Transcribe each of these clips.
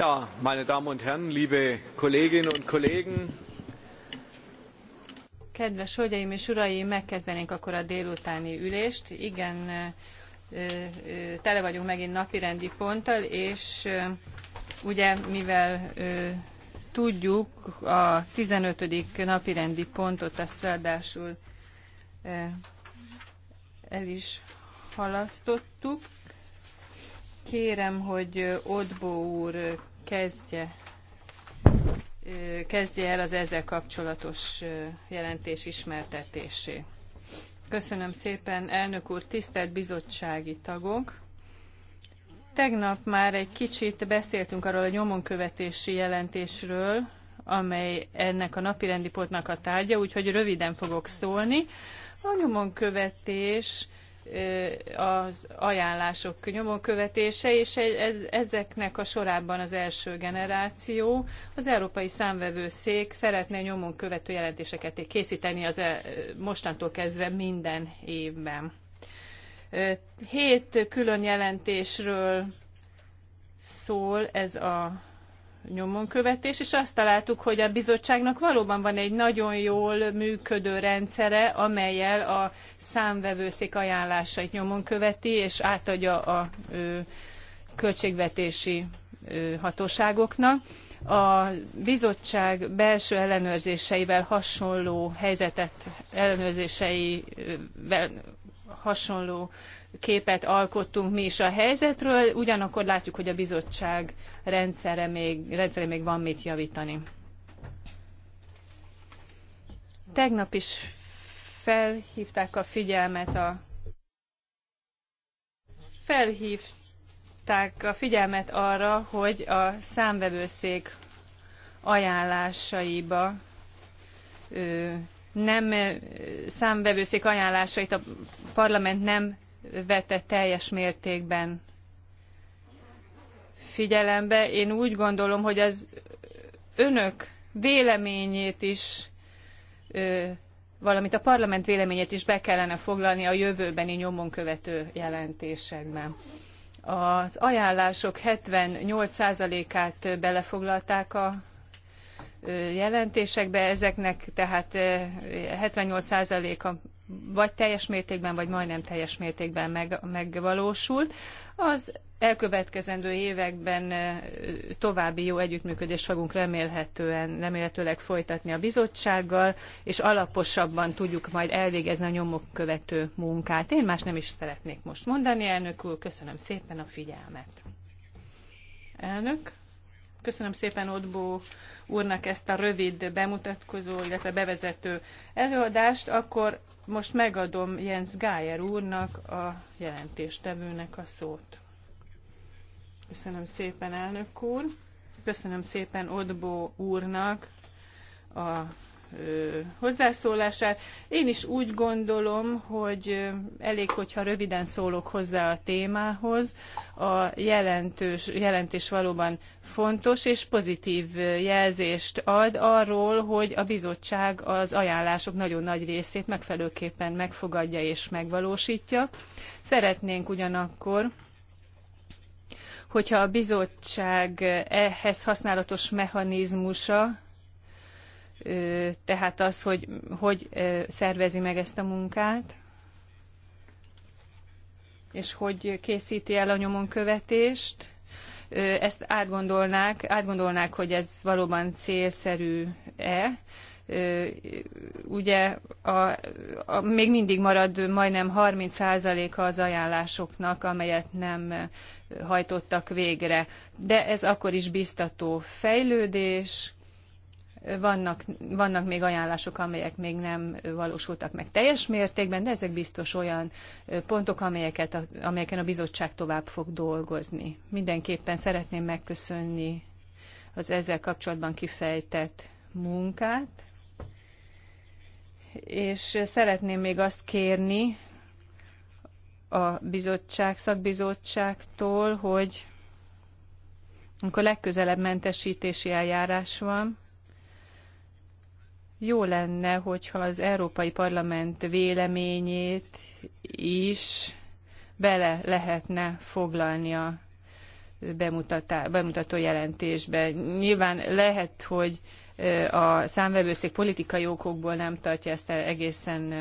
Ja, meine Damen und Herren, liebe Kolleginnen und Kollegen. Kedves hölgyeim és uraim, megkezdenénk akkor a délutáni ülést. Igen, tele vagyunk megint napirendi ponttal, és ugye mivel tudjuk, a 15. napirendi pontot azt ráadásul el is halasztottuk. Kérem, hogy Odbó úr kezdje, kezdje el az ezzel kapcsolatos jelentés ismertetésé. Köszönöm szépen, elnök úr, tisztelt bizottsági tagok! Tegnap már egy kicsit beszéltünk arról a nyomonkövetési jelentésről, amely ennek a napirendi pontnak a tárgya, úgyhogy röviden fogok szólni. A nyomonkövetés követés az ajánlások nyomonkövetése, követése, és ez, ezeknek a sorában az első generáció. Az Európai Számvevőszék szeretne nyomon követő jelentéseket készíteni az e, mostantól kezdve minden évben. Hét külön jelentésről szól ez a nyomonkövetés, és azt találtuk, hogy a bizottságnak valóban van egy nagyon jól működő rendszere, amelyel a számvevőszék ajánlásait nyomon követi, és átadja a ö, költségvetési ö, hatóságoknak. A bizottság belső ellenőrzéseivel hasonló helyzetet, ellenőrzéseivel hasonló képet alkottunk mi is a helyzetről, ugyanakkor látjuk, hogy a bizottság rendszere még, rendszere még van mit javítani. Tegnap is felhívták a figyelmet a felhívták a figyelmet arra, hogy a számvevőszék ajánlásaiba nem számvevőszék ajánlásait a parlament nem vette teljes mértékben figyelembe. Én úgy gondolom, hogy az önök véleményét is, valamint a parlament véleményét is be kellene foglalni a jövőbeni nyomon követő jelentésekben. Az ajánlások 78%-át belefoglalták a jelentésekbe, ezeknek tehát 78%-a vagy teljes mértékben, vagy majdnem teljes mértékben meg, megvalósult. Az elkövetkezendő években további jó együttműködést fogunk remélhetően, remélhetőleg folytatni a bizottsággal, és alaposabban tudjuk majd elvégezni a nyomok követő munkát. Én más nem is szeretnék most mondani, elnök úr, köszönöm szépen a figyelmet. Elnök, köszönöm szépen Odbó úrnak ezt a rövid bemutatkozó, illetve bevezető előadást, akkor most megadom Jens Gájer úrnak, a jelentéstevőnek a szót. Köszönöm szépen, elnök úr. Köszönöm szépen Odbó úrnak a hozzászólását. Én is úgy gondolom, hogy elég, hogyha röviden szólok hozzá a témához. A jelentős, jelentés valóban fontos és pozitív jelzést ad arról, hogy a bizottság az ajánlások nagyon nagy részét megfelelőképpen megfogadja és megvalósítja. Szeretnénk ugyanakkor, hogyha a bizottság ehhez használatos mechanizmusa tehát az, hogy hogy szervezi meg ezt a munkát, és hogy készíti el a nyomon követést. Ezt átgondolnák, átgondolnák, hogy ez valóban célszerű-e. Ugye a, a, még mindig marad majdnem 30%-a az ajánlásoknak, amelyet nem hajtottak végre. De ez akkor is biztató fejlődés, vannak, vannak még ajánlások, amelyek még nem valósultak meg teljes mértékben, de ezek biztos olyan pontok, amelyeket a, amelyeken a bizottság tovább fog dolgozni. Mindenképpen szeretném megköszönni az ezzel kapcsolatban kifejtett munkát, és szeretném még azt kérni a bizottság, szakbizottságtól, hogy amikor legközelebb mentesítési eljárás van, jó lenne, hogyha az Európai Parlament véleményét is bele lehetne foglalni a bemutató jelentésbe. Nyilván lehet, hogy a számvevőszék politikai okokból nem tartja ezt egészen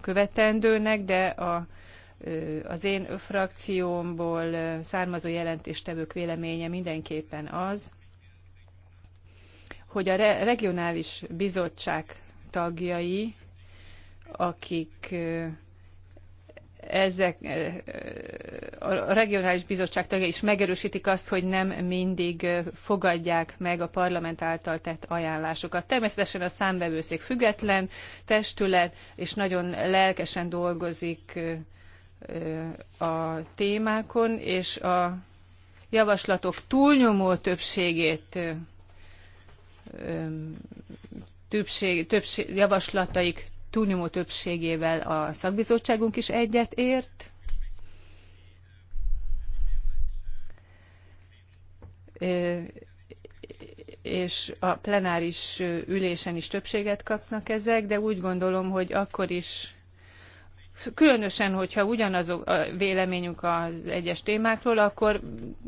követendőnek, de a, az én frakciómból származó jelentéstevők véleménye mindenképpen az, hogy a regionális bizottság tagjai, akik ezek, a regionális bizottság tagjai is megerősítik azt, hogy nem mindig fogadják meg a parlament által tett ajánlásokat. Természetesen a számvevőszék független testület, és nagyon lelkesen dolgozik a témákon, és a javaslatok túlnyomó többségét többség, többség, javaslataik túlnyomó többségével a szakbizottságunk is egyet ért. és a plenáris ülésen is többséget kapnak ezek, de úgy gondolom, hogy akkor is különösen, hogyha ugyanaz a véleményünk az egyes témákról, akkor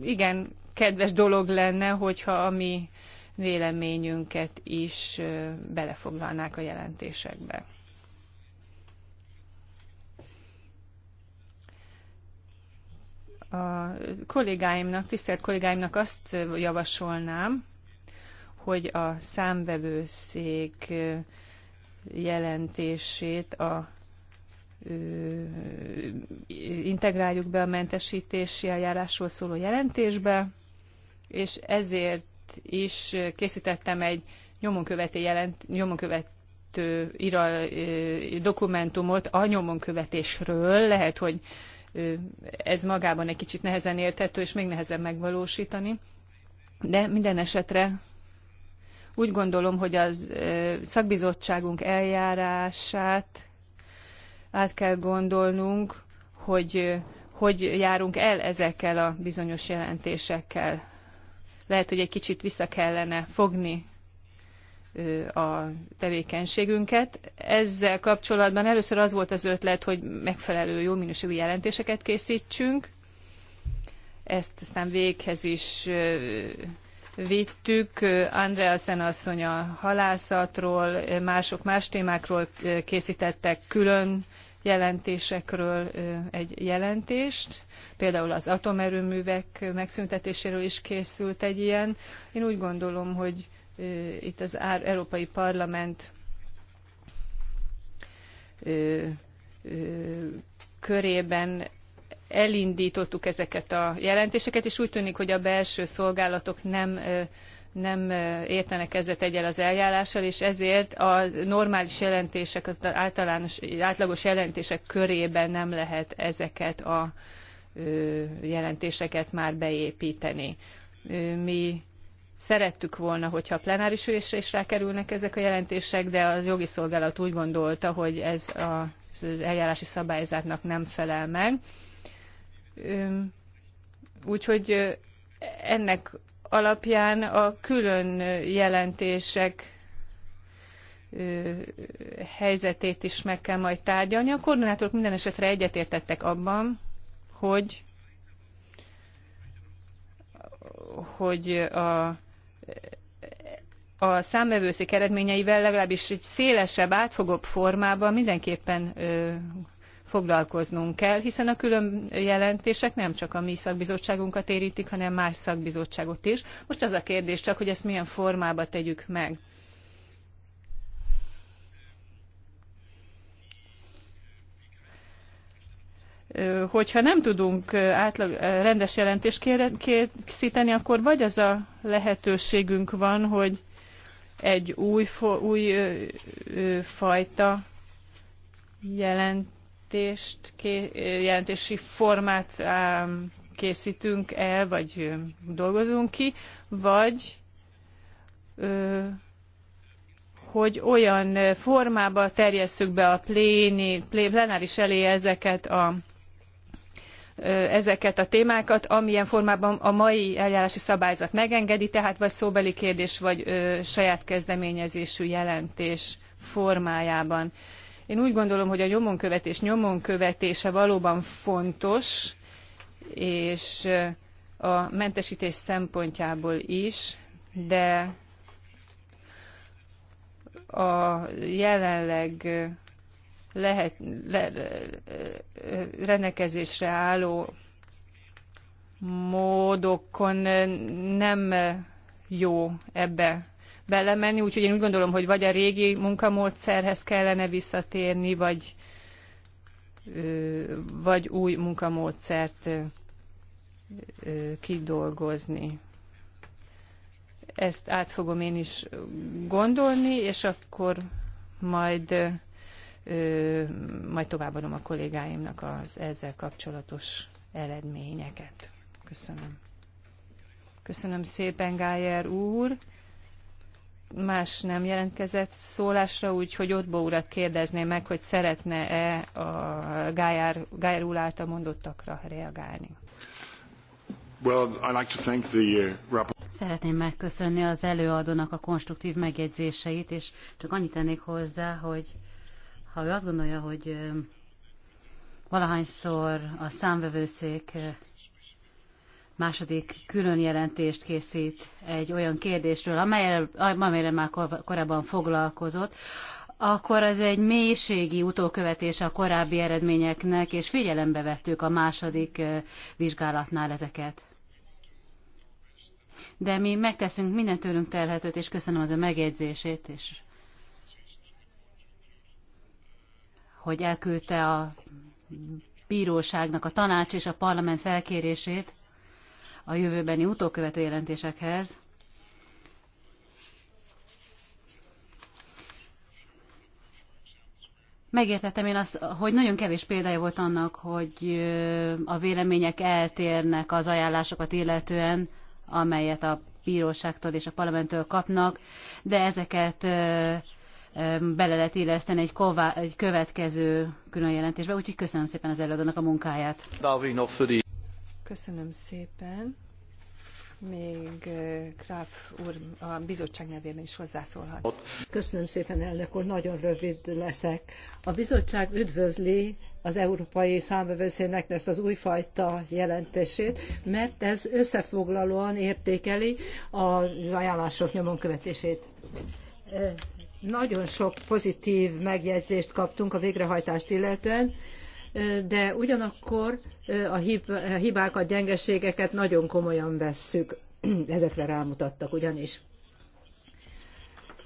igen, kedves dolog lenne, hogyha a mi véleményünket is belefoglalnák a jelentésekbe. A kollégáimnak, tisztelt kollégáimnak azt javasolnám, hogy a számvevőszék jelentését a integráljuk be a mentesítési eljárásról szóló jelentésbe, és ezért is készítettem egy nyomonkövető, jelent, követő ira, dokumentumot a nyomonkövetésről. Lehet, hogy ez magában egy kicsit nehezen érthető, és még nehezen megvalósítani. De minden esetre úgy gondolom, hogy az szakbizottságunk eljárását át kell gondolnunk, hogy hogy járunk el ezekkel a bizonyos jelentésekkel lehet, hogy egy kicsit vissza kellene fogni a tevékenységünket. Ezzel kapcsolatban először az volt az ötlet, hogy megfelelő jó minőségű jelentéseket készítsünk. Ezt aztán véghez is vittük. Andrea asszony a halászatról, mások más témákról készítettek külön jelentésekről egy jelentést, például az atomerőművek megszüntetéséről is készült egy ilyen. Én úgy gondolom, hogy itt az Európai Parlament körében elindítottuk ezeket a jelentéseket, és úgy tűnik, hogy a belső szolgálatok nem nem értenek ezzel egyel az eljárással, és ezért a normális jelentések, az általános, átlagos jelentések körében nem lehet ezeket a jelentéseket már beépíteni. Mi szerettük volna, hogyha a plenáris ülésre is rákerülnek ezek a jelentések, de az jogi szolgálat úgy gondolta, hogy ez az eljárási szabályzatnak nem felel meg. Úgyhogy ennek alapján a külön jelentések helyzetét is meg kell majd tárgyalni. A koordinátorok minden esetre egyetértettek abban, hogy hogy a, a számvevőszék eredményeivel legalábbis egy szélesebb, átfogóbb formában mindenképpen foglalkoznunk kell, hiszen a külön jelentések nem csak a mi szakbizottságunkat érintik, hanem más szakbizottságot is. Most az a kérdés csak, hogy ezt milyen formába tegyük meg. hogyha nem tudunk átlag, rendes jelentést készíteni, akkor vagy az a lehetőségünk van, hogy egy új, új fajta jelent, jelentést, jelentési formát készítünk el, vagy dolgozunk ki, vagy hogy olyan formába terjesszük be a pléni, plenáris elé ezeket a ezeket a témákat, amilyen formában a mai eljárási szabályzat megengedi, tehát vagy szóbeli kérdés, vagy ö, saját kezdeményezésű jelentés formájában. Én úgy gondolom, hogy a nyomonkövetés nyomon követése valóban fontos, és a mentesítés szempontjából is, de a jelenleg lehet, le, rendelkezésre álló módokon nem jó ebbe belemenni, úgyhogy én úgy gondolom, hogy vagy a régi munkamódszerhez kellene visszatérni, vagy, vagy új munkamódszert kidolgozni. Ezt át fogom én is gondolni, és akkor majd, majd továbbadom a kollégáimnak az ezzel kapcsolatos eredményeket. Köszönöm. Köszönöm szépen, Gájer úr más nem jelentkezett szólásra, úgyhogy Otbó urat kérdezném meg, hogy szeretne-e a Gájár, Gájár úr által mondottakra reagálni. Well, like the... Uh, Szeretném megköszönni az előadónak a konstruktív megjegyzéseit, és csak annyit tennék hozzá, hogy ha ő azt gondolja, hogy valahányszor a számvevőszék második külön jelentést készít egy olyan kérdésről, amelyre, amelyre már korábban foglalkozott, akkor ez egy mélységi utókövetés a korábbi eredményeknek, és figyelembe vettük a második vizsgálatnál ezeket. De mi megteszünk minden tőlünk telhetőt, és köszönöm az a megjegyzését, és hogy elküldte a bíróságnak a tanács és a parlament felkérését, a jövőbeni utókövető jelentésekhez. Megértettem én azt, hogy nagyon kevés példája volt annak, hogy a vélemények eltérnek az ajánlásokat illetően, amelyet a bíróságtól és a parlamenttől kapnak, de ezeket bele lehet illeszteni egy, ková, egy következő külön jelentésbe, úgyhogy köszönöm szépen az előadónak a munkáját. Köszönöm szépen. Még eh, Kráf úr a bizottság nevében is hozzászólhat. Köszönöm szépen, elnök úr, nagyon rövid leszek. A bizottság üdvözli az európai számbevőszének ezt az újfajta jelentését, mert ez összefoglalóan értékeli az ajánlások nyomon követését. Eh, nagyon sok pozitív megjegyzést kaptunk a végrehajtást illetően, de ugyanakkor a hibákat, gyengeségeket nagyon komolyan vesszük. Ezekre rámutattak ugyanis.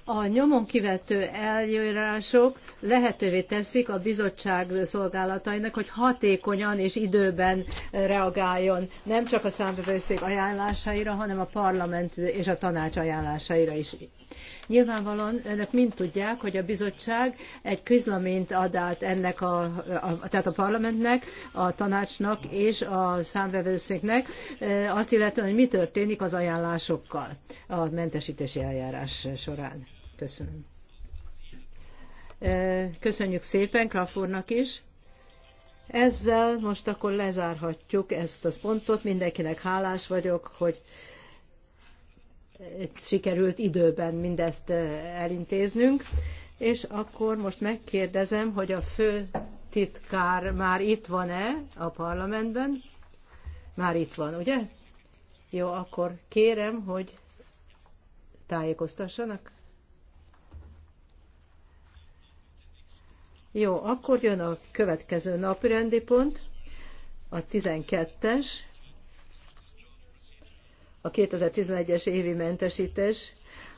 A nyomon kivető eljárások lehetővé teszik a bizottság szolgálatainak, hogy hatékonyan és időben reagáljon nem csak a számbevőszék ajánlásaira, hanem a parlament és a tanács ajánlásaira is Nyilvánvalóan önök mind tudják, hogy a bizottság egy közleményt ad át ennek a, a, tehát a parlamentnek, a tanácsnak és a számvevőszéknek azt illetően, hogy mi történik az ajánlásokkal a mentesítési eljárás során. Köszönöm. Köszönjük szépen Kraft úrnak is. Ezzel most akkor lezárhatjuk ezt a pontot. Mindenkinek hálás vagyok, hogy sikerült időben mindezt eh, elintéznünk, és akkor most megkérdezem, hogy a fő titkár már itt van-e a parlamentben? Már itt van, ugye? Jó, akkor kérem, hogy tájékoztassanak. Jó, akkor jön a következő napirendi pont, a 12-es, a 2011-es évi mentesítés,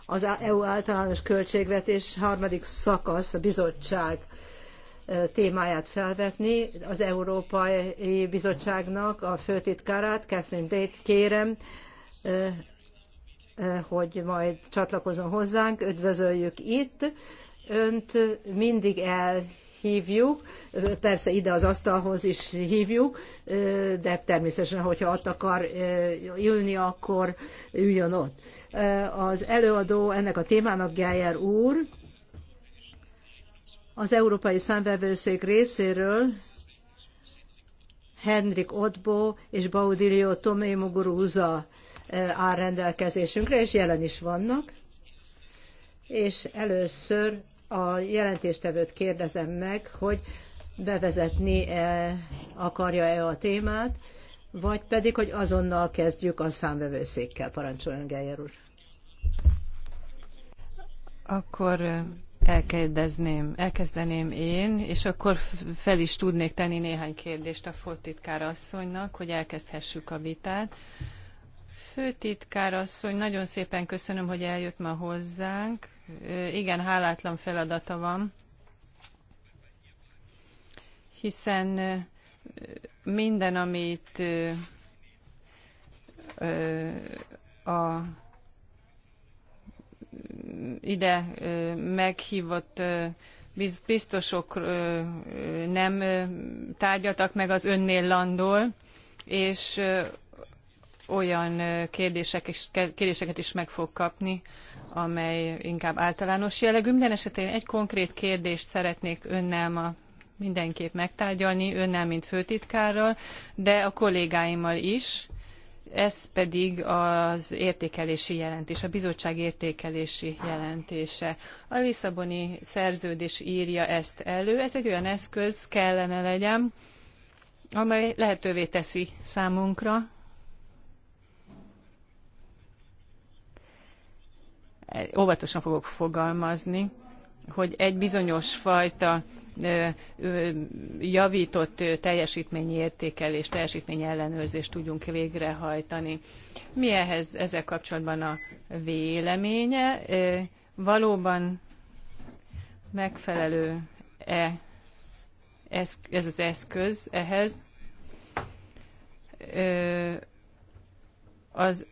az EU általános költségvetés harmadik szakasz, a bizottság témáját felvetni. Az Európai Bizottságnak a főtitkárát, Catherine Date kérem, hogy majd csatlakozom hozzánk. Üdvözöljük itt. Önt mindig el hívjuk, persze ide az asztalhoz is hívjuk, de természetesen, hogyha ott akar eh, ülni, akkor üljön ott. Eh, az előadó ennek a témának Geyer úr, az Európai Számvevőszék részéről Henrik Otbo és Baudilio Tomé Muguruza eh, áll rendelkezésünkre, és jelen is vannak. És először a jelentéstevőt kérdezem meg, hogy bevezetni -e, akarja-e a témát, vagy pedig, hogy azonnal kezdjük a számvevőszékkel. Parancsoljon, Geyer úr. Akkor elkezdeném, elkezdeném én, és akkor fel is tudnék tenni néhány kérdést a főtitkár asszonynak, hogy elkezdhessük a vitát. Főtitkár asszony, nagyon szépen köszönöm, hogy eljött ma hozzánk igen hálátlan feladata van, hiszen minden, amit a ide meghívott biztosok nem tárgyaltak meg, az önnél landol, és olyan kérdések is, kérdéseket is meg fog kapni, amely inkább általános jellegű. Minden esetén egy konkrét kérdést szeretnék önnel ma mindenképp megtárgyalni, önnel, mint főtitkárral, de a kollégáimmal is. Ez pedig az értékelési jelentés, a bizottság értékelési jelentése. A Lisszaboni szerződés írja ezt elő. Ez egy olyan eszköz kellene legyen, amely lehetővé teszi számunkra, óvatosan fogok fogalmazni, hogy egy bizonyos fajta javított teljesítményi értékelés, ellenőrzést tudjunk végrehajtani. Mi ehhez ezzel kapcsolatban a véleménye? Valóban megfelelő-e ez, ez az eszköz ehhez? Az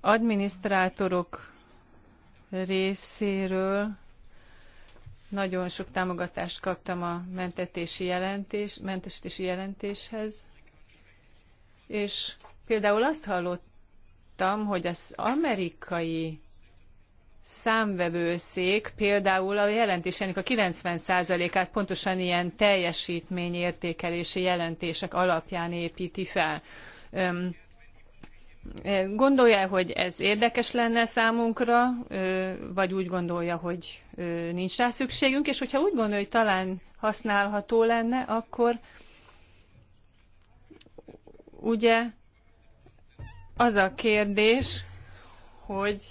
adminisztrátorok részéről nagyon sok támogatást kaptam a mentetési jelentés, mentesítési jelentéshez, és például azt hallottam, hogy az amerikai számvevőszék például a jelentésének a 90%-át pontosan ilyen teljesítményértékelési jelentések alapján építi fel. Öm, Gondolja, hogy ez érdekes lenne számunkra, vagy úgy gondolja, hogy nincs rá szükségünk, és hogyha úgy gondolja, hogy talán használható lenne, akkor ugye az a kérdés, hogy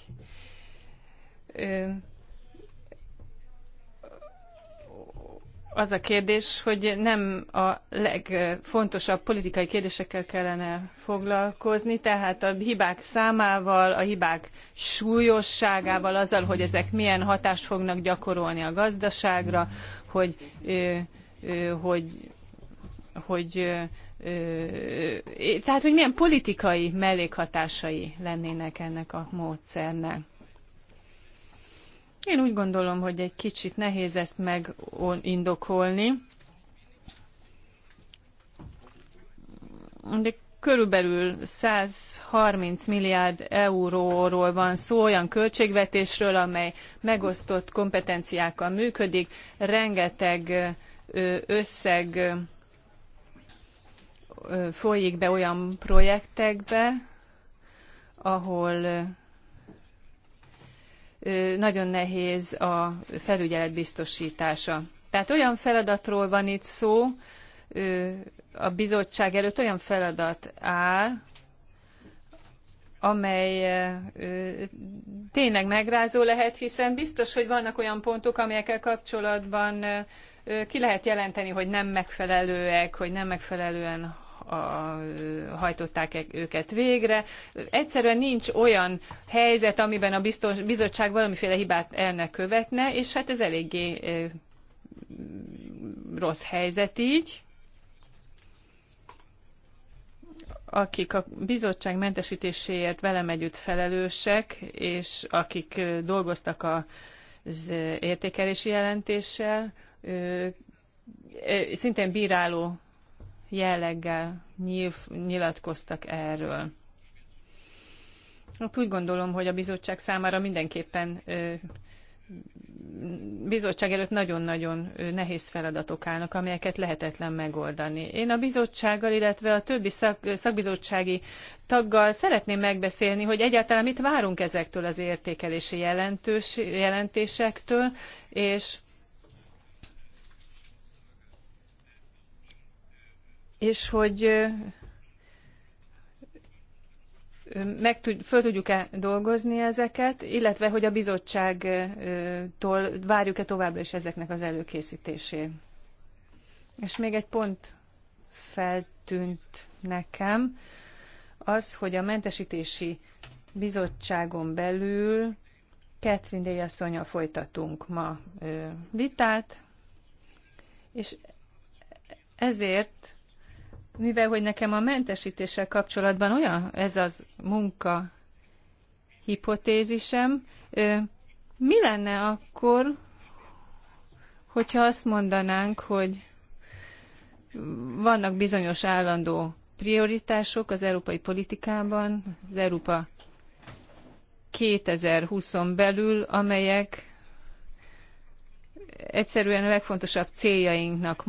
az a kérdés, hogy nem a legfontosabb politikai kérdésekkel kellene foglalkozni, tehát a hibák számával, a hibák súlyosságával, azzal, hogy ezek milyen hatást fognak gyakorolni a gazdaságra, hogy, hogy, hogy tehát, hogy milyen politikai mellékhatásai lennének ennek a módszernek. Én úgy gondolom, hogy egy kicsit nehéz ezt megindokolni. De körülbelül 130 milliárd euróról van szó, olyan költségvetésről, amely megosztott kompetenciákkal működik, rengeteg összeg folyik be olyan projektekbe, ahol nagyon nehéz a felügyelet biztosítása. Tehát olyan feladatról van itt szó, a bizottság előtt olyan feladat áll, amely tényleg megrázó lehet, hiszen biztos, hogy vannak olyan pontok, amelyekkel kapcsolatban ki lehet jelenteni, hogy nem megfelelőek, hogy nem megfelelően a, hajtották e- őket végre. Egyszerűen nincs olyan helyzet, amiben a biztos, bizottság valamiféle hibát el ne követne, és hát ez eléggé e, rossz helyzet így. akik a bizottság mentesítéséért velem együtt felelősek, és akik e, dolgoztak az értékelési jelentéssel, szintén bíráló jelleggel nyilv, nyilatkoztak erről. Hát úgy gondolom, hogy a bizottság számára mindenképpen bizottság előtt nagyon-nagyon nehéz feladatok állnak, amelyeket lehetetlen megoldani. Én a bizottsággal, illetve a többi szak, szakbizottsági taggal szeretném megbeszélni, hogy egyáltalán mit várunk ezektől az értékelési jelentős, jelentésektől, és és hogy meg tud, föl tudjuk-e dolgozni ezeket, illetve hogy a bizottságtól várjuk-e továbbra is ezeknek az előkészítését. És még egy pont feltűnt nekem, az, hogy a mentesítési bizottságon belül Catherine Déjasszonya folytatunk ma vitát, és ezért mivel hogy nekem a mentesítéssel kapcsolatban olyan ez az munka hipotézisem, mi lenne akkor, hogyha azt mondanánk, hogy vannak bizonyos állandó prioritások az európai politikában, az Európa 2020-on belül, amelyek egyszerűen a legfontosabb céljainknak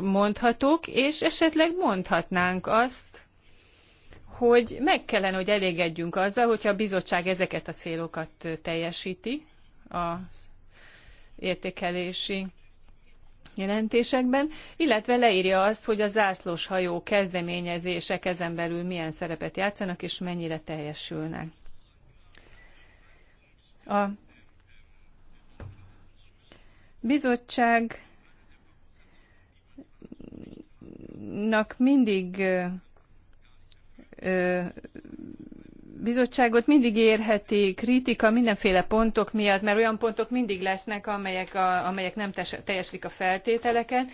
mondhatók, és esetleg mondhatnánk azt, hogy meg kellene, hogy elégedjünk azzal, hogyha a bizottság ezeket a célokat teljesíti az értékelési jelentésekben, illetve leírja azt, hogy a zászlós hajó kezdeményezések ezen belül milyen szerepet játszanak és mennyire teljesülnek. A bizottságnak mindig bizottságot mindig érheti kritika mindenféle pontok miatt, mert olyan pontok mindig lesznek, amelyek, a, amelyek nem teljeslik a feltételeket,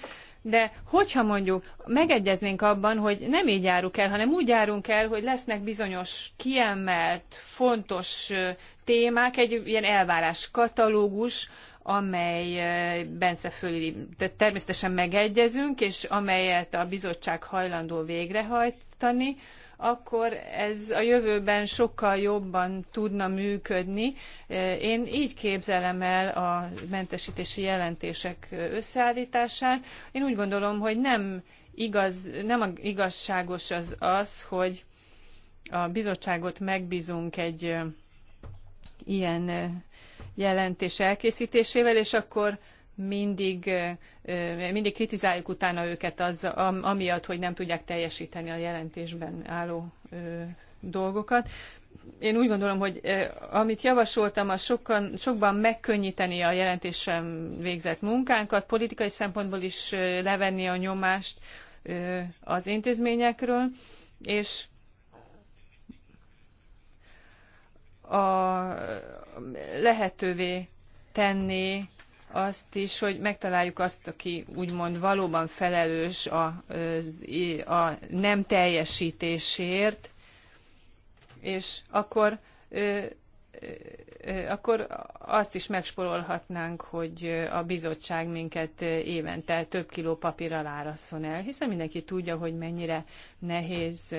de hogyha mondjuk megegyeznénk abban, hogy nem így járunk el, hanem úgy járunk el, hogy lesznek bizonyos kiemelt, fontos témák, egy ilyen elvárás katalógus, amelyben Föli természetesen megegyezünk, és amelyet a bizottság hajlandó végrehajtani, akkor ez a jövőben sokkal jobban tudna működni. Én így képzelem el a mentesítési jelentések összeállítását. Én úgy gondolom, hogy nem, igaz, nem igazságos az az, hogy a bizottságot megbízunk egy ilyen jelentés elkészítésével, és akkor mindig, mindig kritizáljuk utána őket az, amiatt, hogy nem tudják teljesíteni a jelentésben álló dolgokat. Én úgy gondolom, hogy amit javasoltam, az sokan, sokban megkönnyíteni a jelentésen végzett munkánkat, politikai szempontból is levenni a nyomást az intézményekről, és a, lehetővé tenni azt is, hogy megtaláljuk azt, aki úgymond valóban felelős a, a nem teljesítésért, és akkor, akkor azt is megsporolhatnánk, hogy a bizottság minket évente több kiló papírral árasszon el, hiszen mindenki tudja, hogy mennyire nehéz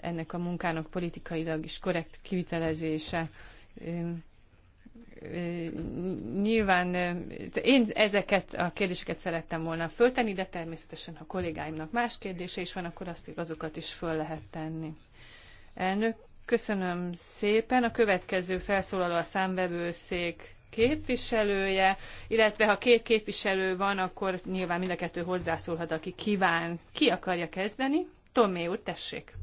ennek a munkának politikailag is korrekt kivitelezése. Nyilván én ezeket a kérdéseket szerettem volna föltenni, de természetesen, ha kollégáimnak más kérdése is van, akkor azt azokat is föl lehet tenni. Elnök, köszönöm szépen. A következő felszólaló a számvevőszék képviselője, illetve ha két képviselő van, akkor nyilván mind a kettő hozzászólhat, aki kíván. Ki akarja kezdeni? Tomé úr, tessék.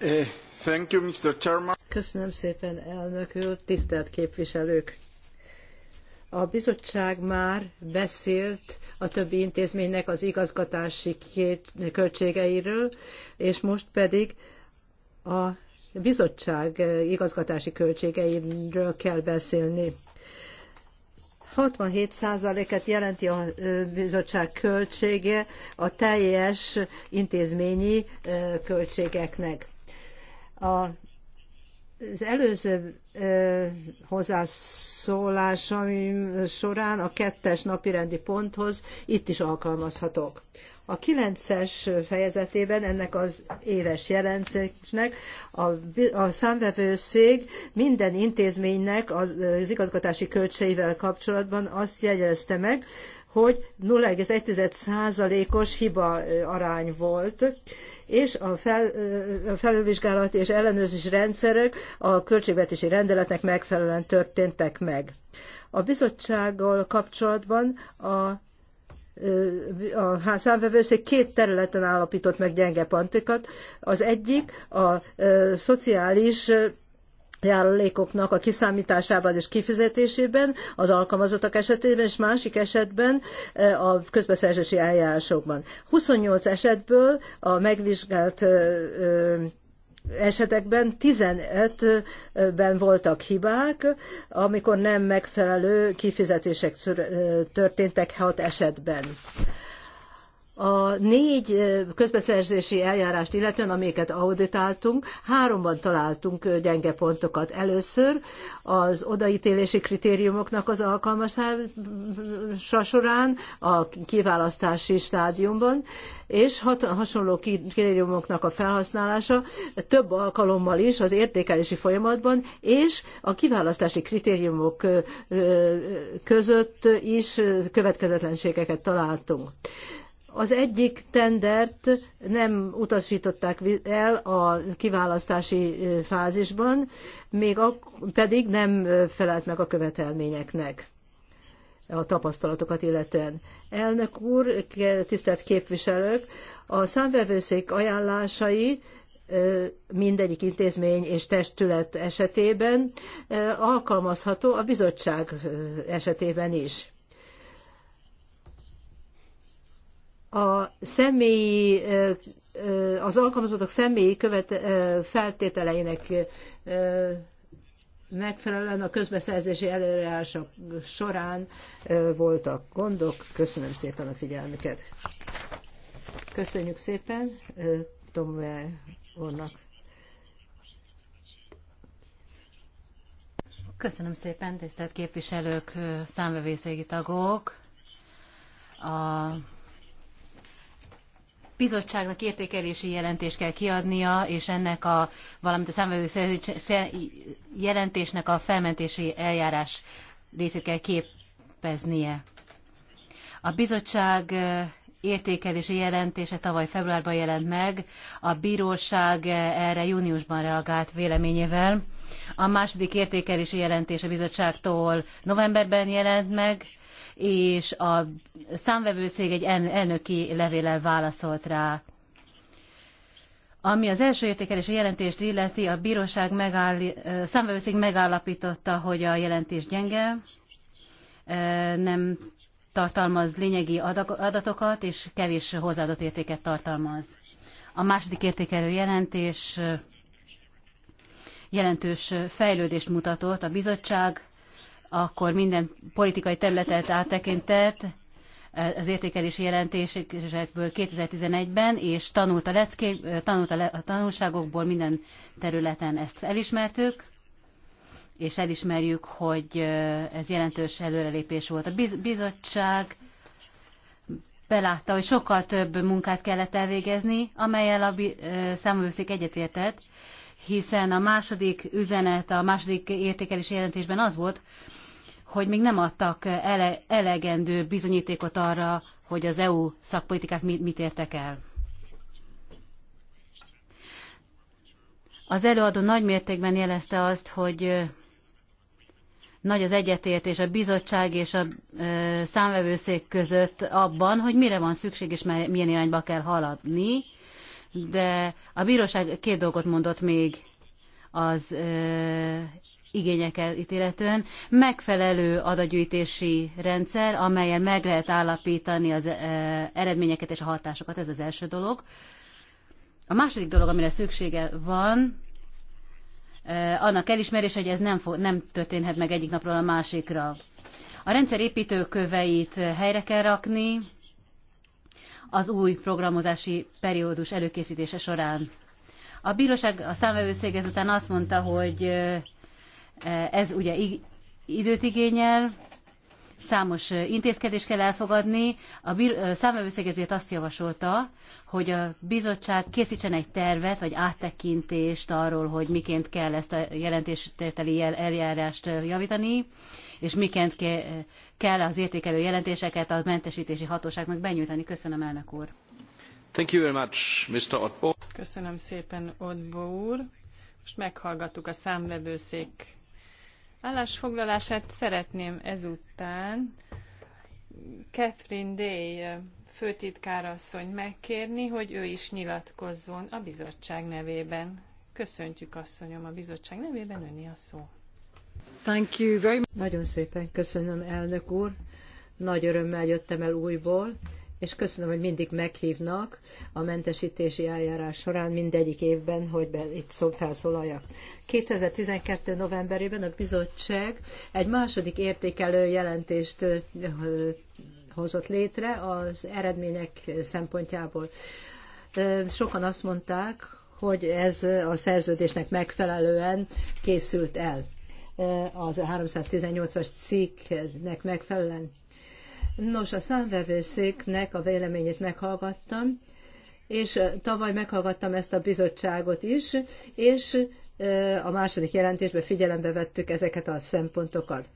Eh, thank you, Mr. Chairman. Köszönöm szépen, elnök úr, tisztelt képviselők. A bizottság már beszélt a többi intézménynek az igazgatási két költségeiről, és most pedig a bizottság igazgatási költségeiről kell beszélni. 67%-et jelenti a bizottság költsége a teljes intézményi költségeknek. A az előző ö, során a kettes napirendi ponthoz itt is alkalmazhatok. A kilences es fejezetében ennek az éves jelentésnek a, a számvevőszék minden intézménynek az, az igazgatási költségeivel kapcsolatban azt jegyezte meg, hogy 0,1%-os hiba arány volt, és a, fel, a felülvizsgálati és ellenőrzési rendszerek a költségvetési rendeletnek megfelelően történtek meg. A bizottsággal kapcsolatban a a számvevőszék két területen állapított meg gyenge pontokat. Az egyik a szociális járulékoknak a kiszámításában és kifizetésében, az alkalmazottak esetében, és másik esetben a közbeszerzési eljárásokban. 28 esetből a megvizsgált esetekben 15-ben voltak hibák, amikor nem megfelelő kifizetések történtek hat esetben. A négy közbeszerzési eljárást illetően, amiket auditáltunk, háromban találtunk gyenge pontokat. Először az odaítélési kritériumoknak az alkalmazása során, a kiválasztási stádiumban, és hat, hasonló kritériumoknak a felhasználása több alkalommal is az értékelési folyamatban, és a kiválasztási kritériumok között is következetlenségeket találtunk. Az egyik tendert nem utasították el a kiválasztási fázisban, még pedig nem felelt meg a követelményeknek a tapasztalatokat illetően. Elnök úr, tisztelt képviselők, a számvevőszék ajánlásai mindegyik intézmény és testület esetében alkalmazható a bizottság esetében is. a személyi, az alkalmazottak személyi követ feltételeinek megfelelően a közbeszerzési előreállások során voltak gondok. Köszönöm szépen a figyelmüket. Köszönjük szépen Tomé úrnak. Köszönöm szépen, tisztelt képviselők, számvevészégi tagok. A bizottságnak értékelési jelentést kell kiadnia, és ennek a, valamint a számvevő jelentésnek a felmentési eljárás részét kell képeznie. A bizottság értékelési jelentése tavaly februárban jelent meg, a bíróság erre júniusban reagált véleményével. A második értékelési jelentés a bizottságtól novemberben jelent meg, és a számvevőszék egy elnöki levélel válaszolt rá. Ami az első értékelési jelentést illeti, a bíróság megáll, számvevőszék megállapította, hogy a jelentés gyenge, nem tartalmaz lényegi adatokat, és kevés hozzáadott értéket tartalmaz. A második értékelő jelentés jelentős fejlődést mutatott. A bizottság akkor minden politikai területet áttekintett az értékelési jelentésekből 2011-ben, és tanult a, lecké, tanult a, le, a tanulságokból minden területen ezt elismertük, és elismerjük, hogy ez jelentős előrelépés volt. A bizottság belátta, hogy sokkal több munkát kellett elvégezni, amelyel a számvőszék egyetértett, hiszen a második üzenet, a második értékelési jelentésben az volt, hogy még nem adtak ele, elegendő bizonyítékot arra, hogy az EU szakpolitikák mit, mit értek el. Az előadó nagymértékben jelezte azt, hogy nagy az egyetértés a bizottság és a számvevőszék között abban, hogy mire van szükség és milyen irányba kell haladni de a bíróság két dolgot mondott még az ö, igényeket ítéletően. Megfelelő adagyűjtési rendszer, amelyen meg lehet állapítani az ö, eredményeket és a hatásokat, ez az első dolog. A második dolog, amire szüksége van, ö, annak elismerése, hogy ez nem, fog, nem történhet meg egyik napról a másikra. A rendszer építőköveit helyre kell rakni, az új programozási periódus előkészítése során. A bíróság a számvevőszék ezután azt mondta, hogy ez ugye időt igényel, számos intézkedést kell elfogadni. A számvevőszék ezért azt javasolta, hogy a bizottság készítsen egy tervet, vagy áttekintést arról, hogy miként kell ezt a jelentéstételi eljárást javítani, és miként kell az értékelő jelentéseket a mentesítési hatóságnak benyújtani. Köszönöm, elnök úr. Thank you very much, Mr. Otbo. Köszönöm szépen, Otbo úr. Most meghallgattuk a számvevőszék állásfoglalását. Szeretném ezután Catherine Day főtitkárasszony megkérni, hogy ő is nyilatkozzon a bizottság nevében. Köszöntjük asszonyom a bizottság nevében, önni a szó. Thank you very much. Nagyon szépen köszönöm, elnök úr. Nagy örömmel jöttem el újból, és köszönöm, hogy mindig meghívnak a mentesítési eljárás során mindegyik évben, hogy be, itt szó, felszólaljak. 2012. novemberében a bizottság egy második értékelő jelentést hozott létre az eredmények szempontjából. Sokan azt mondták, hogy ez a szerződésnek megfelelően készült el az 318-as cikknek megfelelően. Nos, a számvevőszéknek a véleményét meghallgattam, és tavaly meghallgattam ezt a bizottságot is, és a második jelentésben figyelembe vettük ezeket a szempontokat.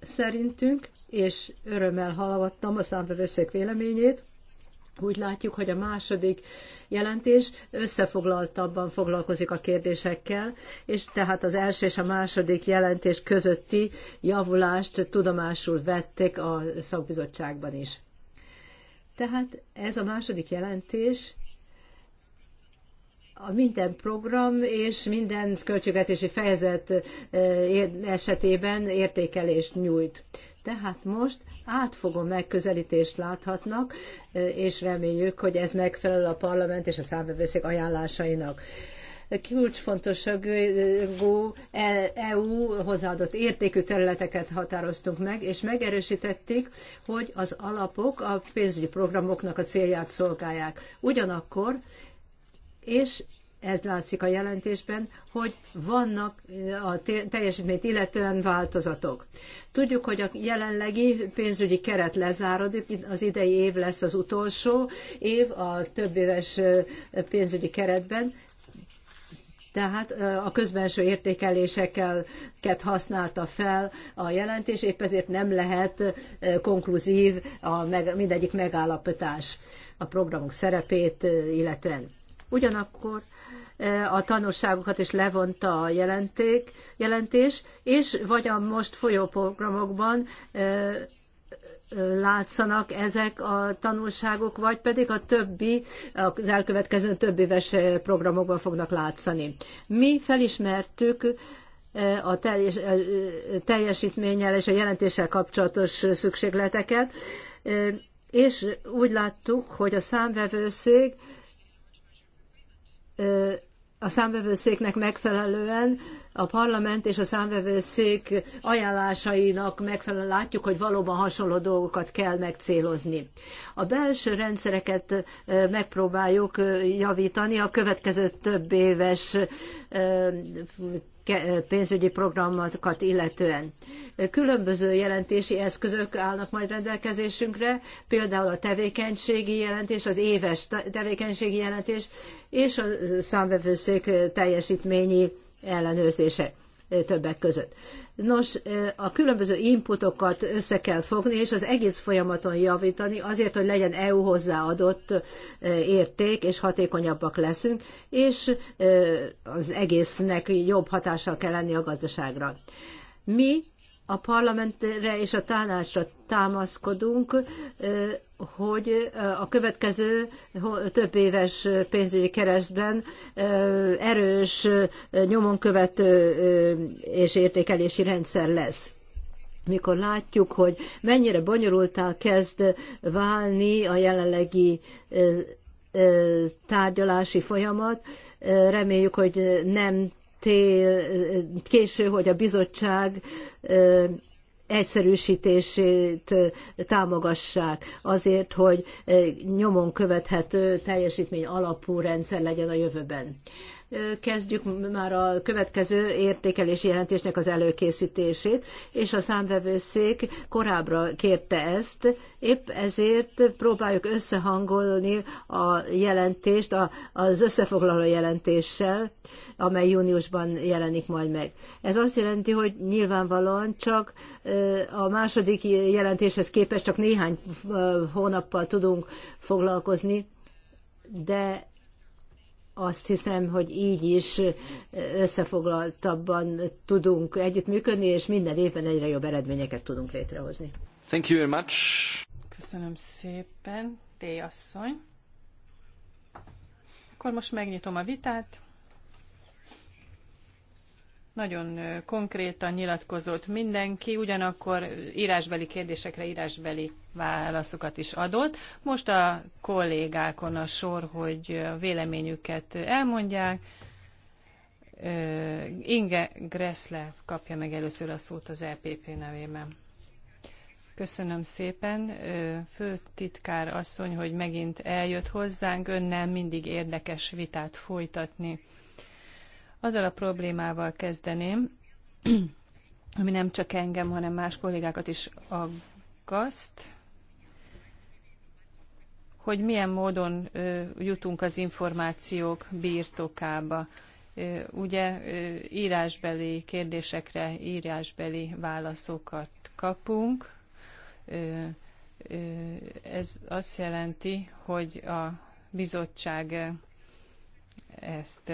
Szerintünk, és örömmel hallgattam a számvevőszék véleményét, úgy látjuk, hogy a második jelentés összefoglaltabban foglalkozik a kérdésekkel, és tehát az első és a második jelentés közötti javulást tudomásul vették a szakbizottságban is. Tehát ez a második jelentés a minden program és minden költségvetési fejezet eh, esetében értékelést nyújt. Tehát most átfogó megközelítést láthatnak, és reméljük, hogy ez megfelel a parlament és a számbevőszék ajánlásainak kulcsfontosságú EU hozzáadott értékű területeket határoztunk meg, és megerősítették, hogy az alapok a pénzügyi programoknak a célját szolgálják. Ugyanakkor, és ez látszik a jelentésben, hogy vannak eh, a teljesítményt illetően változatok. Tudjuk, hogy a jelenlegi pénzügyi keret lezárodik, az idei év lesz az utolsó év a több éves eh, pénzügyi keretben, tehát eh, a közbenső értékeléseket használta fel a jelentés, épp ezért nem lehet konkluzív a mindegyik megállapítás a programok szerepét illetően. Ugyanakkor E, a tanulságokat is levonta a jelenték, jelentés, és vagy a most folyó programokban e, látszanak ezek a tanulságok, vagy pedig a többi, az elkövetkező több éves e, programokban fognak látszani. Mi felismertük a teljes, teljesítménnyel és a jelentéssel kapcsolatos szükségleteket, és úgy láttuk, hogy a számvevőszék a számvevőszéknek megfelelően a parlament és a számvevőszék ajánlásainak megfelelően látjuk, hogy valóban hasonló dolgokat kell megcélozni. A belső rendszereket megpróbáljuk javítani a következő több éves pénzügyi programokat illetően. Különböző jelentési eszközök állnak majd rendelkezésünkre, például a tevékenységi jelentés, az éves tevékenységi jelentés és a számvevőszék teljesítményi ellenőrzése többek között. Nos, a különböző inputokat össze kell fogni, és az egész folyamaton javítani, azért, hogy legyen EU hozzáadott érték, és hatékonyabbak leszünk, és az egésznek jobb hatással kell lenni a gazdaságra. Mi a parlamentre és a tanácsra támaszkodunk hogy eh, a következő több éves pénzügyi keresztben eh, erős eh, nyomon követő és értékelési rendszer lesz mikor látjuk, hogy mennyire bonyolultá kezd válni a jelenlegi tárgyalási folyamat. Reméljük, hogy nem tél, késő, hogy a bizottság egyszerűsítését támogassák azért, hogy nyomon követhető teljesítmény alapú rendszer legyen a jövőben kezdjük már a következő értékelési jelentésnek az előkészítését, és a számvevőszék korábbra kérte ezt, épp ezért próbáljuk összehangolni a jelentést az összefoglaló jelentéssel, amely júniusban jelenik majd meg. Ez azt jelenti, hogy nyilvánvalóan csak a második jelentéshez képest csak néhány hónappal tudunk foglalkozni, de azt hiszem, hogy így is összefoglaltabban tudunk együttműködni, és minden évben egyre jobb eredményeket tudunk létrehozni. Thank you very much. Köszönöm szépen, Té asszony. Akkor most megnyitom a vitát. Nagyon konkrétan nyilatkozott mindenki, ugyanakkor írásbeli kérdésekre írásbeli válaszokat is adott. Most a kollégákon a sor, hogy véleményüket elmondják. Inge Gressle kapja meg először a szót az EPP nevében. Köszönöm szépen, főtitkár asszony, hogy megint eljött hozzánk, önnel mindig érdekes vitát folytatni. Azzal a problémával kezdeném, ami nem csak engem, hanem más kollégákat is aggaszt, hogy milyen módon jutunk az információk birtokába. Ugye írásbeli kérdésekre írásbeli válaszokat kapunk. Ez azt jelenti, hogy a bizottság ezt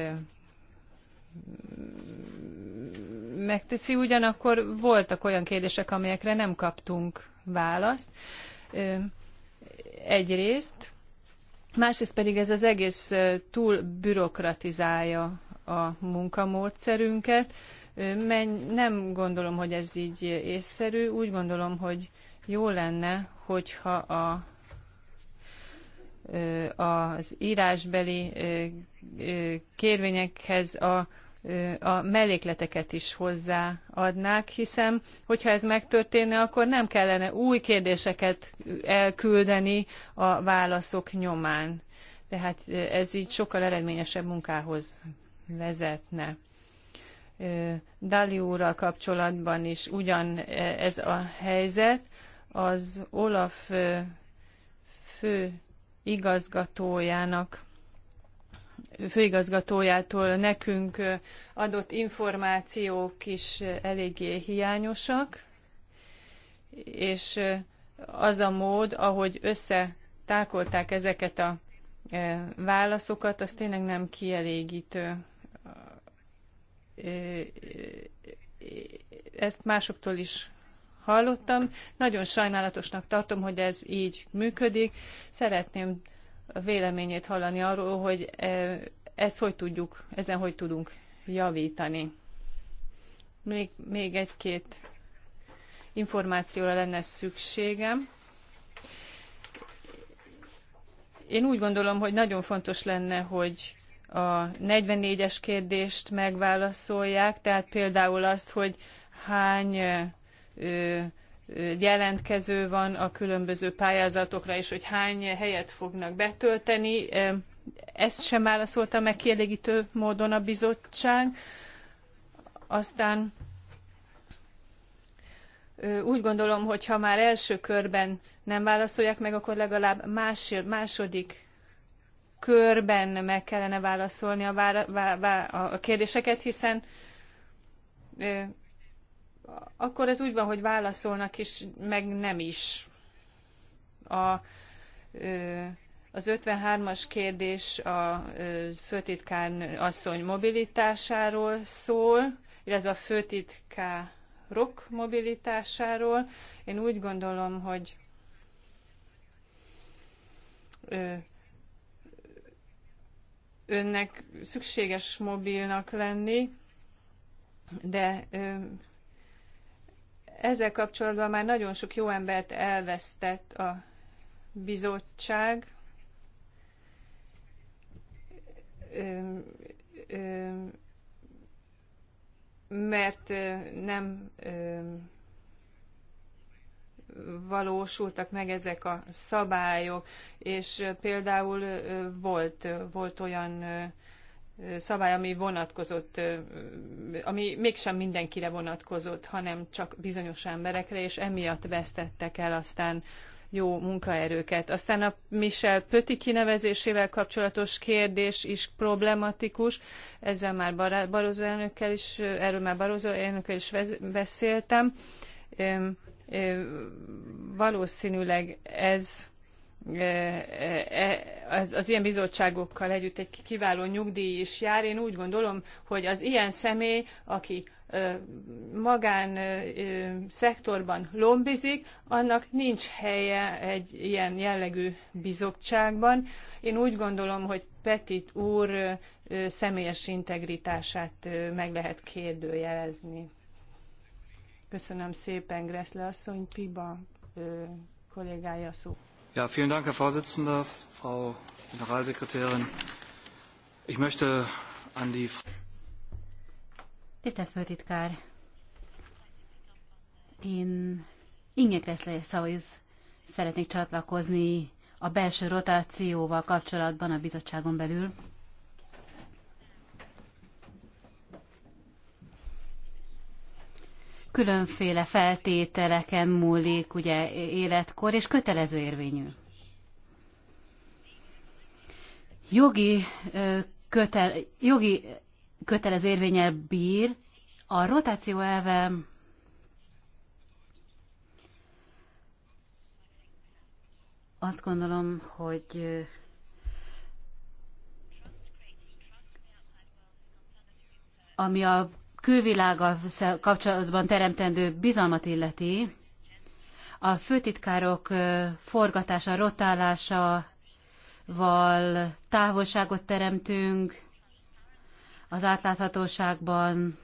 megteszi, ugyanakkor voltak olyan kérdések, amelyekre nem kaptunk választ. Egyrészt, másrészt pedig ez az egész túl bürokratizálja a munkamódszerünket. Nem gondolom, hogy ez így észszerű, úgy gondolom, hogy jó lenne, hogyha a az írásbeli kérvényekhez a a mellékleteket is hozzáadnák, hiszen hogyha ez megtörténne, akkor nem kellene új kérdéseket elküldeni a válaszok nyomán. Tehát ez így sokkal eredményesebb munkához vezetne. Dali úrral kapcsolatban is ugyan ez a helyzet. Az Olaf fő igazgatójának főigazgatójától nekünk adott információk is eléggé hiányosak, és az a mód, ahogy összetákolták ezeket a válaszokat, az tényleg nem kielégítő. Ezt másoktól is hallottam. Nagyon sajnálatosnak tartom, hogy ez így működik. Szeretném véleményét hallani arról, hogy e, ezt hogy tudjuk, ezen hogy tudunk javítani. Még, még egy-két információra lenne szükségem. Én úgy gondolom, hogy nagyon fontos lenne, hogy a 44-es kérdést megválaszolják, tehát például azt, hogy hány ö, jelentkező van a különböző pályázatokra, és hogy hány helyet fognak betölteni. E, ezt sem válaszolta meg kielégítő módon a bizottság. Aztán úgy gondolom, hogy ha már első körben nem válaszolják meg, akkor legalább második körben meg kellene válaszolni a, vára, vá, vá, a kérdéseket, hiszen akkor ez úgy van, hogy válaszolnak is, meg nem is. A, az 53-as kérdés a főtitkár asszony mobilitásáról szól, illetve a főtitkárok mobilitásáról. Én úgy gondolom, hogy önnek szükséges mobilnak lenni, de ezzel kapcsolatban már nagyon sok jó embert elvesztett a bizottság. mert nem valósultak meg ezek a szabályok, és például volt, volt olyan szabály, ami vonatkozott, ami mégsem mindenkire vonatkozott, hanem csak bizonyos emberekre, és emiatt vesztettek el aztán jó munkaerőket. Aztán a Michel Pöti kinevezésével kapcsolatos kérdés is problematikus. Ezzel már Barozó elnökkel is, erről már Barozó elnökkel is beszéltem. Valószínűleg ez E, az, az ilyen bizottságokkal együtt egy kiváló nyugdíj is jár. Én úgy gondolom, hogy az ilyen személy, aki magán szektorban lombizik, annak nincs helye egy ilyen jellegű bizottságban. Én úgy gondolom, hogy Petit úr személyes integritását meg lehet kérdőjelezni. Köszönöm szépen, Greszle asszony, Piba kollégája szó. Ja, vielen Dank, Herr Vorsitzender, Frau Generalsekretärin. Ich möchte an die... Tisztelt Főtitkár! Én Inge Kreszlejszához szeretnék csatlakozni a belső rotációval kapcsolatban a bizottságon belül. különféle feltételeken múlik, ugye életkor, és kötelező érvényű. Jogi, köte- jogi kötelező érvényel bír, a rotáció elve azt gondolom, hogy ami a külvilággal kapcsolatban teremtendő bizalmat illeti, a főtitkárok forgatása, val távolságot teremtünk az átláthatóságban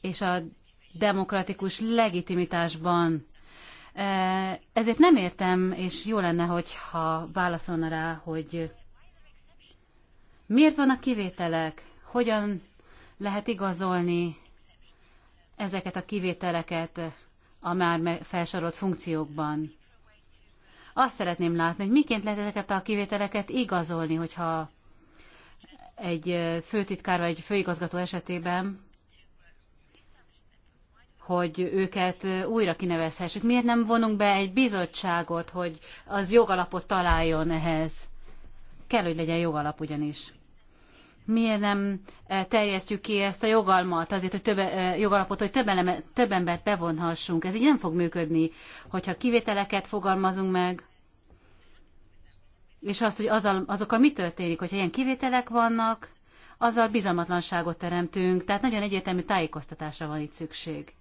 és a demokratikus legitimitásban. Ezért nem értem, és jó lenne, hogyha válaszolna rá, hogy miért vannak kivételek, hogyan lehet igazolni ezeket a kivételeket a már felsorolt funkciókban. Azt szeretném látni, hogy miként lehet ezeket a kivételeket igazolni, hogyha egy főtitkár vagy egy főigazgató esetében, hogy őket újra kinevezhessük. Miért nem vonunk be egy bizottságot, hogy az jogalapot találjon ehhez? Kell, hogy legyen jogalap ugyanis miért nem eh, terjesztjük ki ezt a jogalmat, azért, hogy több, eh, jogalapot, hogy több, eleme, több embert bevonhassunk. Ez így nem fog működni, hogyha kivételeket fogalmazunk meg, és azt, hogy azzal, azokkal mi történik, hogyha ilyen kivételek vannak, azzal bizalmatlanságot teremtünk, tehát nagyon egyértelmű tájékoztatásra van itt szükség.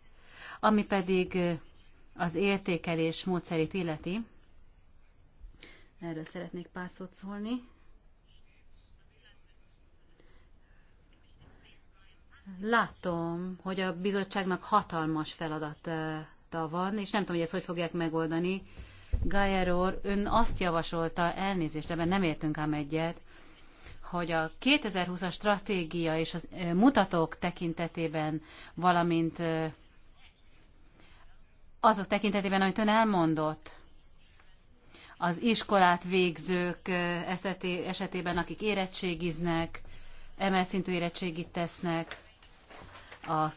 Ami pedig eh, az értékelés módszerét illeti, erről szeretnék pár szót szólni. Látom, hogy a bizottságnak hatalmas feladata van, és nem tudom, hogy ezt hogy fogják megoldani. Gajeror, ön azt javasolta, elnézést, ebben nem értünk ám egyet, hogy a 2020-as stratégia és a mutatók tekintetében, valamint azok tekintetében, amit ön elmondott, az iskolát végzők esetében, akik érettségiznek, emelt szintű érettségit tesznek, a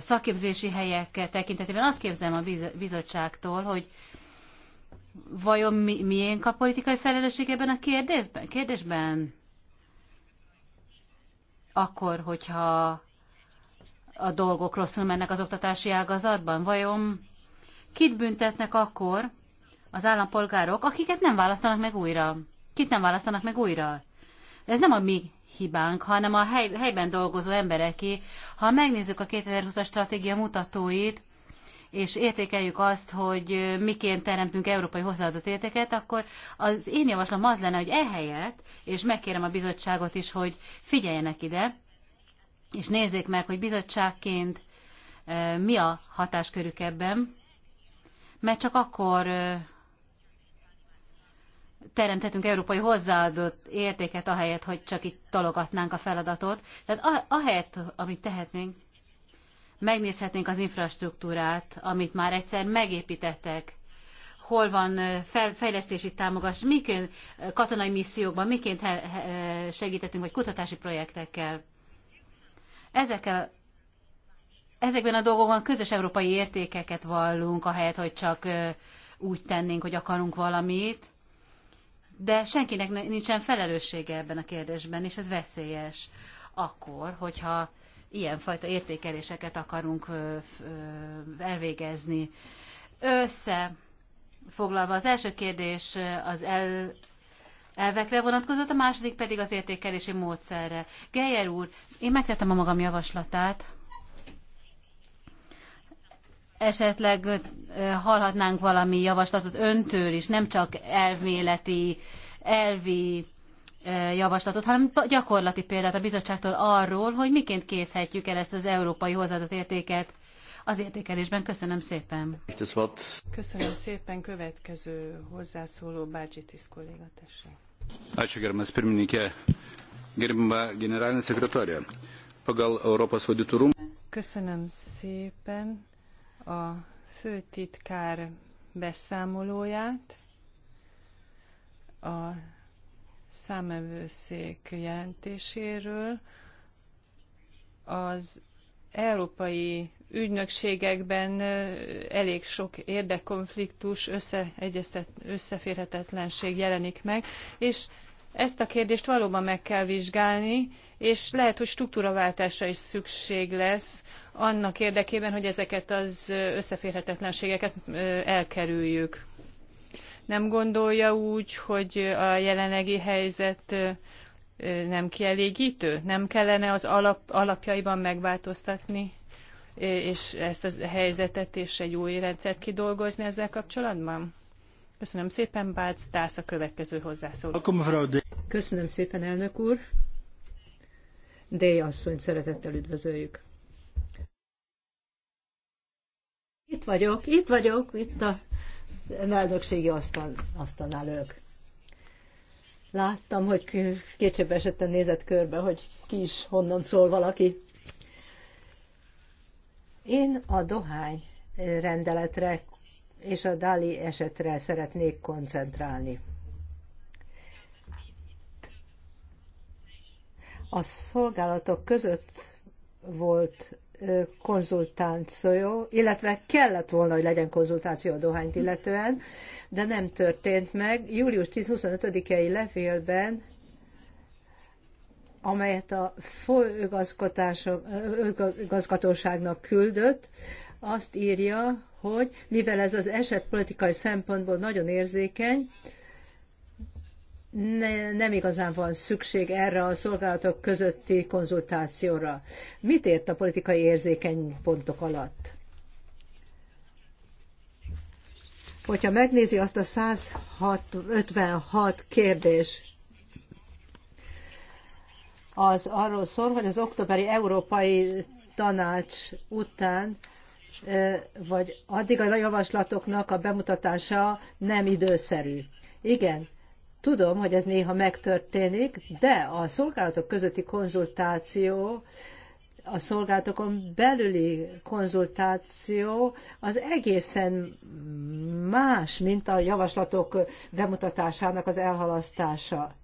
szakképzési helyek tekintetében azt képzem a bizottságtól, hogy vajon mi, miénk a politikai felelősség ebben a kérdésben? kérdésben? Akkor, hogyha a dolgok rosszul mennek az oktatási ágazatban, vajon kit büntetnek akkor az állampolgárok, akiket nem választanak meg újra? Kit nem választanak meg újra? Ez nem a mi hibánk, hanem a hely, helyben dolgozó embereké. Ha megnézzük a 2020-as stratégia mutatóit, és értékeljük azt, hogy miként teremtünk európai hozzáadott értéket, akkor az én javaslom az lenne, hogy ehelyett, és megkérem a bizottságot is, hogy figyeljenek ide, és nézzék meg, hogy bizottságként mi a hatáskörük ebben, mert csak akkor teremthetünk európai hozzáadott értéket, ahelyett, hogy csak itt talogatnánk a feladatot. Tehát ahelyett, amit tehetnénk, megnézhetnénk az infrastruktúrát, amit már egyszer megépítettek, hol van fejlesztési támogatás, miként katonai missziókban, miként segítettünk, vagy kutatási projektekkel. Ezekkel Ezekben a dolgokban közös európai értékeket vallunk, ahelyett, hogy csak úgy tennénk, hogy akarunk valamit de senkinek nincsen felelőssége ebben a kérdésben, és ez veszélyes akkor, hogyha ilyenfajta értékeléseket akarunk elvégezni. Összefoglalva az első kérdés az el, elvekre vonatkozott, a második pedig az értékelési módszerre. Geyer úr, én megtettem a magam javaslatát, esetleg hallhatnánk valami javaslatot öntől is, nem csak elméleti, elvi javaslatot, hanem gyakorlati példát a bizottságtól arról, hogy miként készhetjük el ezt az európai hozzáadott értéket az értékelésben. Köszönöm szépen. Köszönöm szépen. Következő hozzászóló Bácsi Tisz kolléga, tessék. Ačiū, gerbiamas pirmininkė. Gerbima generalinė sekretorija. Pagal Europos vadytų rūmų. Köszönöm szépen a főtitkár beszámolóját, a számövőszék jelentéséről, az európai ügynökségekben elég sok érdekkonfliktus, összeférhetetlenség jelenik meg, és ezt a kérdést valóban meg kell vizsgálni, és lehet, hogy struktúraváltásra is szükség lesz annak érdekében, hogy ezeket az összeférhetetlenségeket elkerüljük. Nem gondolja úgy, hogy a jelenlegi helyzet nem kielégítő? Nem kellene az alap, alapjaiban megváltoztatni és ezt a helyzetet és egy új rendszert kidolgozni ezzel kapcsolatban? Köszönöm szépen, Bác Tász a következő hozzászól. Köszönöm szépen, elnök úr. D. asszonyt szeretettel üdvözöljük. Itt vagyok, itt vagyok, itt a meldökségi asztal, asztalnál ők. Láttam, hogy kétségbe esetten nézett körbe, hogy ki is honnan szól valaki. Én a dohány rendeletre és a Dali esetre szeretnék koncentrálni. A szolgálatok között volt konzultáció, illetve kellett volna, hogy legyen konzultáció a dohányt illetően, de nem történt meg. Július 10-25-i levélben, amelyet a főigazgatóságnak küldött, azt írja, hogy mivel ez az eset politikai szempontból nagyon érzékeny, ne, nem igazán van szükség erre a szolgálatok közötti konzultációra. Mit ért a politikai érzékeny pontok alatt? Hogyha megnézi azt a 156 kérdés, az arról szól, hogy az októberi európai tanács után vagy addig a javaslatoknak a bemutatása nem időszerű. Igen, Tudom, hogy ez néha megtörténik, de a szolgálatok közötti konzultáció, a szolgálatokon belüli konzultáció az egészen más, mint a javaslatok bemutatásának az elhalasztása.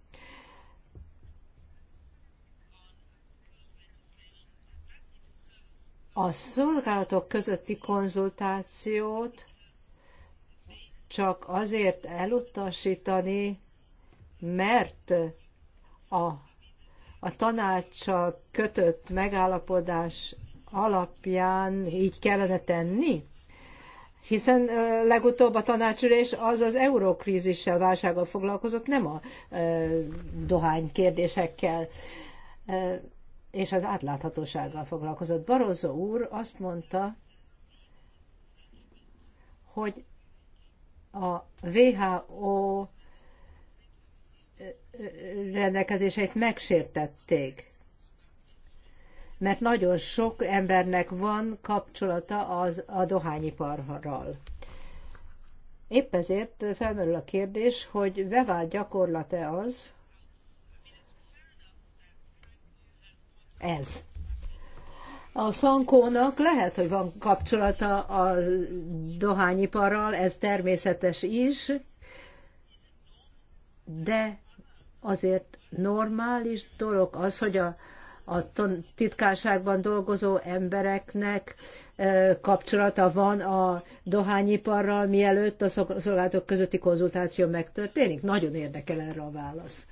A szolgálatok közötti konzultációt csak azért elutasítani, mert a, a tanácsa kötött megállapodás alapján így kellene tenni? Hiszen legutóbb a tanácsülés az az eurókrízissel, válsággal foglalkozott, nem a e, dohány kérdésekkel e, és az átláthatósággal foglalkozott. Barozó úr azt mondta, hogy a WHO rendelkezéseit megsértették. Mert nagyon sok embernek van kapcsolata az, a dohányiparral. Épp ezért felmerül a kérdés, hogy bevált gyakorlat-e az, ez. A szankónak lehet, hogy van kapcsolata a dohányiparral, ez természetes is, de Azért normális dolog az, hogy a, a titkárságban dolgozó embereknek e, kapcsolata van a dohányiparral, mielőtt a szolgálatok közötti konzultáció megtörténik? Nagyon érdekel erre a válasz.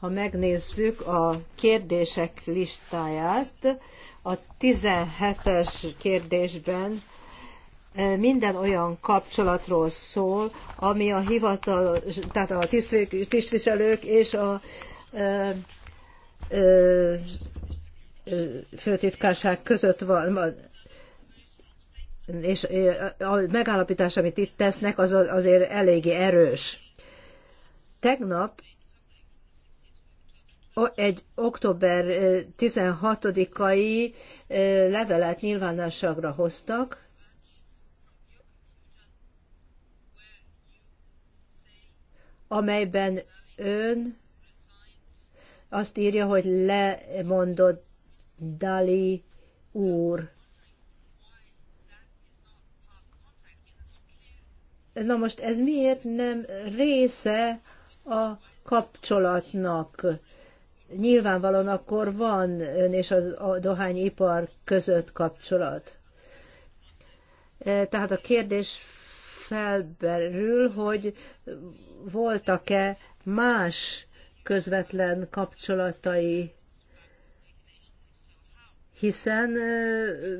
Ha megnézzük a kérdések listáját, a 17-es kérdésben minden olyan kapcsolatról szól, ami a hivatal, tehát a tisztviselők és a főtitkárság között van, és a megállapítás, amit itt tesznek, az azért eléggé erős. Tegnap egy október 16-ai levelet nyilvánosságra hoztak, amelyben ön azt írja, hogy lemondott Dali úr. Na most ez miért nem része a kapcsolatnak? Nyilvánvalóan akkor van ön és a dohányipar között kapcsolat. E, tehát a kérdés felberül, hogy voltak-e más közvetlen kapcsolatai, hiszen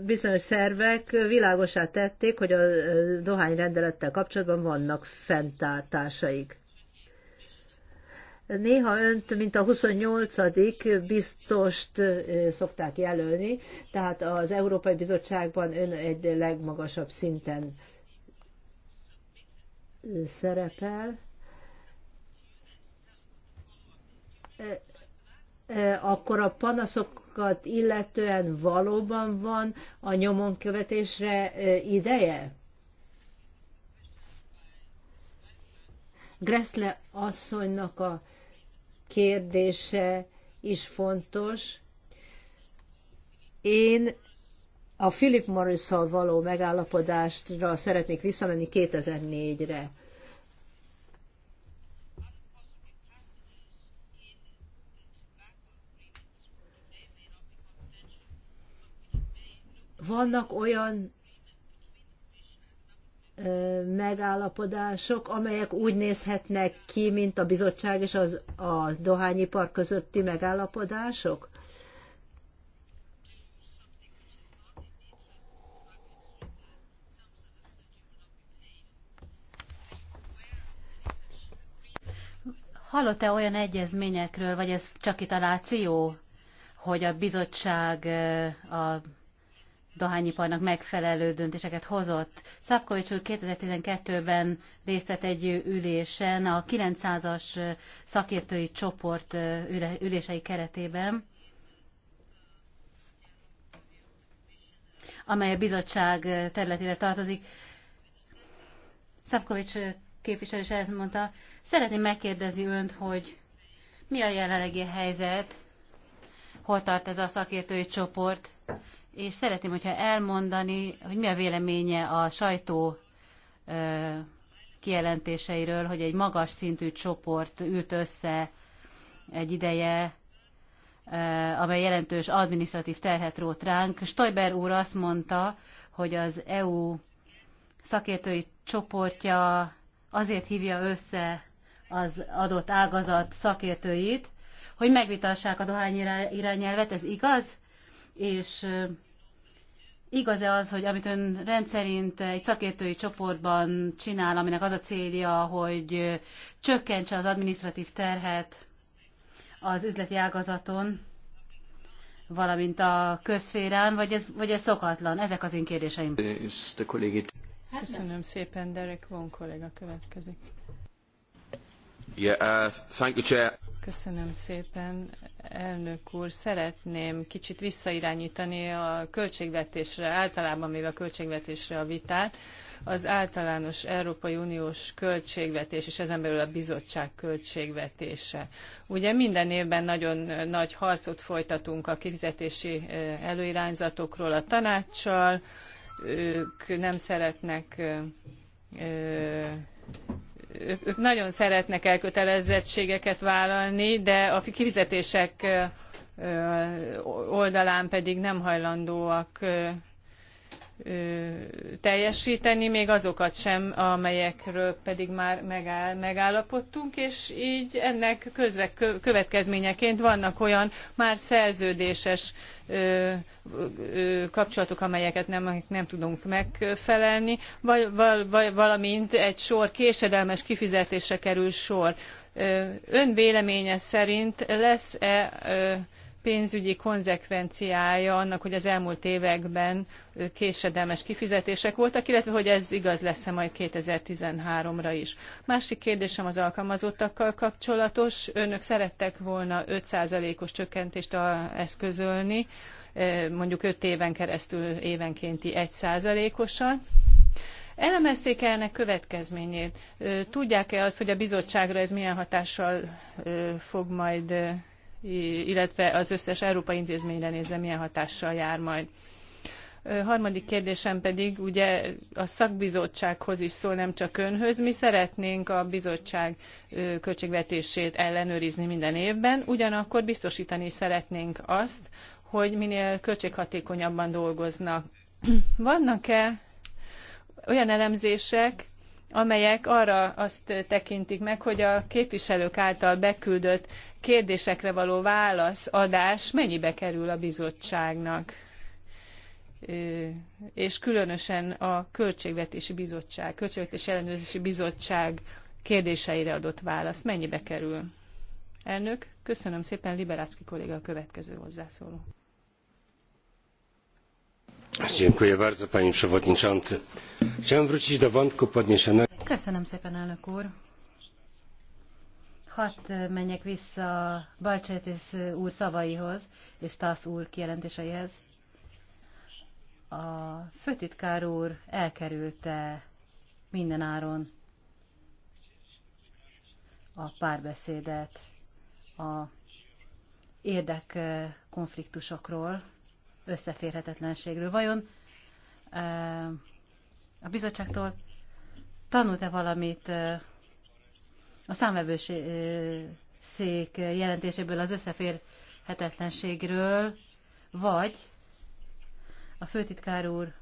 bizonyos szervek világosá tették, hogy a dohányrendelettel kapcsolatban vannak fenntartásaik. Néha önt, mint a 28. biztost szokták jelölni, tehát az Európai Bizottságban ön egy legmagasabb szinten szerepel, e, e, akkor a panaszokat illetően valóban van a nyomon követésre e, ideje? Gressle asszonynak a kérdése is fontos. Én a Philip morris való megállapodásra szeretnék visszamenni 2004-re. Vannak olyan megállapodások, amelyek úgy nézhetnek ki, mint a bizottság és az, a dohányipar közötti megállapodások? Hallott-e olyan egyezményekről, vagy ez csak kitaláció, hogy a bizottság a dohányiparnak megfelelő döntéseket hozott. Szabkovics úr 2012-ben részt vett egy ülésen, a 900-as szakértői csoport ülései keretében, amely a bizottság területére tartozik. Szabkovics képviselő is ezt mondta. Szeretném megkérdezni önt, hogy mi a jelenlegi helyzet, hol tart ez a szakértői csoport, és szeretném, hogyha elmondani, hogy mi a véleménye a sajtó ö, kijelentéseiről, hogy egy magas szintű csoport ült össze egy ideje, ö, amely jelentős adminisztratív terhet rót ránk. Stoiber úr azt mondta, hogy az EU szakértői csoportja azért hívja össze az adott ágazat szakértőit, hogy megvitassák a dohány irányelvet, ez igaz? És igaz-e az, hogy amit ön rendszerint egy szakértői csoportban csinál, aminek az a célja, hogy csökkentse az administratív terhet az üzleti ágazaton, valamint a közférán, vagy ez, vagy ez szokatlan? Ezek az én kérdéseim. Hát Köszönöm szépen, Derek von kolléga következik. Yeah, uh, thank you, Chair. Köszönöm szépen, elnök úr. Szeretném kicsit visszairányítani a költségvetésre, általában még a költségvetésre a vitát. Az általános Európai Uniós költségvetés, és ezen belül a bizottság költségvetése. Ugye minden évben nagyon nagy harcot folytatunk a kifizetési eh, előirányzatokról a tanácssal, ők nem szeretnek ők nagyon szeretnek elkötelezettségeket vállalni, de a kifizetések oldalán pedig nem hajlandóak teljesíteni, még azokat sem, amelyekről pedig már megáll, megállapodtunk, és így ennek közve, következményeként vannak olyan már szerződéses ö, ö, kapcsolatok, amelyeket nem, nem tudunk megfelelni, valamint egy sor késedelmes kifizetése kerül sor. Ön véleménye szerint lesz-e pénzügyi konzekvenciája annak, hogy az elmúlt években késedelmes kifizetések voltak, illetve hogy ez igaz lesz-e majd 2013-ra is. Másik kérdésem az alkalmazottakkal kapcsolatos. Önök szerettek volna 5%-os csökkentést a eszközölni, mondjuk 5 éven keresztül évenkénti 1%-osan. Elemezték -e ennek következményét? Tudják-e azt, hogy a bizottságra ez milyen hatással fog majd illetve az összes európai intézményre nézve milyen hatással jár majd. Harmadik kérdésem pedig ugye a szakbizottsághoz is szól, nem csak önhöz. Mi szeretnénk a bizottság költségvetését ellenőrizni minden évben, ugyanakkor biztosítani szeretnénk azt, hogy minél költséghatékonyabban dolgoznak. Vannak-e olyan elemzések, amelyek arra azt tekintik meg, hogy a képviselők által beküldött kérdésekre való válaszadás mennyibe kerül a bizottságnak és különösen a Költségvetési Bizottság, Költségvetési Ellenőrzési Bizottság kérdéseire adott válasz mennyibe kerül? Elnök, köszönöm szépen, Liberácki kolléga a következő hozzászóló. Dziękuję bardzo, panie przewodniczący. Chciałem wrócić do wątku podniesionego. Köszönöm szépen, elnök úr. Hadd e, menjek vissza Balcsétis e, úr szavaihoz, és Tasz úr kijelentéseihez. A főtitkár úr elkerülte minden áron a párbeszédet a érdekkonfliktusokról, e, összeférhetetlenségről. Vajon a bizottságtól tanult-e valamit a számvevőszék jelentéséből az összeférhetetlenségről, vagy a főtitkár úr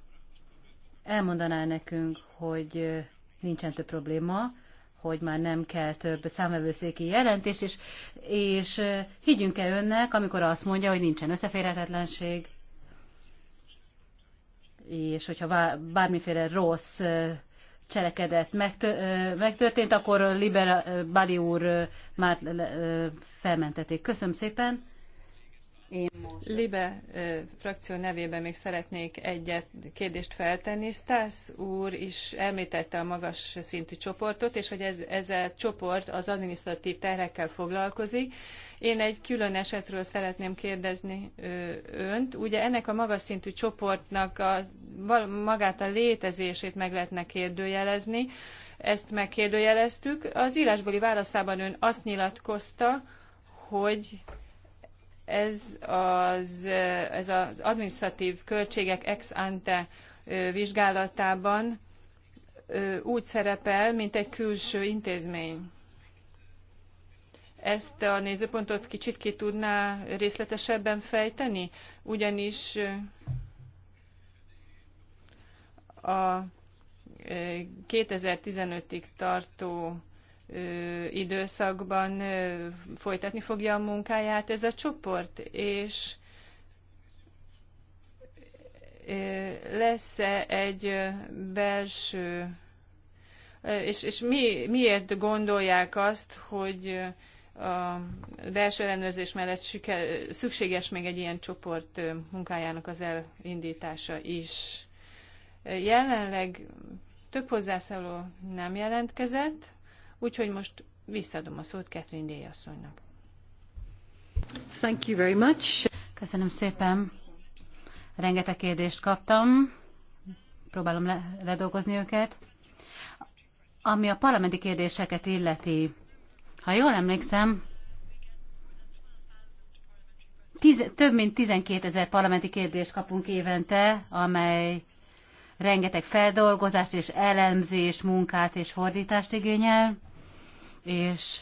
elmondaná nekünk, hogy nincsen több probléma, hogy már nem kell több számvevőszéki jelentés, és, és higgyünk-e önnek, amikor azt mondja, hogy nincsen összeférhetetlenség, és hogyha bármiféle rossz cselekedet megtörtént, akkor Libera Bali úr már felmentették. Köszönöm szépen! Én most. Libe frakció nevében még szeretnék egyet kérdést feltenni. Stász úr is említette a magas szintű csoportot, és hogy ez, ez a csoport az administratív terhekkel foglalkozik. Én egy külön esetről szeretném kérdezni önt. Ugye ennek a magas szintű csoportnak a, magát a létezését meg lehetne kérdőjelezni. Ezt megkérdőjeleztük. Az írásbeli válaszában ön azt nyilatkozta, hogy ez az, ez az administratív költségek ex ante vizsgálatában úgy szerepel, mint egy külső intézmény. Ezt a nézőpontot kicsit ki tudná részletesebben fejteni, ugyanis a 2015-ig tartó időszakban folytatni fogja a munkáját ez a csoport, és lesz-e egy belső, és, és mi, miért gondolják azt, hogy a belső ellenőrzés mellett siker, szükséges még egy ilyen csoport munkájának az elindítása is. Jelenleg több hozzászóló nem jelentkezett. Úgyhogy most visszadom a szót Catherine Day asszonynak. Thank you very much. Köszönöm szépen. Rengeteg kérdést kaptam. Próbálom le- ledolgozni őket. Ami a parlamenti kérdéseket illeti, ha jól emlékszem, tiz, több mint 12 ezer parlamenti kérdést kapunk évente, amely rengeteg feldolgozást és elemzést, munkát és fordítást igényel és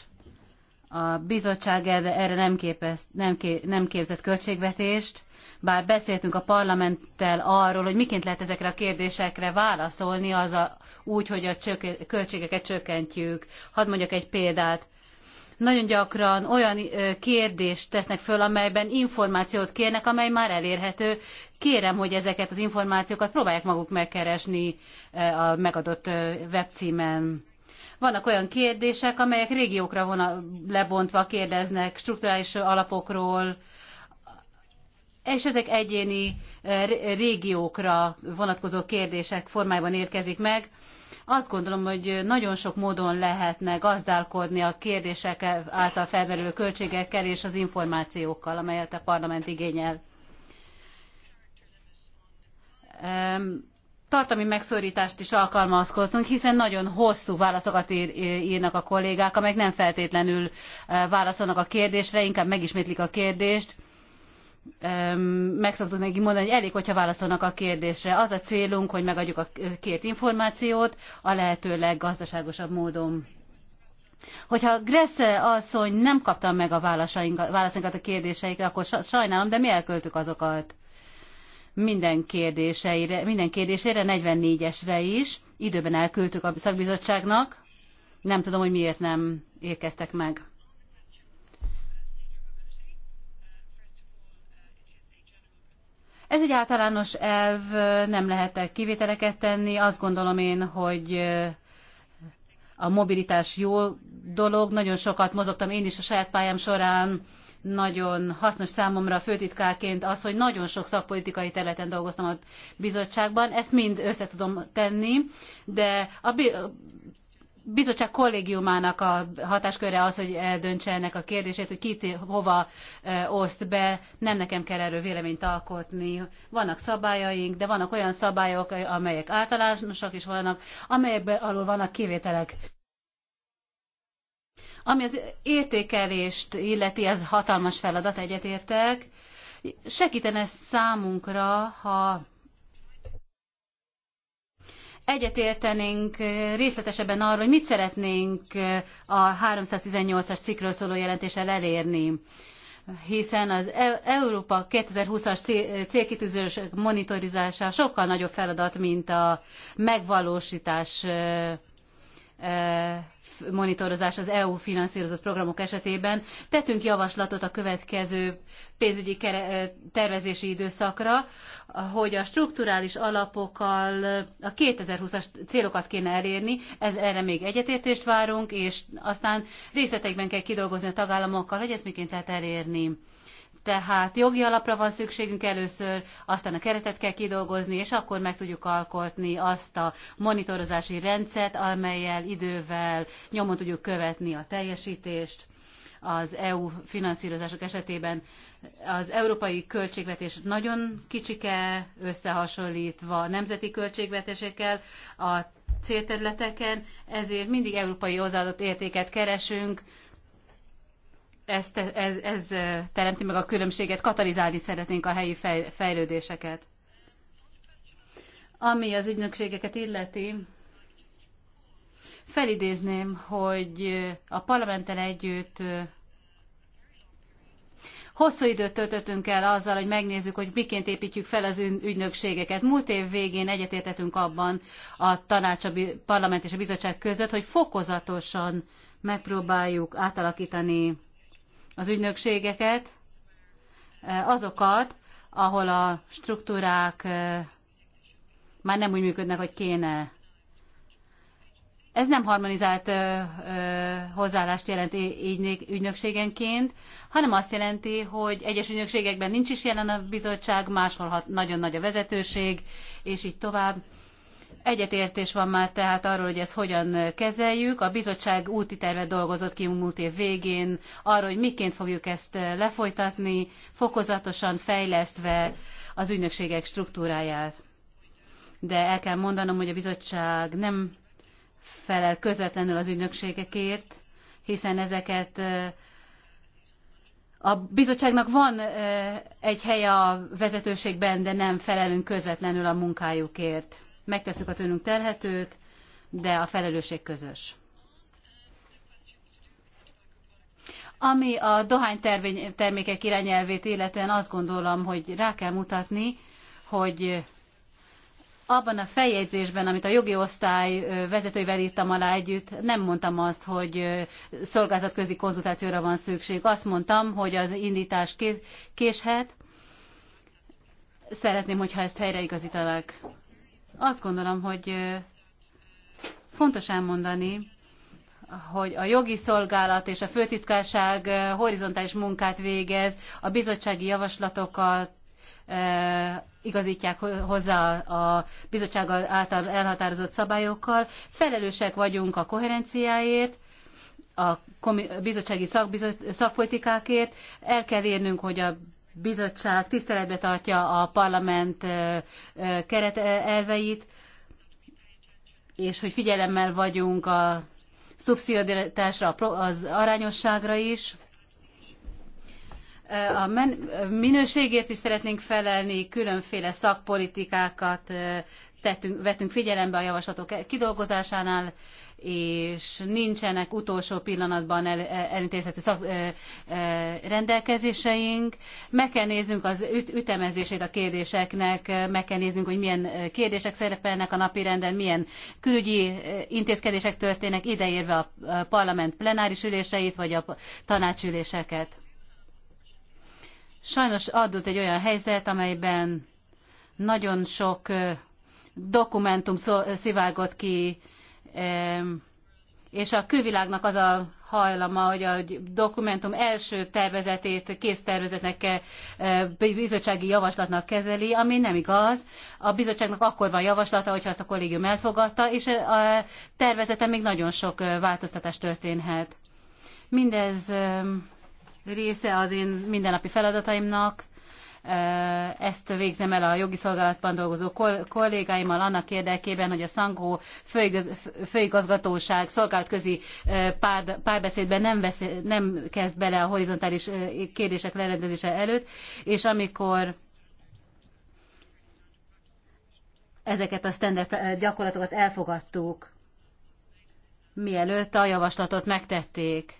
a bizottság erre, erre nem, képez, nem, ké, nem képzett költségvetést, bár beszéltünk a parlamenttel arról, hogy miként lehet ezekre a kérdésekre válaszolni, az a, úgy, hogy a csök, költségeket csökkentjük. Hadd mondjak egy példát. Nagyon gyakran olyan kérdést tesznek föl, amelyben információt kérnek, amely már elérhető. Kérem, hogy ezeket az információkat próbálják maguk megkeresni a megadott webcímen vannak olyan kérdések, amelyek régiókra vona, lebontva kérdeznek, strukturális alapokról, és ezek egyéni eh, régiókra vonatkozó kérdések formájában érkezik meg. Azt gondolom, hogy nagyon sok módon lehetne gazdálkodni a kérdések által felmerülő költségekkel és az információkkal, amelyet a parlament igényel tartalmi megszorítást is alkalmazkodtunk, hiszen nagyon hosszú válaszokat ír, írnak a kollégák, amelyek nem feltétlenül válaszolnak a kérdésre, inkább megismétlik a kérdést. Meg szoktuk neki mondani, hogy elég, hogyha válaszolnak a kérdésre. Az a célunk, hogy megadjuk a két információt a lehető leggazdaságosabb módon. Hogyha Gressze asszony nem kapta meg a válaszainkat a kérdéseikre, akkor sajnálom, de mi elköltük azokat? minden kérdéseire, minden kérdésére, 44-esre is. Időben elküldtük a szakbizottságnak. Nem tudom, hogy miért nem érkeztek meg. Ez egy általános elv, nem lehetek kivételeket tenni. Azt gondolom én, hogy a mobilitás jó dolog. Nagyon sokat mozogtam én is a saját pályám során nagyon hasznos számomra a főtitkárként az, hogy nagyon sok szakpolitikai területen dolgoztam a bizottságban, ezt mind össze tudom tenni, de a bizottság kollégiumának a hatásköre az, hogy döntse ennek a kérdését, hogy kit hova oszt be, nem nekem kell erről véleményt alkotni. Vannak szabályaink, de vannak olyan szabályok, amelyek általánosak is vannak, amelyek alól vannak kivételek. Ami az értékelést illeti, ez hatalmas feladat, egyetértek. Segítene számunkra, ha egyetértenénk részletesebben arról, hogy mit szeretnénk a 318-as cikkről szóló jelentéssel elérni hiszen az e- Európa 2020-as célkitűzős monitorizása sokkal nagyobb feladat, mint a megvalósítás E, monitorozás az EU finanszírozott programok esetében. Tettünk javaslatot a következő pénzügyi e, tervezési időszakra, hogy a strukturális alapokkal a 2020-as célokat kéne elérni, ez erre még egyetértést várunk, és aztán részletekben kell kidolgozni a tagállamokkal, hogy ezt miként lehet elérni tehát jogi alapra van szükségünk először, aztán a keretet kell kidolgozni, és akkor meg tudjuk alkotni azt a monitorozási rendszert, amelyel idővel nyomon tudjuk követni a teljesítést az EU finanszírozások esetében. Az európai költségvetés nagyon kicsike, összehasonlítva nemzeti költségvetésekkel a célterületeken, ezért mindig európai hozzáadott értéket keresünk, ez, ez, ez teremti meg a különbséget, katalizálni szeretnénk a helyi fej, fejlődéseket. Ami az ügynökségeket illeti, felidézném, hogy a parlamenten együtt hosszú időt töltöttünk el azzal, hogy megnézzük, hogy miként építjük fel az ügynökségeket. Múlt év végén egyetértettünk abban a tanács, a parlament és a bizottság között, hogy fokozatosan megpróbáljuk átalakítani az ügynökségeket, azokat, ahol a struktúrák már nem úgy működnek, hogy kéne. Ez nem harmonizált ö, ö, hozzáállást jelent ügynökségenként, hanem azt jelenti, hogy egyes ügynökségekben nincs is jelen a bizottság, máshol nagyon nagy a vezetőség, és így tovább. Egyetértés van már tehát arról, hogy ezt hogyan kezeljük. A bizottság úti tervet dolgozott ki múlt év végén arról, hogy miként fogjuk ezt lefolytatni, fokozatosan fejlesztve az ügynökségek struktúráját. De el kell mondanom, hogy a bizottság nem felel közvetlenül az ügynökségekért, hiszen ezeket a bizottságnak van egy helye a vezetőségben, de nem felelünk közvetlenül a munkájukért. Megteszük a tőlünk telhetőt, de a felelősség közös. Ami a Dohány termékek irányelvét illetően azt gondolom, hogy rá kell mutatni, hogy abban a feljegyzésben, amit a jogi osztály vezetőivel írtam alá együtt, nem mondtam azt, hogy szolgázatközi konzultációra van szükség. Azt mondtam, hogy az indítás késhet. Szeretném, hogyha ezt helyreigazítanák. Azt gondolom, hogy fontos elmondani, hogy a jogi szolgálat és a főtitkárság horizontális munkát végez, a bizottsági javaslatokat igazítják hozzá a bizottság által elhatározott szabályokkal. Felelősek vagyunk a koherenciáért, a bizottsági szakpolitikákért. El kell érnünk, hogy a bizottság tiszteletbe tartja a parlament keretelveit, és hogy figyelemmel vagyunk a szubszidiaritásra, az arányosságra is. A minőségért is szeretnénk felelni, különféle szakpolitikákat tettünk, vettünk figyelembe a javaslatok kidolgozásánál, és nincsenek utolsó pillanatban el, e, elintézhető szak, ö, e, ö, e, rendelkezéseink. Meg kell néznünk az üt, ütemezését a kérdéseknek, meg kell néznünk, hogy milyen kérdések szerepelnek a napirenden, milyen külügyi intézkedések történnek, ideérve a parlament plenáris üléseit, vagy a tanácsüléseket. Sajnos adott egy olyan helyzet, amelyben nagyon sok dokumentum szivárgott ki és a külvilágnak az a hajlama, hogy a dokumentum első tervezetét kész tervezetnek, e, bizottsági javaslatnak kezeli, ami nem igaz. A bizottságnak akkor van javaslata, hogyha azt a kollégium elfogadta, és a tervezeten még nagyon sok e, változtatás történhet. Mindez része az én mindennapi feladataimnak, ezt végzem el a jogi szolgálatban dolgozó kollégáimmal annak érdekében, hogy a Szangó főigazgatóság szolgálatközi párbeszédben nem, vesz, nem kezd bele a horizontális kérdések lerendezése előtt, és amikor ezeket a standard gyakorlatokat elfogadtuk, mielőtt a javaslatot megtették,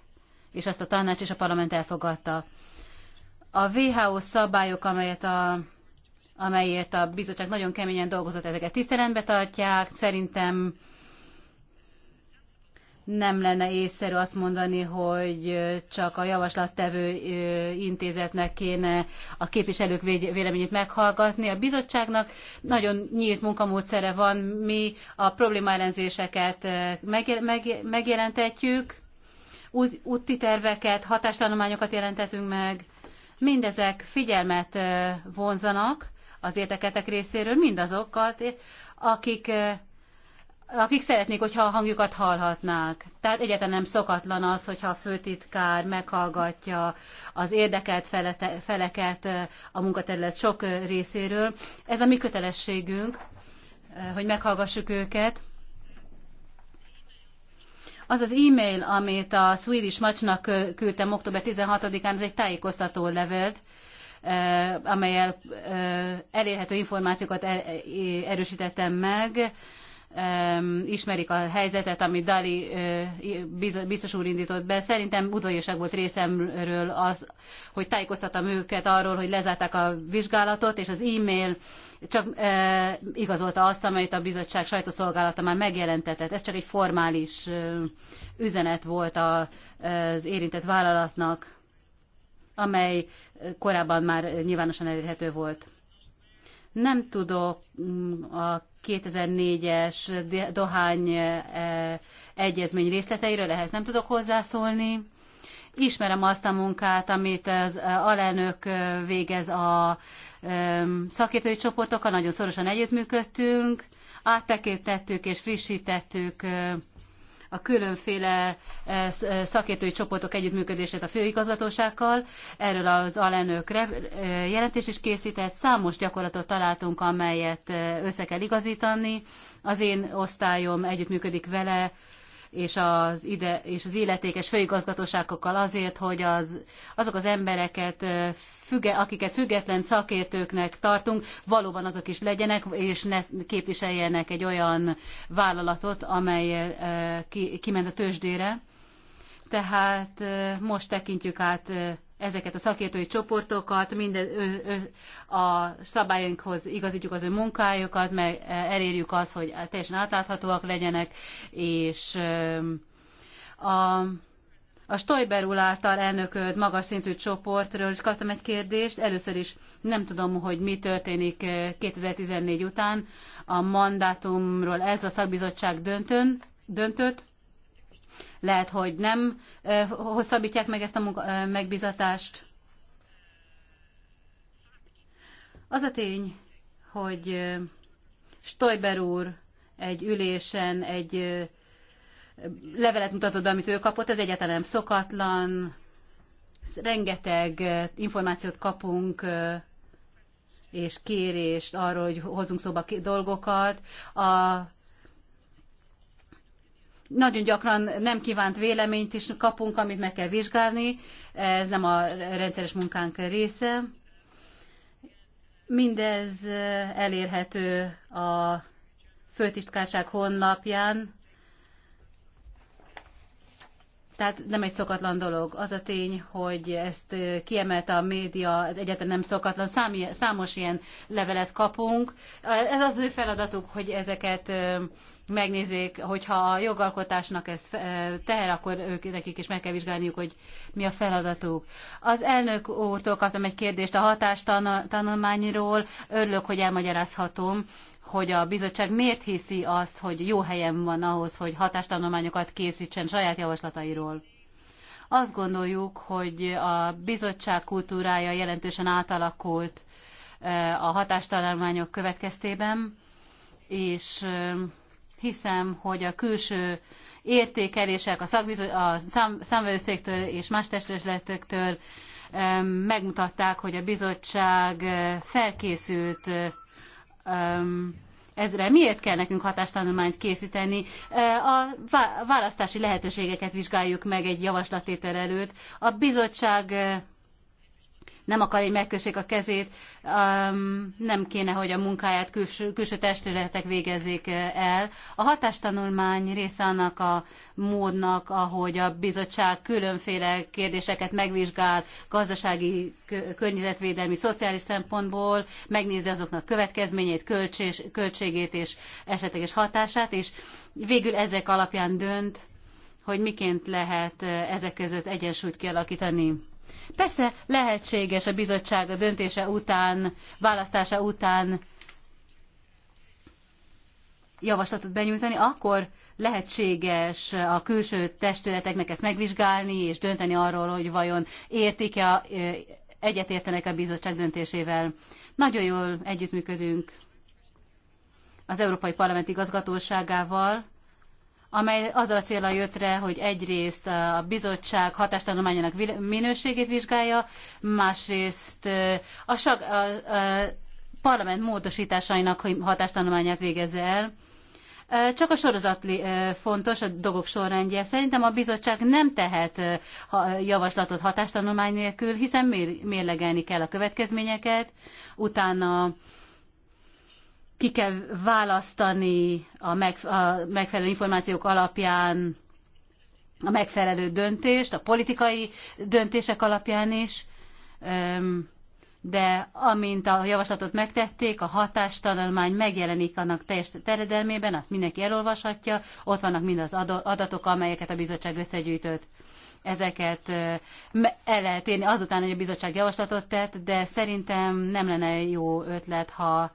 és azt a tanács és a parlament elfogadta. A WHO szabályok, amelyet a, amelyért a bizottság nagyon keményen dolgozott, ezeket tiszteletbe tartják. Szerintem nem lenne észszerű azt mondani, hogy csak a javaslattevő intézetnek kéne a képviselők véleményét meghallgatni. A bizottságnak nagyon nyílt munkamódszere van, mi a problémaellenzéseket megjelentetjük, úti terveket, hatástanulmányokat jelentetünk meg, Mindezek figyelmet vonzanak az érteketek részéről, mindazokkal, akik, akik szeretnék, hogyha a hangjukat hallhatnák. Tehát egyetlen nem szokatlan az, hogyha a főtitkár meghallgatja az érdekelt feleket a munkaterület sok részéről. Ez a mi kötelességünk, hogy meghallgassuk őket. Az az e-mail, amit a Swedish Macsnak küldtem október 16-án, ez egy tájékoztató levelt, amelyel elérhető információkat e- e- erősítettem meg ismerik a helyzetet, amit Dali biztos úr indított be. Szerintem udvariaság volt részemről az, hogy tájékoztattam őket arról, hogy lezárták a vizsgálatot, és az e-mail csak uh, igazolta azt, amelyet a bizottság sajtószolgálata már megjelentetett. Ez csak egy formális uh, üzenet volt a, az érintett vállalatnak, amely korábban már nyilvánosan elérhető volt. Nem tudok mm, a 2004-es dohány eh, egyezmény részleteiről, ehhez nem tudok hozzászólni. Ismerem azt a munkát, amit az eh, alelnök eh, végez a szakértői csoportokkal, nagyon szorosan együttműködtünk, áttekintettük és frissítettük a különféle eh, eh, szakértői csoportok együttműködését a főigazgatósággal. Erről az alelnök eh, jelentés is készített. Számos gyakorlatot találtunk, amelyet össze kell igazítani. Az én osztályom együttműködik vele, és az, ide, és az illetékes főigazgatóságokkal azért, hogy az, azok az embereket, füge, akiket független szakértőknek tartunk, valóban azok is legyenek, és ne képviseljenek egy olyan vállalatot, amely ki, kiment a tőzsdére. Tehát most tekintjük át ezeket a szakértői csoportokat, minden a szabályainkhoz igazítjuk az ő munkájukat, meg elérjük azt, hogy teljesen átláthatóak legyenek, és a, a Stoiber úr által elnököd magas szintű csoportról is kaptam egy kérdést. Először is nem tudom, hogy mi történik 2014 után. A mandátumról ez a szakbizottság döntön, döntött, lehet, hogy nem hosszabbítják meg ezt a megbizatást. Az a tény, hogy Stoiber úr egy ülésen egy levelet mutatott be, amit ő kapott, ez egyáltalán nem szokatlan. Rengeteg információt kapunk és kérést arról, hogy hozunk szóba dolgokat. A nagyon gyakran nem kívánt véleményt is kapunk, amit meg kell vizsgálni, ez nem a rendszeres munkánk része. Mindez elérhető a főtisztkárság honlapján, tehát nem egy szokatlan dolog. Az a tény, hogy ezt kiemelte a média, ez egyáltalán nem szokatlan. Szám, számos ilyen levelet kapunk. Ez az ő feladatuk, hogy ezeket megnézik, hogyha a jogalkotásnak ez teher, akkor ők, nekik is meg kell vizsgálniuk, hogy mi a feladatuk. Az elnök úrtól kaptam egy kérdést a hatástanulmányról. Örülök, hogy elmagyarázhatom hogy a bizottság miért hiszi azt, hogy jó helyen van ahhoz, hogy hatástanulmányokat készítsen saját javaslatairól. Azt gondoljuk, hogy a bizottság kultúrája jelentősen átalakult a hatástanulmányok következtében, és Hiszem, hogy a külső értékelések a, szakbizo- a szám- számvevőszéktől és más testületektől megmutatták, hogy a bizottság eh, felkészült ezre. Miért kell nekünk hatástanulmányt készíteni? Eh, a választási lehetőségeket vizsgáljuk meg egy javaslatétel előtt. A bizottság eh, nem akar, hogy megkössék a kezét, nem kéne, hogy a munkáját külső, külső testületek végezzék el. A hatástanulmány része annak a módnak, ahogy a bizottság különféle kérdéseket megvizsgál gazdasági, környezetvédelmi, szociális szempontból, megnézi azoknak következményét, költsés, költségét és esetleges hatását, és végül ezek alapján dönt, hogy miként lehet ezek között egyensúlyt kialakítani. Persze lehetséges a bizottság a döntése után, választása után javaslatot benyújtani, akkor lehetséges a külső testületeknek ezt megvizsgálni és dönteni arról, hogy vajon értik-e, egyetértenek a bizottság döntésével. Nagyon jól együttműködünk az Európai Parlament igazgatóságával, amely azzal a célra jött rá, hogy egyrészt a bizottság hatástanulmányának minőségét vizsgálja, másrészt a, a, a parlament módosításainak hatástanulmányát végezze el. Csak a sorozat fontos, a dolgok sorrendje. Szerintem a bizottság nem tehet javaslatot hatástanulmány nélkül, hiszen mérlegelni kell a következményeket, utána ki kell választani a, meg, a megfelelő információk alapján a megfelelő döntést, a politikai döntések alapján is, de amint a javaslatot megtették, a hatástanulmány megjelenik annak teljes teredelmében, azt mindenki elolvashatja, ott vannak mind az adatok, amelyeket a bizottság összegyűjtött. Ezeket el lehet érni azután, hogy a bizottság javaslatot tett, de szerintem nem lenne jó ötlet, ha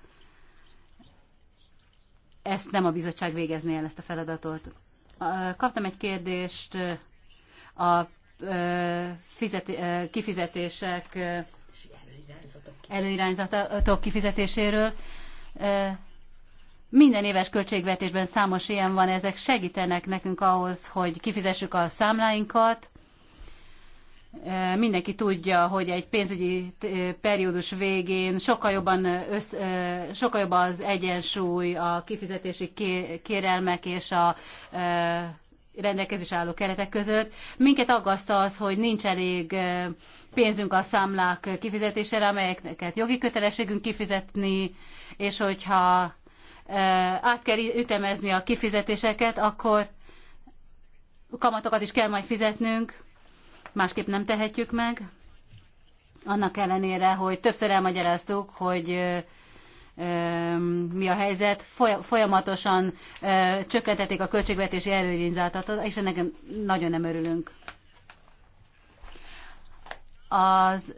ezt nem a bizottság végezné el ezt a feladatot. Kaptam egy kérdést a kifizetések előirányzatok kifizetéséről. Minden éves költségvetésben számos ilyen van, ezek segítenek nekünk ahhoz, hogy kifizessük a számláinkat, mindenki tudja, hogy egy pénzügyi periódus végén sokkal jobban, össz, sokkal jobban az egyensúly a kifizetési kérelmek és a rendelkezés álló keretek között. Minket aggaszt az, hogy nincs elég pénzünk a számlák kifizetésére, amelyeket jogi kötelességünk kifizetni, és hogyha át kell ütemezni a kifizetéseket, akkor kamatokat is kell majd fizetnünk másképp nem tehetjük meg. Annak ellenére, hogy többször elmagyaráztuk, hogy mi a helyzet, folyamatosan csökkentették a költségvetési előirányzatot, és ennek nagyon nem örülünk. Az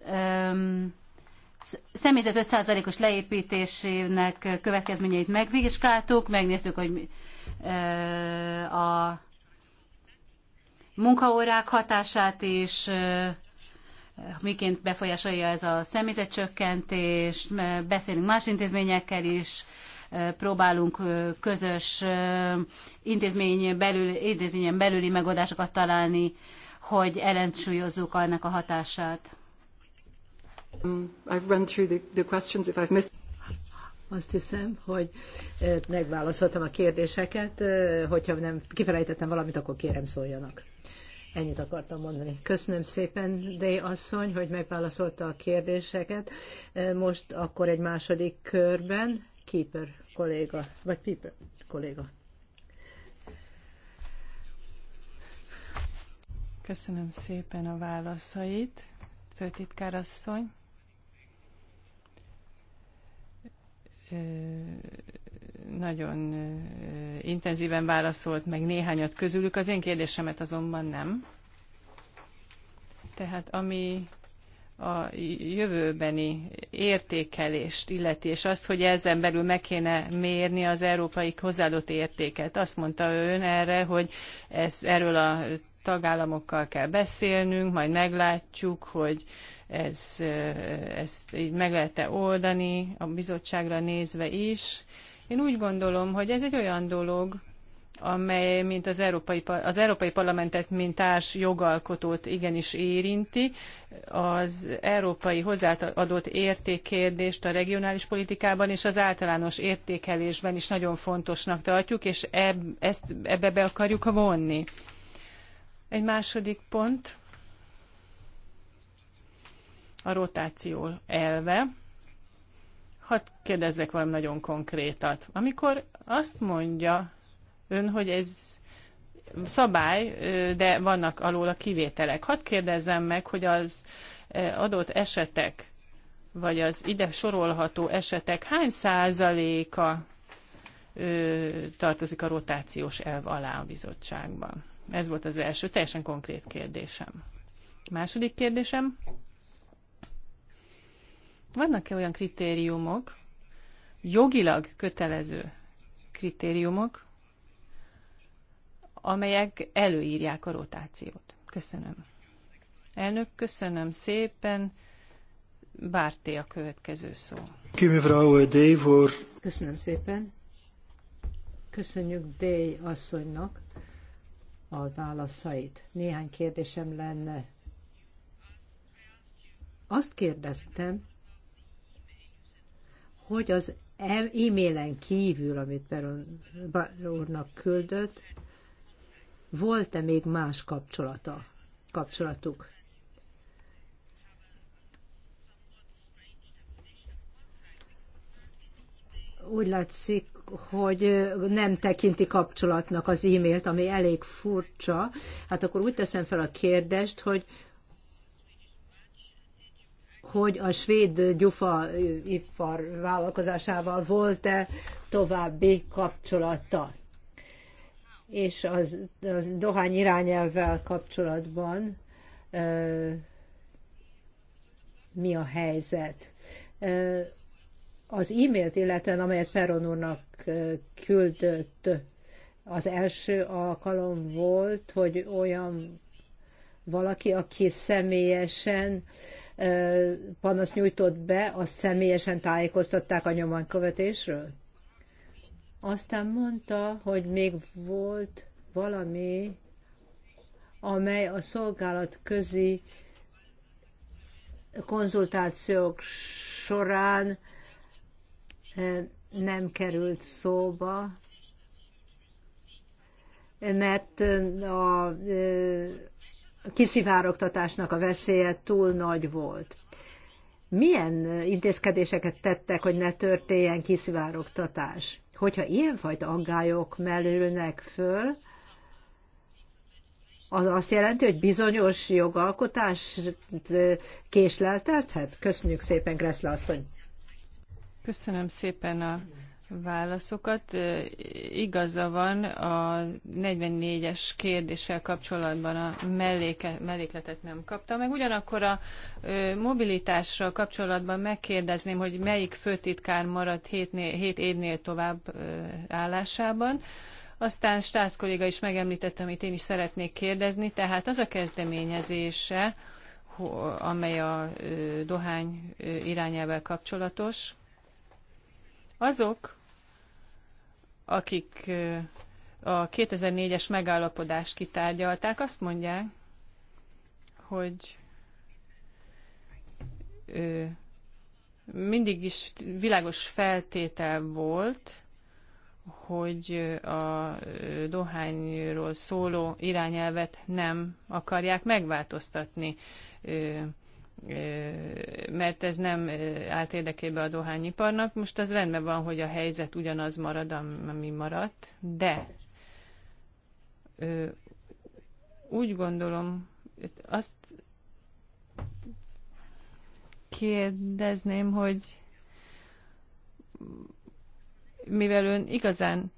személyzet 5%-os leépítésének következményeit megvizsgáltuk, megnéztük, hogy a munkaórák hatását is, miként befolyásolja ez a személyzetcsökkentés, beszélünk más intézményekkel is, próbálunk közös intézmény belül, intézményen belüli megoldásokat találni, hogy ellensúlyozzuk annak a hatását. Um, I've run through the, the questions if I've missed. Azt hiszem, hogy eh, megválaszoltam a kérdéseket, eh, hogyha nem kifelejtettem valamit, akkor kérem szóljanak. Ennyit akartam mondani. Köszönöm szépen, de asszony, hogy megválaszolta a kérdéseket. Eh, most akkor egy második körben Keeper kolléga, vagy Piper kolléga. Köszönöm szépen a válaszait, főtitkár asszony. Eh, nagyon intenzíven válaszolt meg néhányat közülük, az én kérdésemet azonban nem. Tehát ami a jövőbeni értékelést illeti, és azt, hogy ezen belül meg kéne mérni az európai hozzáadott értéket. Azt mondta ön erre, hogy ez, erről a tagállamokkal kell beszélnünk, majd meglátjuk, hogy ez, ezt így meg lehet-e oldani a bizottságra nézve is. Én úgy gondolom, hogy ez egy olyan dolog, amely mint az Európai, az Európai Parlamentet, mint társ jogalkotót igenis érinti. Az európai hozzáadott értékkérdést a regionális politikában és az általános értékelésben is nagyon fontosnak tartjuk, és eb, ezt ebbe be akarjuk vonni. Egy második pont a rotáció elve. Hadd kérdezzek valami nagyon konkrétat. Amikor azt mondja ön, hogy ez szabály, de vannak alól a kivételek. Hadd kérdezzem meg, hogy az adott esetek, vagy az ide sorolható esetek hány százaléka tartozik a rotációs elv alá a bizottságban? Ez volt az első, teljesen konkrét kérdésem. Második kérdésem. Vannak-e olyan kritériumok, jogilag kötelező kritériumok, amelyek előírják a rotációt? Köszönöm. Elnök, köszönöm szépen. Bárté a következő szó. Köszönöm szépen. Köszönjük Déj asszonynak a válaszait. Néhány kérdésem lenne. Azt kérdeztem, hogy az e-mailen kívül, amit Peron úrnak küldött, volt-e még más kapcsolata, kapcsolatuk? Úgy látszik, hogy nem tekinti kapcsolatnak az e-mailt, ami elég furcsa. Hát akkor úgy teszem fel a kérdést, hogy hogy a svéd gyufaipar vállalkozásával volt-e további kapcsolata. És az, dohány irányelvvel kapcsolatban ö, mi a helyzet. Ö, az e-mailt illetően, amelyet Peron úrnak küldött, az első alkalom volt, hogy olyan valaki, aki személyesen panasz nyújtott be, azt személyesen tájékoztatták a nyomankövetésről? Aztán mondta, hogy még volt valami, amely a szolgálat közi konzultációk során nem került szóba, mert a kiszivárogtatásnak a veszélye túl nagy volt. Milyen intézkedéseket tettek, hogy ne történjen kiszivárogtatás? Hogyha ilyenfajta aggályok merülnek föl, az azt jelenti, hogy bizonyos jogalkotás késleltethet? Köszönjük szépen, Greszle asszony! Köszönöm szépen a válaszokat. Igaza van a 44-es kérdéssel kapcsolatban a melléke, mellékletet nem kaptam. Meg ugyanakkor a mobilitásra kapcsolatban megkérdezném, hogy melyik főtitkár maradt 7, évnél tovább állásában. Aztán Stász kolléga is megemlítette, amit én is szeretnék kérdezni, tehát az a kezdeményezése, amely a dohány irányával kapcsolatos, azok akik a 2004-es megállapodást kitárgyalták, azt mondják, hogy mindig is világos feltétel volt, hogy a dohányról szóló irányelvet nem akarják megváltoztatni mert ez nem állt érdekébe a dohányiparnak. Most az rendben van, hogy a helyzet ugyanaz marad, ami maradt, de úgy gondolom, azt kérdezném, hogy mivel ön igazán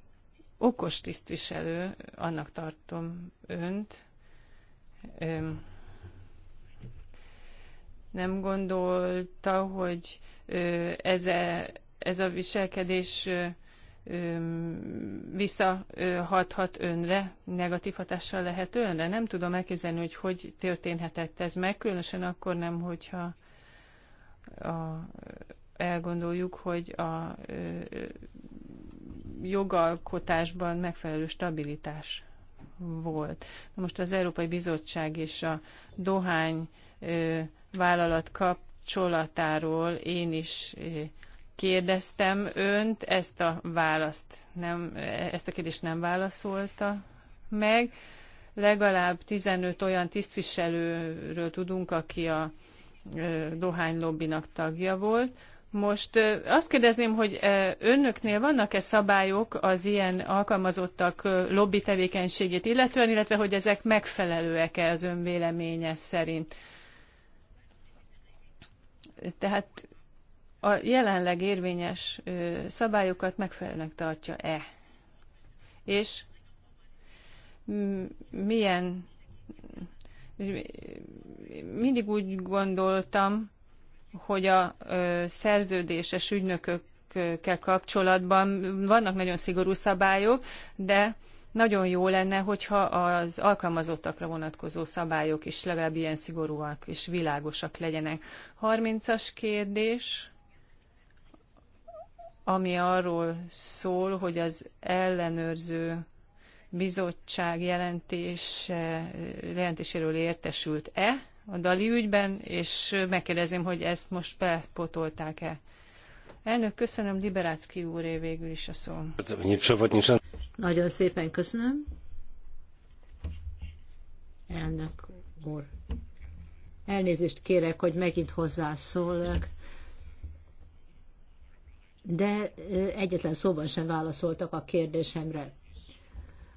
okos tisztviselő, annak tartom önt, nem gondolta, hogy ez a, e, ez a viselkedés visszahathat önre, negatív hatással lehet önre. Nem tudom elképzelni, hogy hogy történhetett ez meg, különösen akkor nem, hogyha a, elgondoljuk, hogy a jogalkotásban megfelelő stabilitás volt. most az Európai Bizottság és a dohány vállalat kapcsolatáról én is eh, kérdeztem önt, ezt a választ nem, eh, ezt a kérdést nem válaszolta meg. Legalább 15 olyan tisztviselőről tudunk, aki a eh, dohánylobbinak tagja volt. Most azt kérdezném, hogy önöknél vannak-e szabályok az ilyen alkalmazottak lobby tevékenységét illetően, illetve hogy ezek megfelelőek-e az ön véleménye szerint? tehát a jelenleg érvényes szabályokat megfelelőnek tartja-e? És milyen mindig úgy gondoltam, hogy a szerződéses ügynökökkel kapcsolatban vannak nagyon szigorú szabályok, de nagyon jó lenne, hogyha az alkalmazottakra vonatkozó szabályok is legalább ilyen szigorúak és világosak legyenek. 30-as kérdés, ami arról szól, hogy az ellenőrző bizottság jelentés, jelentéséről értesült-e a Dali ügyben, és megkérdezem, hogy ezt most bepotolták-e. Elnök, köszönöm, Liberácki úré végül is a szó. Nagyon szépen köszönöm. Elnök úr. Elnézést kérek, hogy megint hozzászólok, de egyetlen szóban sem válaszoltak a kérdésemre.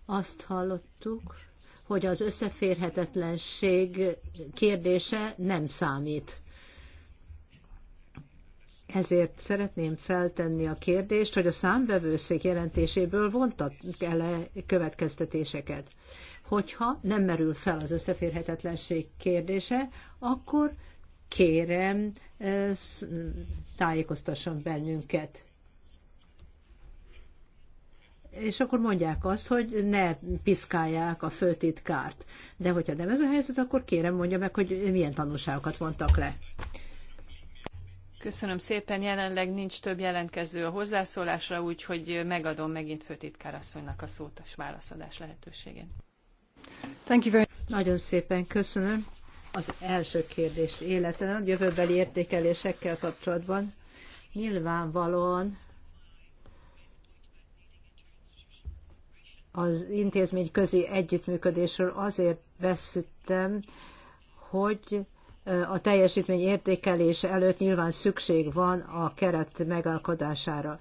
Azt hallottuk, hogy az összeférhetetlenség kérdése nem számít. Ezért szeretném feltenni a kérdést, hogy a számvevőszék jelentéséből vontak el következtetéseket. Hogyha nem merül fel az összeférhetetlenség kérdése, akkor kérem, eh, tájékoztasson bennünket. És akkor mondják azt, hogy ne piszkálják a főtitkárt. De hogyha nem ez a helyzet, akkor kérem mondja meg, hogy milyen tanulságokat vontak le. Köszönöm szépen, jelenleg nincs több jelentkező a hozzászólásra, úgyhogy megadom megint főtitkárasszonynak a szót és válaszadás lehetőségén. Thank you very Nagyon szépen köszönöm. Az első kérdés életen, a jövőbeli értékelésekkel kapcsolatban nyilvánvalóan az intézmény közi együttműködésről azért beszéltem, hogy a teljesítmény értékelése előtt nyilván szükség van a keret megalkodására.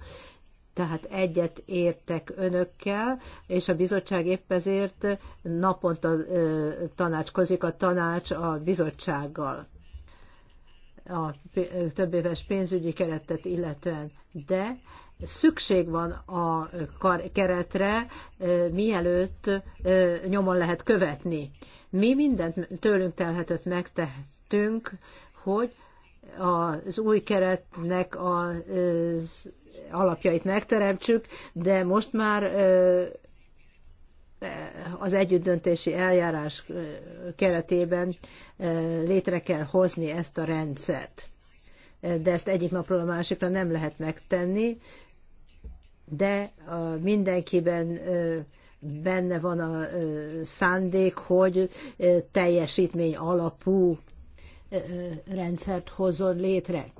Tehát egyet értek önökkel, és a bizottság épp ezért naponta tanácskozik a tanács a bizottsággal a több éves pénzügyi keretet illetően. De szükség van a keretre, mielőtt nyomon lehet követni. Mi mindent tőlünk telhetőt megtehet tettünk, hogy az új keretnek az alapjait megteremtsük, de most már az együttdöntési eljárás keretében létre kell hozni ezt a rendszert. De ezt egyik napról a másikra nem lehet megtenni, de mindenkiben benne van a szándék, hogy teljesítmény alapú rendszert hozzon létre.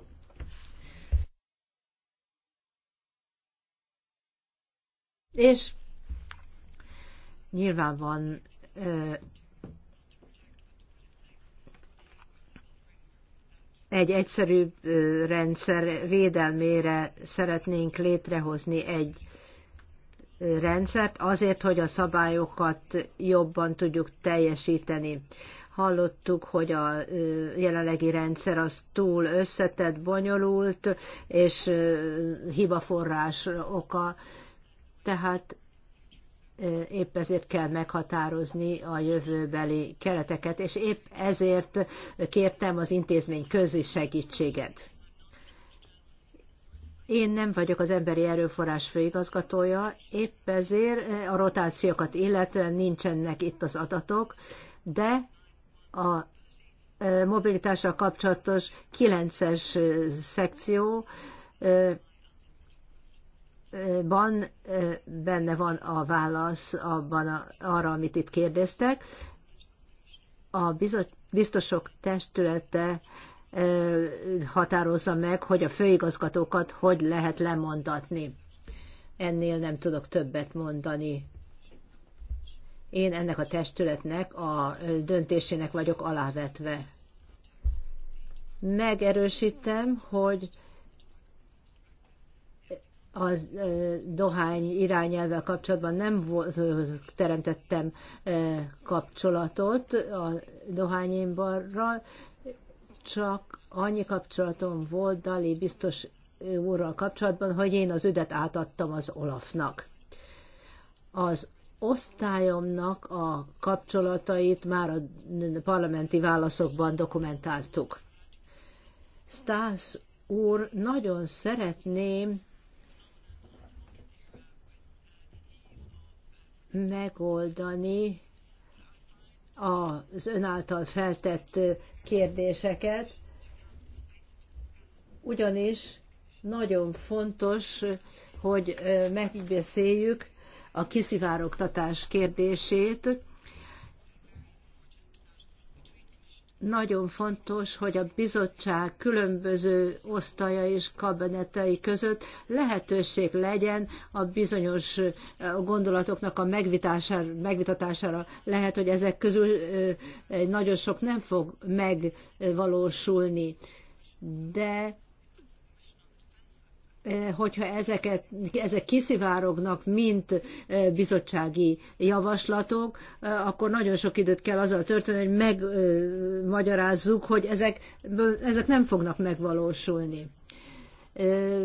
És nyilván van egy egyszerűbb rendszer védelmére szeretnénk létrehozni egy rendszert azért, hogy a szabályokat jobban tudjuk teljesíteni. Hallottuk, hogy a jelenlegi rendszer az túl összetett, bonyolult, és hibaforrás oka. Tehát épp ezért kell meghatározni a jövőbeli kereteket, és épp ezért kértem az intézmény közi segítséget. Én nem vagyok az emberi erőforrás főigazgatója, épp ezért a rotációkat illetően nincsenek itt az adatok, de a mobilitással kapcsolatos 9-es szekció van, benne van a válasz abban a, arra, amit itt kérdeztek. A biztosok testülete határozza meg, hogy a főigazgatókat hogy lehet lemondatni. Ennél nem tudok többet mondani én ennek a testületnek a döntésének vagyok alávetve. Megerősítem, hogy a e, dohány irányelvvel kapcsolatban nem teremtettem e, kapcsolatot a dohányimbarral, csak annyi kapcsolatom volt Dali biztos úrral kapcsolatban, hogy én az üdet átadtam az Olafnak. Az osztályomnak a kapcsolatait már a parlamenti válaszokban dokumentáltuk. Stász úr, nagyon szeretném megoldani az ön által feltett kérdéseket, ugyanis nagyon fontos, hogy megbeszéljük, a kiszivárogtatás kérdését. Nagyon fontos, hogy a bizottság különböző osztaja és kabinetei között lehetőség legyen a bizonyos gondolatoknak a megvitására, megvitatására. Lehet, hogy ezek közül nagyon sok nem fog megvalósulni, de Eh, hogyha ezeket, ezek kiszivárognak, mint eh, bizottsági javaslatok, eh, akkor nagyon sok időt kell azzal történni, hogy megmagyarázzuk, hogy ezek, ezek nem fognak megvalósulni.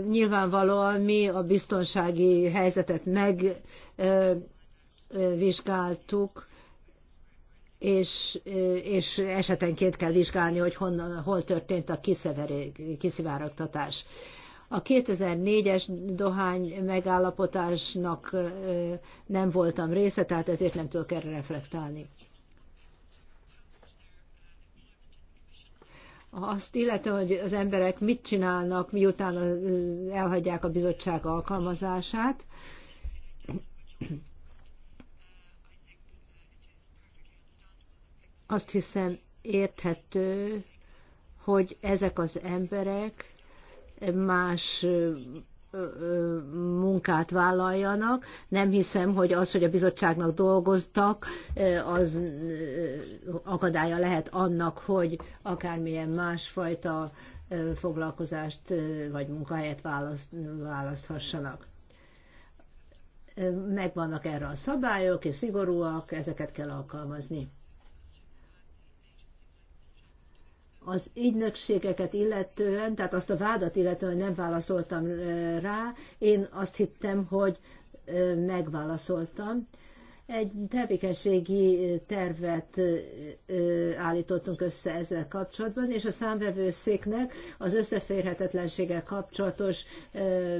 Nyilvánvalóan mi a biztonsági helyzetet megvizsgáltuk, és, és esetenként kell vizsgálni, hogy honnan, hol történt a kiszivárogtatás. A 2004-es dohány megállapotásnak nem voltam része, tehát ezért nem tudok erre reflektálni. Azt illetően, hogy az emberek mit csinálnak, miután elhagyják a bizottság alkalmazását, azt hiszem érthető, hogy ezek az emberek más munkát vállaljanak. Nem hiszem, hogy az, hogy a bizottságnak dolgoztak, az akadálya lehet annak, hogy akármilyen másfajta foglalkozást vagy munkahelyet választ, választhassanak. Megvannak erre a szabályok, és szigorúak, ezeket kell alkalmazni. az ügynökségeket illetően, tehát azt a vádat illetően, hogy nem válaszoltam rá, én azt hittem, hogy megválaszoltam. Egy tevékenységi tervet állítottunk össze ezzel kapcsolatban, és a számvevőszéknek az összeférhetetlenséggel kapcsolatos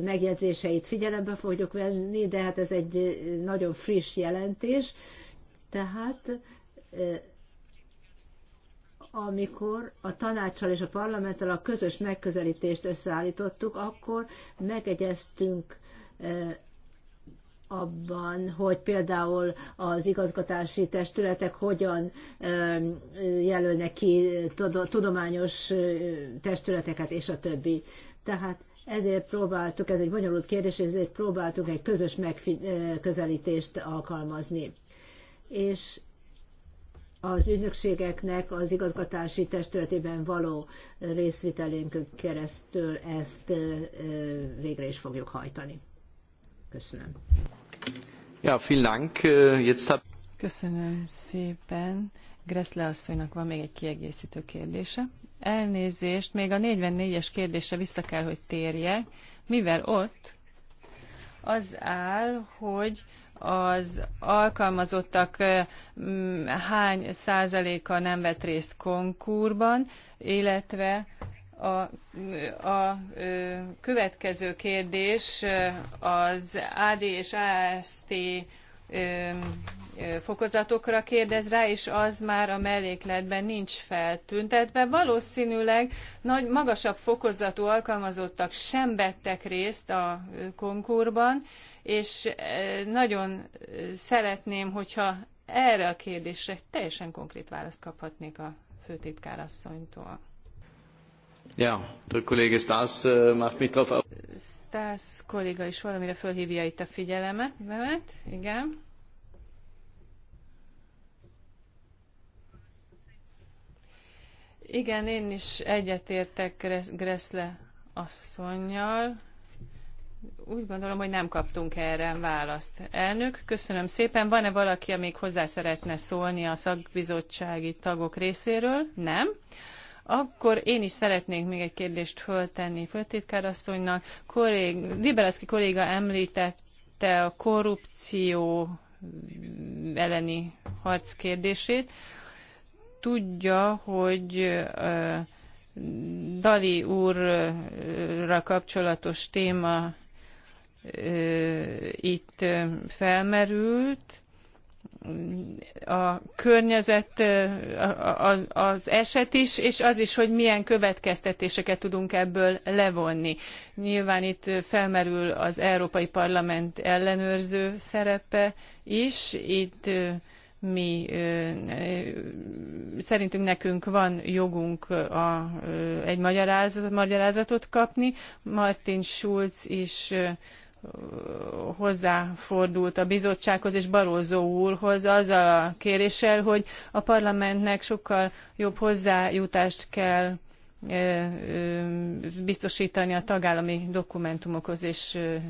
megjegyzéseit figyelembe fogjuk venni, de hát ez egy nagyon friss jelentés, tehát amikor a tanácssal és a parlamenttel a közös megközelítést összeállítottuk, akkor megegyeztünk eh, abban, hogy például az igazgatási testületek hogyan eh, jelölnek ki tudományos eh, testületeket, és a többi. Tehát ezért próbáltuk, ez egy bonyolult kérdés, ezért próbáltuk egy közös megközelítést alkalmazni. És az ügynökségeknek az igazgatási testületében való részvitelénkön keresztül ezt végre is fogjuk hajtani. Köszönöm. Ja, vielen Dank. Äh, jetzt hab... Köszönöm szépen. Gressle asszonynak van még egy kiegészítő kérdése. Elnézést, még a 44-es kérdése vissza kell, hogy térje, mivel ott az áll, hogy az alkalmazottak hány százaléka nem vett részt konkurban, illetve a, a következő kérdés az AD és AST fokozatokra kérdez rá, és az már a mellékletben nincs feltüntetve. Valószínűleg nagy, magasabb fokozatú alkalmazottak sem vettek részt a konkurban, és e, nagyon e, szeretném, hogyha erre a kérdésre teljesen konkrét választ kaphatnék a főtitkárasszonytól. Ja, der Kollege Stas uh, macht mich drauf auf. Stas kolléga is valamire fölhívja itt a figyelemet, mert igen. Igen, én is egyetértek Gressle asszonynal, úgy gondolom, hogy nem kaptunk erre választ. Elnök, köszönöm szépen. Van-e valaki, amíg hozzá szeretne szólni a szakbizottsági tagok részéről? Nem. Akkor én is szeretnék még egy kérdést föltenni föltitkárasszonynak. Kollég, Liberecki kolléga említette a korrupció elleni harc kérdését. Tudja, hogy Dali úrra kapcsolatos téma itt felmerült, a környezet, az eset is, és az is, hogy milyen következtetéseket tudunk ebből levonni. Nyilván itt felmerül az Európai Parlament ellenőrző szerepe is, itt mi szerintünk nekünk van jogunk a, egy magyarázatot kapni. Martin Schulz is hozzáfordult a bizottsághoz és Barózó úrhoz azzal a kéréssel, hogy a parlamentnek sokkal jobb hozzájutást kell e, e, biztosítani a tagállami dokumentumokhoz és e,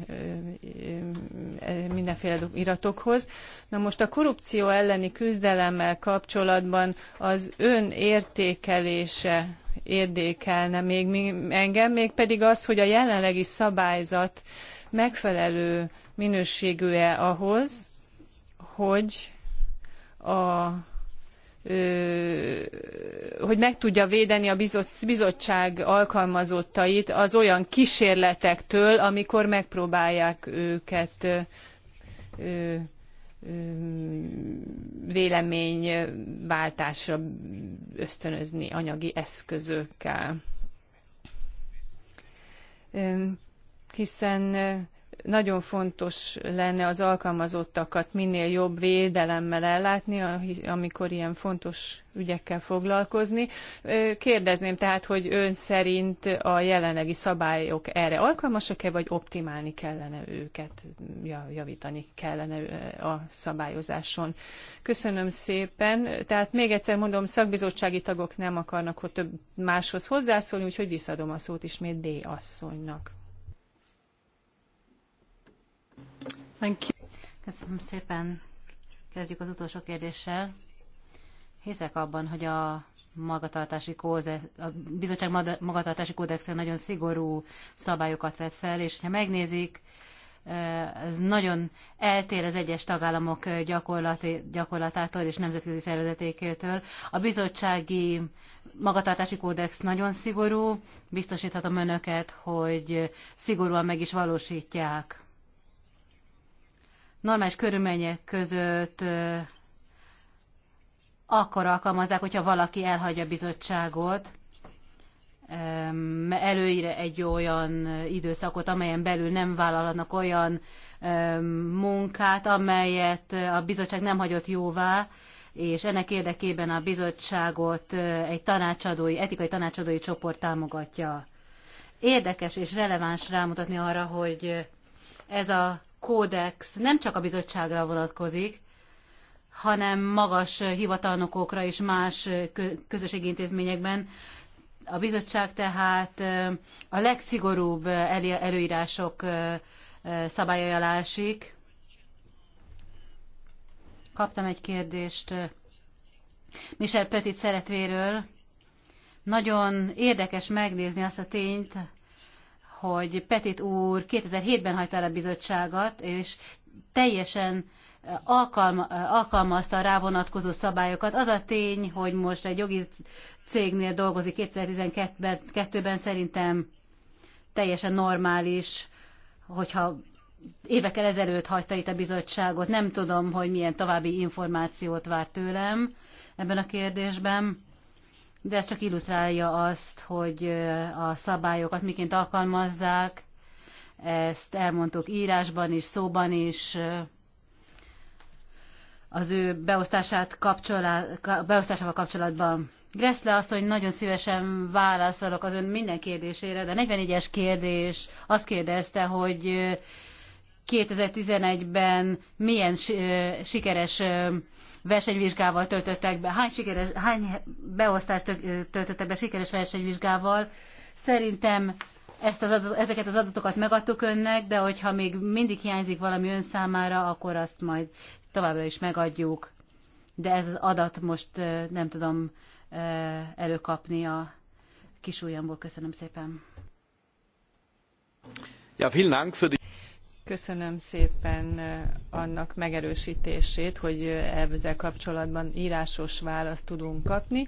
mindenféle iratokhoz. Na most a korrupció elleni küzdelemmel kapcsolatban az ön értékelése érdekelne még engem, mégpedig az, hogy a jelenlegi szabályzat megfelelő minőségű-e ahhoz, hogy a hogy meg tudja védeni a bizottság alkalmazottait az olyan kísérletektől, amikor megpróbálják őket véleményváltásra ösztönözni anyagi eszközökkel hiszen nagyon fontos lenne az alkalmazottakat minél jobb védelemmel ellátni, amikor ilyen fontos ügyekkel foglalkozni. Kérdezném tehát, hogy ön szerint a jelenlegi szabályok erre alkalmasak-e, vagy optimálni kellene őket, javítani kellene a szabályozáson. Köszönöm szépen. Tehát még egyszer mondom, szakbizottsági tagok nem akarnak hogy több máshoz hozzászólni, úgyhogy visszadom a szót ismét D asszonynak. Köszönöm szépen. Kezdjük az utolsó kérdéssel. Hiszek abban, hogy a magatartási kóze, a bizottság magatartási kódexen nagyon szigorú szabályokat vett fel, és ha megnézik, ez nagyon eltér az egyes tagállamok gyakorlati, gyakorlatától és nemzetközi szervezetékétől. A bizottsági magatartási kódex nagyon szigorú, biztosíthatom önöket, hogy szigorúan meg is valósítják normális körülmények között akkor alkalmazzák, hogyha valaki elhagyja a bizottságot, előire egy olyan időszakot, amelyen belül nem vállalhatnak olyan munkát, amelyet a bizottság nem hagyott jóvá, és ennek érdekében a bizottságot egy tanácsadói, etikai tanácsadói csoport támogatja. Érdekes és releváns rámutatni arra, hogy ez a kódex nem csak a bizottságra vonatkozik, hanem magas hivatalnokokra és más közösségi intézményekben. A bizottság tehát a legszigorúbb előírások szabályai alá esik. Kaptam egy kérdést Michel Petit szeretvéről. Nagyon érdekes megnézni azt a tényt, hogy Petit úr 2007-ben hagyta el a bizottságot, és teljesen eh, alkalma, eh, alkalmazta a rá vonatkozó szabályokat. Az a tény, hogy most egy jogi cégnél dolgozik 2012-ben szerintem teljesen normális, hogyha évekkel ezelőtt hagyta itt a bizottságot. Nem tudom, hogy milyen további információt vár tőlem ebben a kérdésben de ez csak illusztrálja azt, hogy a szabályokat miként alkalmazzák. Ezt elmondtuk írásban is, szóban is. Az ő beosztását kapcsolat, beosztásával kapcsolatban. Gressle azt, hogy nagyon szívesen válaszolok az ön minden kérdésére, de a 44-es kérdés azt kérdezte, hogy 2011-ben milyen sikeres versenyvizsgával töltöttek be, hány, sikeres, hány beosztást töltöttek be sikeres versenyvizsgával. Szerintem ezt az adat, ezeket az adatokat megadtuk önnek, de hogyha még mindig hiányzik valami ön számára, akkor azt majd továbbra is megadjuk. De ez az adat most nem tudom előkapni a kis ujjamból. Köszönöm szépen. Ja, vielen Dank für die Köszönöm szépen eh, annak megerősítését, hogy eh, ezzel kapcsolatban írásos választ tudunk kapni.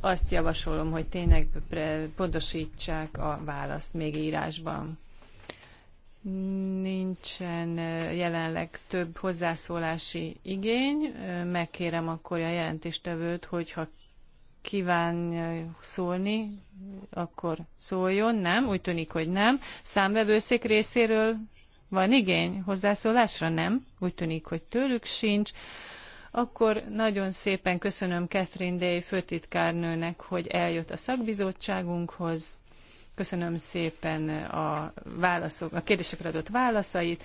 Azt javasolom, hogy tényleg pontosítsák a választ még írásban. Nincsen eh, jelenleg több hozzászólási igény. Megkérem akkor a jelentéstevőt, hogyha kíván szólni, akkor szóljon. Nem? Úgy tűnik, hogy nem. Számvevőszék részéről van igény hozzászólásra? Nem. Úgy tűnik, hogy tőlük sincs. Akkor nagyon szépen köszönöm Catherine Day főtitkárnőnek, hogy eljött a szakbizottságunkhoz. Köszönöm szépen a, válaszok, a kérdésekre adott válaszait.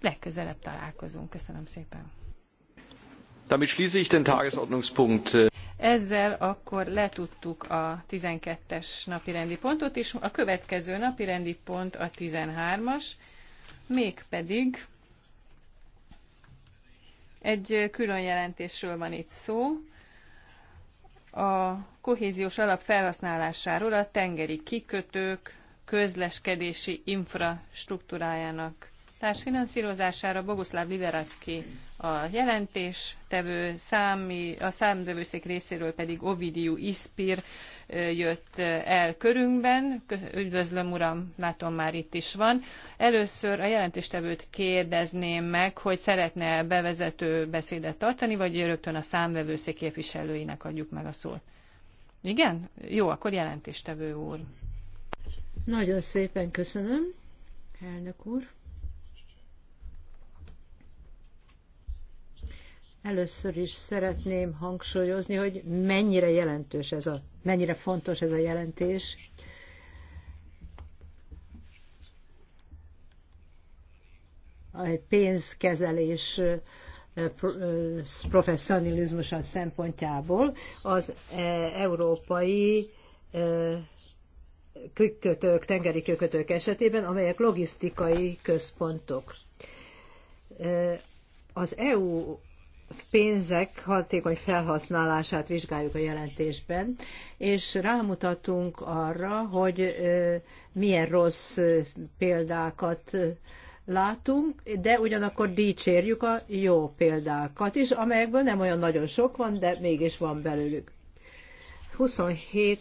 Legközelebb találkozunk. Köszönöm szépen. Damit schließe ich den Tagesordnungspunkt. Ezzel akkor letudtuk a 12-es napirendi pontot, és a következő napirendi pont a 13-as mégpedig egy külön jelentésről van itt szó, a kohéziós alap felhasználásáról a tengeri kikötők közleskedési infrastruktúrájának kutatás finanszírozására Boguszláv Liberacki a jelentéstevő, számi, a számvevőszék részéről pedig Ovidiu Ispir jött el körünkben. Üdvözlöm, uram, látom már itt is van. Először a jelentéstevőt kérdezném meg, hogy szeretne -e bevezető beszédet tartani, vagy rögtön a számvevőszék képviselőinek adjuk meg a szót. Igen? Jó, akkor jelentéstevő úr. Nagyon szépen köszönöm, elnök úr. Először is szeretném hangsúlyozni, hogy mennyire jelentős ez a, mennyire fontos ez a jelentés. A pénzkezelés professzionalizmusa szempontjából az e, európai kötők, tengeri kötők esetében, amelyek logisztikai központok. Az EU pénzek hatékony felhasználását vizsgáljuk a jelentésben, és rámutatunk arra, hogy milyen rossz példákat látunk, de ugyanakkor dicsérjük a jó példákat is, amelyekből nem olyan nagyon sok van, de mégis van belőlük. 27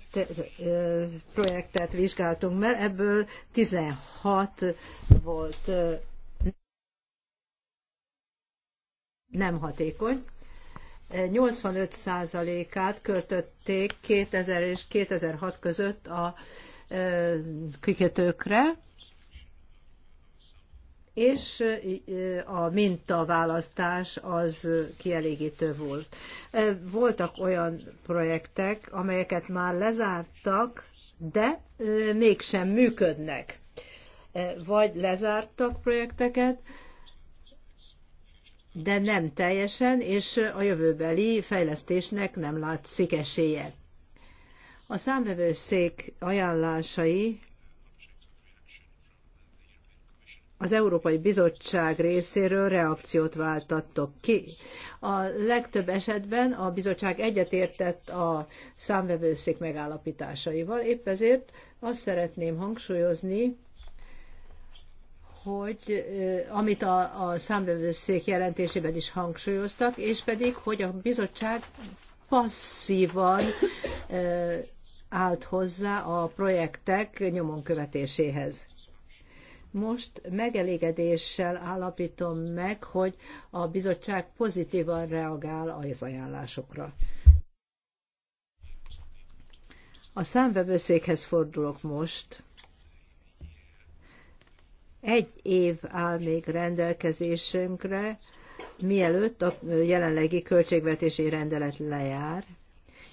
projektet vizsgáltunk, mert ebből 16 volt nem hatékony. 85%-át költötték 2000 és 2006 között a kikötőkre, és a mintaválasztás az kielégítő volt. Voltak olyan projektek, amelyeket már lezártak, de mégsem működnek. Vagy lezártak projekteket, de nem teljesen, és a jövőbeli fejlesztésnek nem látszik esélye. A számvevőszék ajánlásai az Európai Bizottság részéről reakciót váltattok ki. A legtöbb esetben a bizottság egyetértett a számvevőszék megállapításaival, épp ezért azt szeretném hangsúlyozni, hogy amit a, a számvevőszék jelentésében is hangsúlyoztak, és pedig, hogy a bizottság passzívan állt hozzá a projektek nyomon követéséhez. Most megelégedéssel állapítom meg, hogy a bizottság pozitívan reagál az ajánlásokra. A számvevőszékhez fordulok most. Egy év áll még rendelkezésünkre, mielőtt a jelenlegi költségvetési rendelet lejár.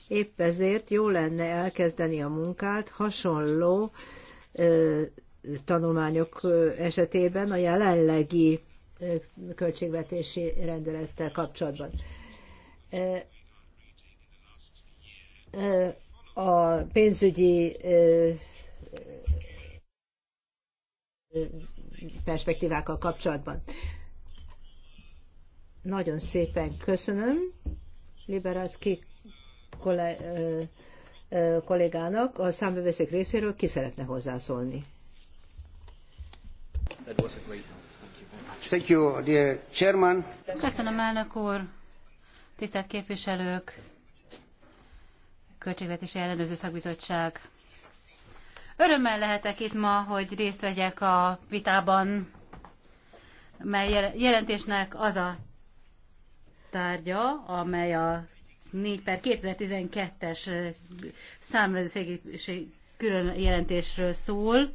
Épp ezért jó lenne elkezdeni a munkát hasonló ö, tanulmányok esetében a jelenlegi költségvetési rendelettel kapcsolatban. A pénzügyi perspektívákkal kapcsolatban. Nagyon szépen köszönöm Liberácki kollégának a számbevészék részéről. Ki szeretne hozzászólni? Thank you, dear chairman. Köszönöm, elnök úr. Tisztelt képviselők, Költségvetési Ellenőrző Szakbizottság Örömmel lehetek itt ma, hogy részt vegyek a vitában, mely jelentésnek az a tárgya, amely a 4 per 2012-es számvezetségi külön jelentésről szól,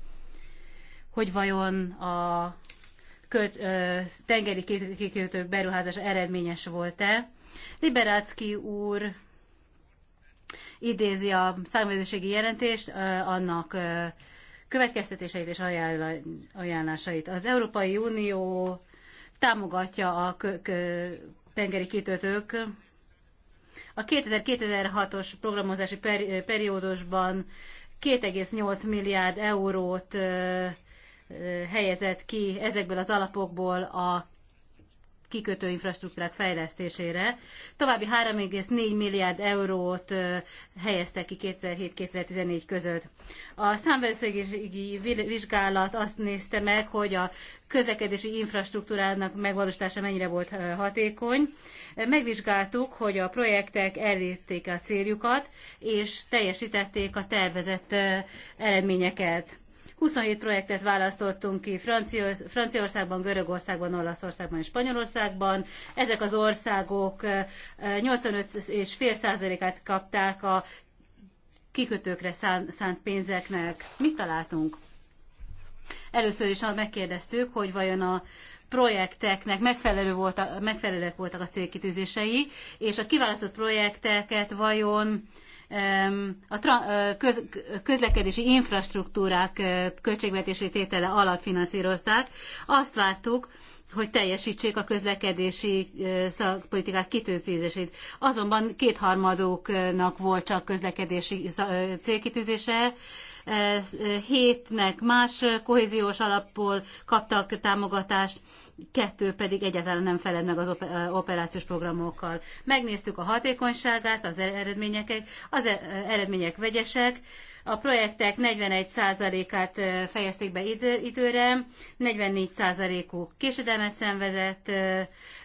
hogy vajon a köt, ö, tengeri kikötő beruházás eredményes volt-e. Liberácki úr idézi a számvédőségi jelentést, annak következtetéseit és ajánlásait. Az Európai Unió támogatja a tengeri kitötők. A 2006 os programozási periódusban 2,8 milliárd eurót helyezett ki ezekből az alapokból a kikötő infrastruktúrák fejlesztésére. További 3,4 milliárd eurót helyeztek ki 2007-2014 között. A számvevőszegi vizsgálat azt nézte meg, hogy a közlekedési infrastruktúrának megvalósítása mennyire volt hatékony. Megvizsgáltuk, hogy a projektek elérték a céljukat, és teljesítették a tervezett eredményeket 27 projektet választottunk ki Franciaországban, Görögországban, Olaszországban és Spanyolországban. Ezek az országok 85,5%-át kapták a kikötőkre szánt pénzeknek. Mit találtunk? Először is megkérdeztük, hogy vajon a projekteknek megfelelő volt, megfelelőek voltak a célkitűzései, és a kiválasztott projekteket vajon a közlekedési infrastruktúrák költségvetési tétele alatt finanszírozták. Azt vártuk, hogy teljesítsék a közlekedési szakpolitikák kitűzését. Azonban kétharmadóknak volt csak közlekedési célkitűzése, hétnek más kohéziós alapból kaptak támogatást, kettő pedig egyáltalán nem feled meg az operációs programokkal. Megnéztük a hatékonyságát, az e- eredményeket, az e- eredmények vegyesek, a projektek 41%-át fejezték be időre, 44%-uk késedelmet szenvedett,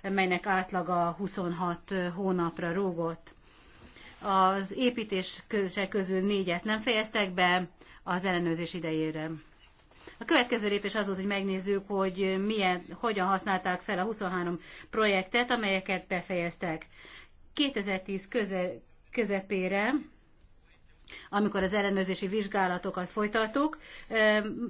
melynek átlaga 26 hónapra rúgott. Az építések közül négyet nem fejeztek be az ellenőrzés idejére. A következő lépés az volt, hogy megnézzük, hogy milyen, hogyan használták fel a 23 projektet, amelyeket befejeztek. 2010 közepére amikor az ellenőrzési vizsgálatokat folytattuk.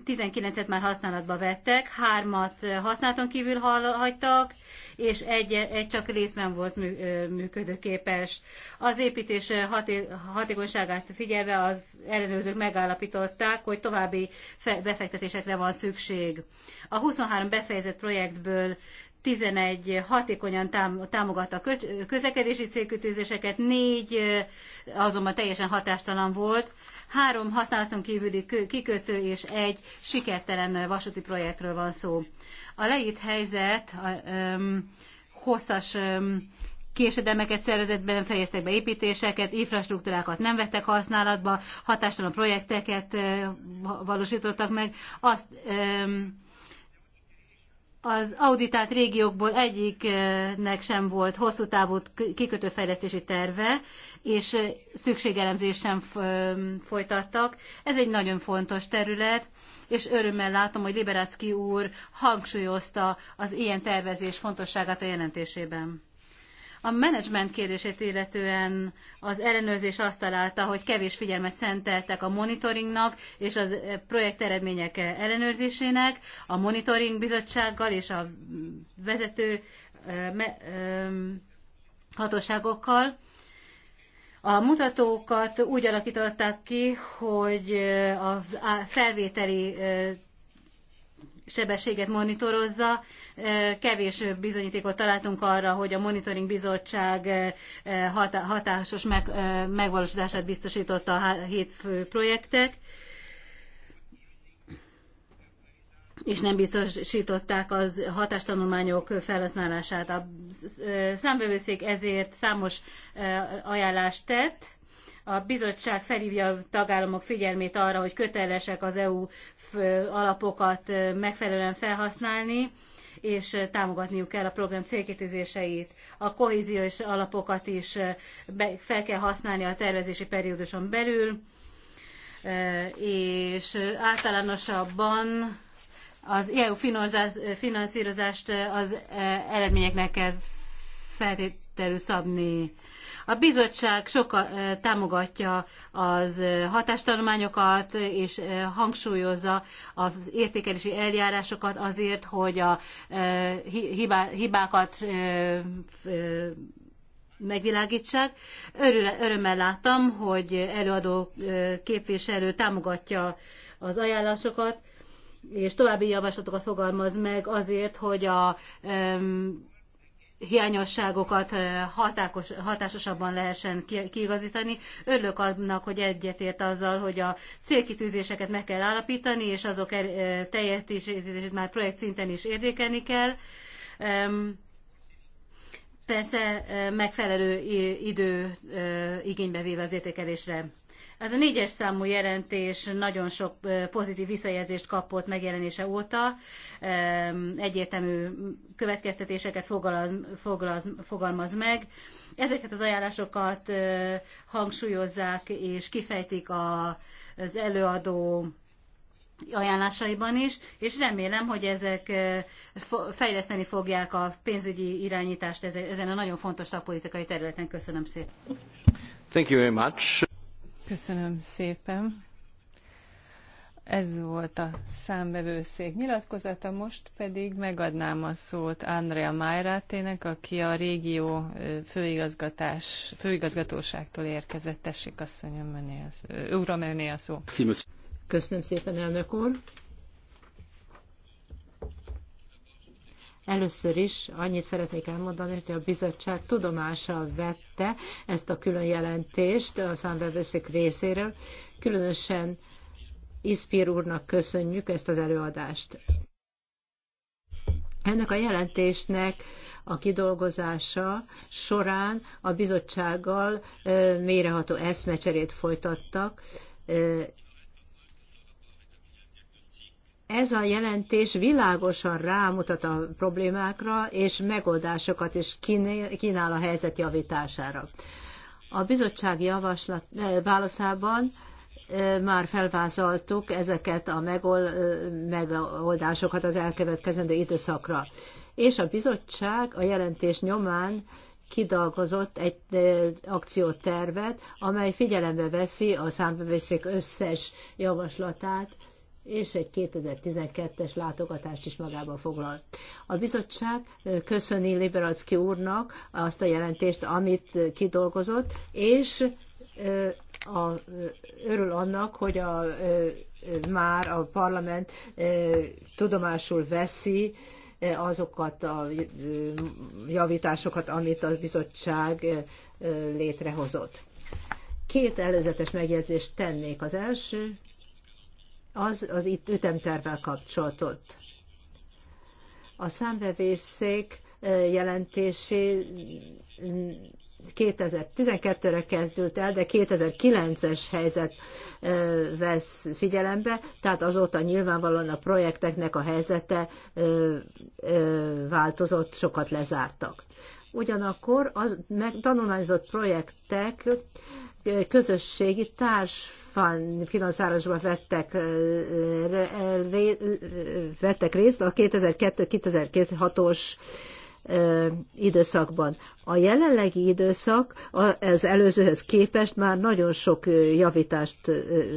19-et már használatba vettek, hármat használaton kívül hagytak, és egy, egy csak részben volt működőképes. Az építés haté, hatékonyságát figyelve az ellenőrzők megállapították, hogy további befektetésekre van szükség. A 23 befejezett projektből 11 hatékonyan támogatta a közlekedési célkütőzéseket, 4 azonban teljesen hatástalan volt, három használaton kívüli kikötő és egy sikertelen vasúti projektről van szó. A leírt helyzet a, öm, hosszas öm, késedelmeket szervezetben fejeztek be építéseket, infrastruktúrákat nem vettek használatba, hatástalan projekteket ö, valósítottak meg. Azt öm, az auditált régiókból egyiknek sem volt hosszú távú kikötőfejlesztési terve, és szükségelemzés sem folytattak. Ez egy nagyon fontos terület, és örömmel látom, hogy Liberácki úr hangsúlyozta az ilyen tervezés fontosságát a jelentésében. A menedzsment kérdését illetően az ellenőrzés azt találta, hogy kevés figyelmet szenteltek a monitoringnak és az eh, projekt eredmények eh, ellenőrzésének. A monitoring bizottsággal és a mm, vezető eh, hatóságokkal. A mutatókat úgy alakították ki, hogy a felvételi sebességet monitorozza. Kevés bizonyítékot találtunk arra, hogy a Monitoring Bizottság hatásos megvalósítását biztosította a hétfő projektek és nem biztosították az hatástanulmányok felhasználását. A számbevőszék ezért számos ajánlást tett, a bizottság felhívja a tagállamok figyelmét arra, hogy kötelesek az EU alapokat megfelelően felhasználni, és támogatniuk kell a program célkitűzéseit. A kohéziós alapokat is fel kell használni a tervezési perióduson belül, és általánosabban az EU finanszírozást az eredményeknek kell feltételül szabni. A bizottság sokat támogatja az hatástanulmányokat, és hangsúlyozza az értékelési eljárásokat azért, hogy a hibákat megvilágítsák. Örül, örömmel láttam, hogy előadó képviselő támogatja az ajánlásokat, és további javaslatokat fogalmaz meg azért, hogy a hiányosságokat hatákos, hatásosabban lehessen kiigazítani. Örülök annak, hogy egyetért azzal, hogy a célkitűzéseket meg kell állapítani, és azok er, teljesítését már projekt szinten is érdékelni kell. Persze megfelelő idő igénybe véve az értékelésre. Ez a négyes számú jelentés nagyon sok pozitív visszajelzést kapott megjelenése óta, egyértelmű következtetéseket fogalaz, fogalaz, fogalmaz meg. Ezeket az ajánlásokat hangsúlyozzák és kifejtik a, az előadó ajánlásaiban is, és remélem, hogy ezek fejleszteni fogják a pénzügyi irányítást ezen a nagyon fontos szakpolitikai területen. Köszönöm szépen. Thank you very much. Köszönöm szépen. Ez volt a számbevőszék nyilatkozata, most pedig megadnám a szót Andrea Májrátének, aki a régió főigazgatás, főigazgatóságtól érkezett. Tessék, asszonyom, öné a, uram, öné a szó. Köszönöm szépen, elnök úr. Először is annyit szeretnék elmondani, hogy a bizottság tudomással vette ezt a külön jelentést a számbevőszék részéről. Különösen Iszpír úrnak köszönjük ezt az előadást. Ennek a jelentésnek a kidolgozása során a bizottsággal mélyreható eszmecserét folytattak, ez a jelentés világosan rámutat a problémákra, és megoldásokat is kínál a helyzet javítására. A bizottság javaslat, e, válaszában e, már felvázoltuk ezeket a e, megoldásokat az elkövetkezendő időszakra. És a bizottság a jelentés nyomán kidolgozott egy akciótervet, amely figyelembe veszi a számbevészék összes javaslatát, és egy 2012-es látogatást is magában foglal. A bizottság köszöni Liberalski úrnak azt a jelentést, amit kidolgozott, és a, örül annak, hogy a, már a parlament tudomásul veszi azokat a javításokat, amit a bizottság létrehozott. Két előzetes megjegyzést tennék. Az első, az az itt ütemtervvel kapcsolatot. A számvevészék jelentési 2012-re kezdült el, de 2009-es helyzet vesz figyelembe, tehát azóta nyilvánvalóan a projekteknek a helyzete változott, sokat lezártak. Ugyanakkor az tanulmányozott projektek közösségi társfinanszírozásba vettek, eh, eh, eh, vettek részt a 2002-2006-os időszakban. A jelenlegi időszak az előzőhöz képest már nagyon sok javítást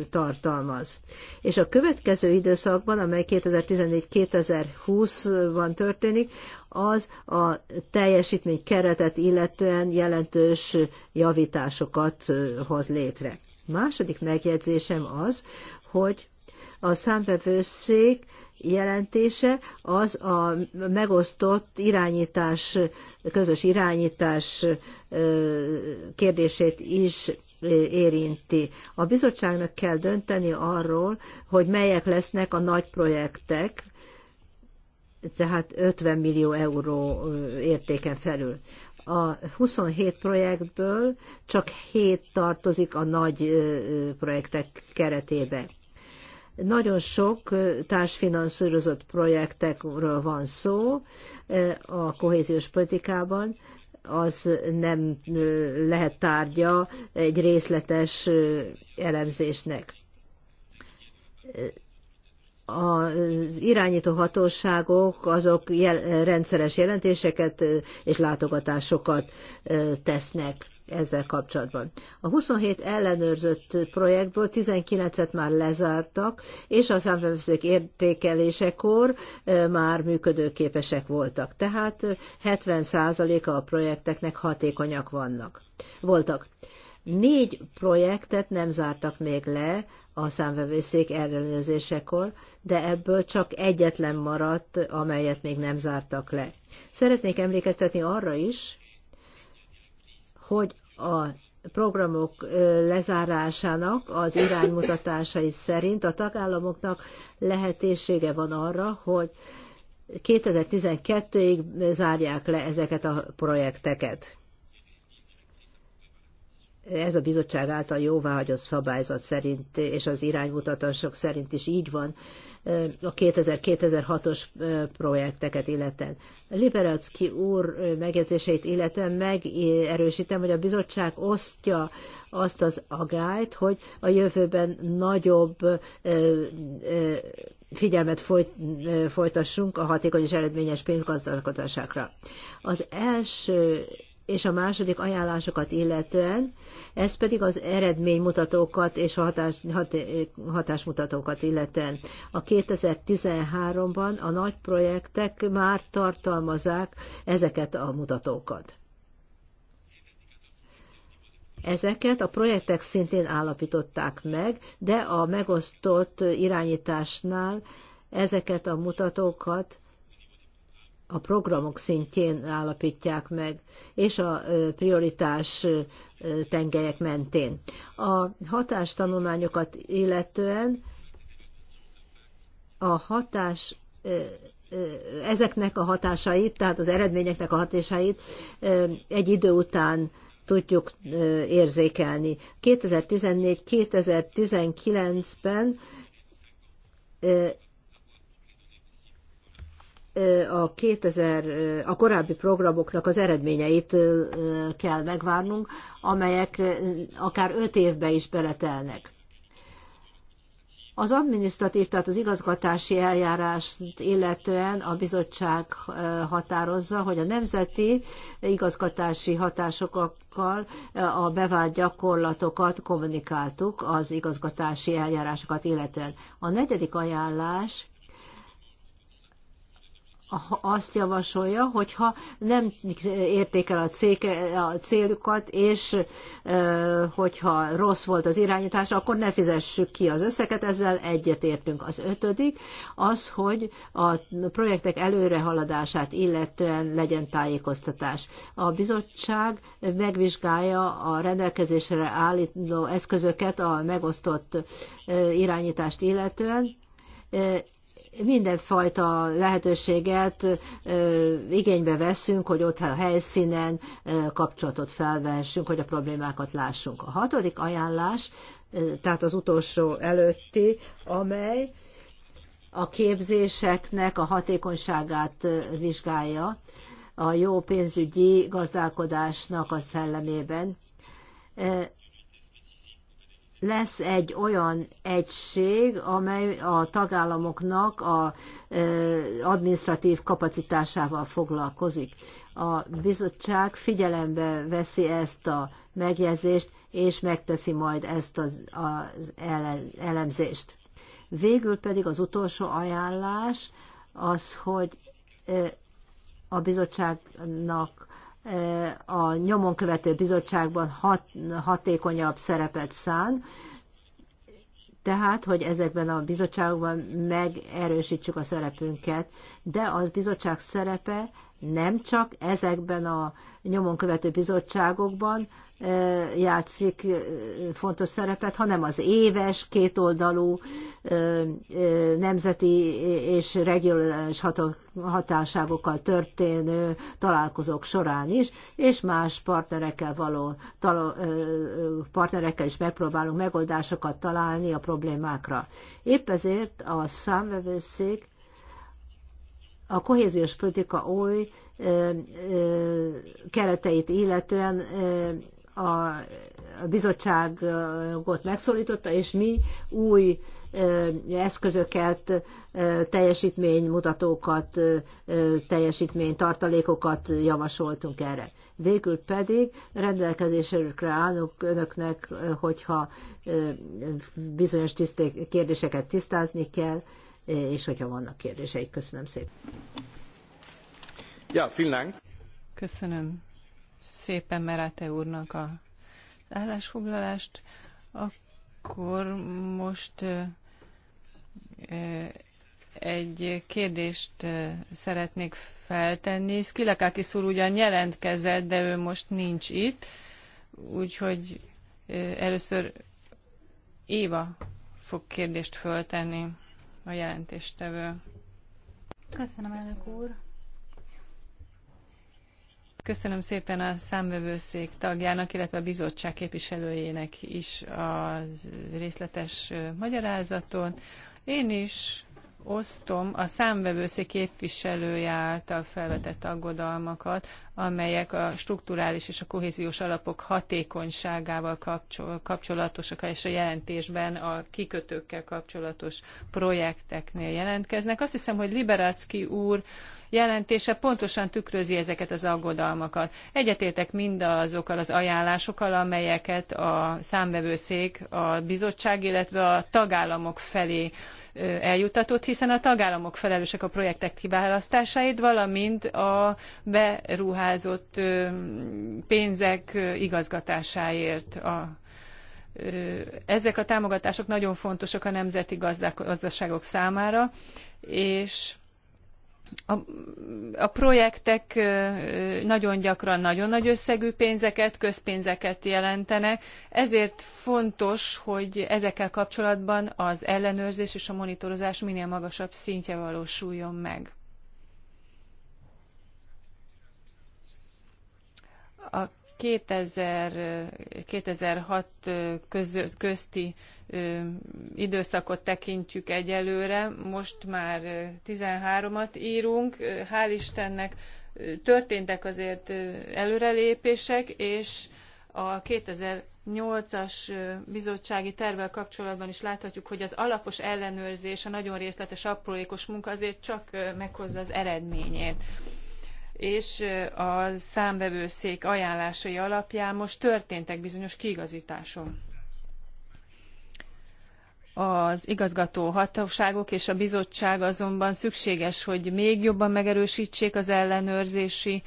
tartalmaz. És a következő időszakban, amely 2014-2020-ban történik, az a teljesítmény keretet illetően jelentős javításokat hoz létre. Második megjegyzésem az, hogy a számvevőszék jelentése az a megosztott irányítás, közös irányítás kérdését is érinti. A bizottságnak kell dönteni arról, hogy melyek lesznek a nagy projektek, tehát 50 millió euró értéken felül. A 27 projektből csak 7 tartozik a nagy projektek keretébe. Nagyon sok társfinanszírozott projektekről van szó a kohéziós politikában, az nem lehet tárgya egy részletes elemzésnek. Az irányító hatóságok azok jel rendszeres jelentéseket és látogatásokat tesznek ezzel kapcsolatban. A 27 ellenőrzött projektből 19-et már lezártak, és a számvevőszék értékelésekor már működőképesek voltak. Tehát 70%-a a projekteknek hatékonyak vannak. Voltak. Négy projektet nem zártak még le a számvevőszék ellenőrzésekor, de ebből csak egyetlen maradt, amelyet még nem zártak le. Szeretnék emlékeztetni arra is, hogy a programok lezárásának az iránymutatásai szerint a tagállamoknak lehetősége van arra, hogy 2012-ig zárják le ezeket a projekteket. Ez a bizottság által jóváhagyott szabályzat szerint és az iránymutatások szerint is így van, a 2000-2006-os projekteket illetően. Liberacki úr megjegyzéseit illetően megerősítem, hogy a bizottság osztja azt az agályt, hogy a jövőben nagyobb figyelmet folyt, folytassunk a hatékony és eredményes pénzgazdálkodásákra. Az első és a második ajánlásokat illetően, ez pedig az eredménymutatókat és a hatás, hat, hatásmutatókat illetően. A 2013-ban a nagy projektek már tartalmazák ezeket a mutatókat. Ezeket a projektek szintén állapították meg, de a megosztott irányításnál ezeket a mutatókat a programok szintjén állapítják meg, és a prioritás tengelyek mentén. A hatástanulmányokat illetően a hatás ezeknek a hatásait, tehát az eredményeknek a hatásait egy idő után tudjuk érzékelni. 2014-2019-ben a 2000, a korábbi programoknak az eredményeit kell megvárnunk, amelyek akár öt évbe is beletelnek. Az adminisztratív, tehát az igazgatási eljárást illetően a bizottság határozza, hogy a nemzeti igazgatási hatásokkal a bevált gyakorlatokat kommunikáltuk az igazgatási eljárásokat illetően. A negyedik ajánlás azt javasolja, hogyha nem érték el a, cég, a célukat, és hogyha rossz volt az irányítás, akkor ne fizessük ki az összeget, ezzel egyetértünk. Az ötödik az, hogy a projektek előrehaladását illetően legyen tájékoztatás. A bizottság megvizsgálja a rendelkezésre állító eszközöket a megosztott irányítást illetően, mindenfajta lehetőséget igénybe veszünk, hogy ott a helyszínen kapcsolatot felvessünk, hogy a problémákat lássunk. A hatodik ajánlás, tehát az utolsó előtti, amely a képzéseknek a hatékonyságát vizsgálja a jó pénzügyi gazdálkodásnak a szellemében lesz egy olyan egység, amely a tagállamoknak a administratív kapacitásával foglalkozik. A bizottság figyelembe veszi ezt a megjegyzést, és megteszi majd ezt az, az elemzést. Végül pedig az utolsó ajánlás az, hogy a bizottságnak a nyomon követő bizottságban hat, hatékonyabb szerepet szán, tehát, hogy ezekben a bizottságokban megerősítsük a szerepünket, de az bizottság szerepe nem csak ezekben a nyomon követő bizottságokban, játszik fontos szerepet, hanem az éves, kétoldalú nemzeti és regionális hatáságokkal történő találkozók során is, és más partnerekkel való partnerekkel is megpróbálunk megoldásokat találni a problémákra. Épp ezért a számvevőszék a kohéziós politika oly ö, ö, kereteit illetően ö, a bizottságot megszólította, és mi új eszközöket, teljesítménymutatókat, teljesítménytartalékokat javasoltunk erre. Végül pedig rendelkezésre állunk önöknek, hogyha bizonyos tiszté- kérdéseket tisztázni kell, és hogyha vannak kérdéseik. Köszönöm szépen. Ja, vielen Dank. Köszönöm szépen Merete úrnak a állásfoglalást, akkor most egy kérdést szeretnék feltenni. Szkilakákis úr ugyan jelentkezett, de ő most nincs itt, úgyhogy először Éva fog kérdést föltenni a jelentéstevő. Köszönöm, elnök úr. Köszönöm szépen a számvevőszék tagjának, illetve a bizottság képviselőjének is a részletes magyarázaton. Én is osztom a számvevőszék képviselője által felvetett aggodalmakat, amelyek a strukturális és a kohéziós alapok hatékonyságával kapcsolatosak, és a jelentésben a kikötőkkel kapcsolatos projekteknél jelentkeznek. Azt hiszem, hogy Liberácki úr jelentése pontosan tükrözi ezeket az aggodalmakat. Egyetértek mindazokkal az ajánlásokkal, amelyeket a számvevőszék, a bizottság, illetve a tagállamok felé eljutatott, hiszen a tagállamok felelősek a projektek kiválasztásáért, valamint a beruházott pénzek igazgatásáért a ezek a támogatások nagyon fontosak a nemzeti gazdaságok számára, és a, a projektek nagyon gyakran nagyon nagy összegű pénzeket, közpénzeket jelentenek, ezért fontos, hogy ezekkel kapcsolatban az ellenőrzés és a monitorozás minél magasabb szintje valósuljon meg. A 2006 közti időszakot tekintjük egyelőre, most már 13-at írunk, hál' Istennek történtek azért előrelépések, és a 2008-as bizottsági tervvel kapcsolatban is láthatjuk, hogy az alapos ellenőrzés, a nagyon részletes, aprólékos munka azért csak meghozza az eredményét és a számvevőszék ajánlásai alapján most történtek bizonyos kiigazítások. Az igazgató hatóságok és a bizottság azonban szükséges, hogy még jobban megerősítsék az ellenőrzési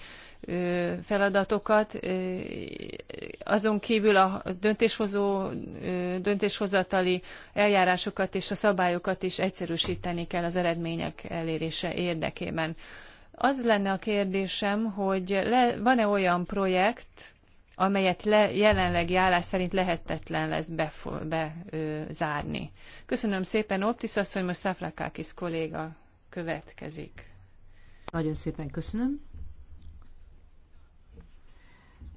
feladatokat. Azon kívül a döntéshozó, döntéshozatali eljárásokat és a szabályokat is egyszerűsíteni kell az eredmények elérése érdekében. Az lenne a kérdésem, hogy van-e olyan projekt, amelyet le, jelenlegi állás szerint lehetetlen lesz bezárni. Be, Köszönöm szépen, Optis asszony, most Szafrakákis kolléga következik. Nagyon szépen köszönöm.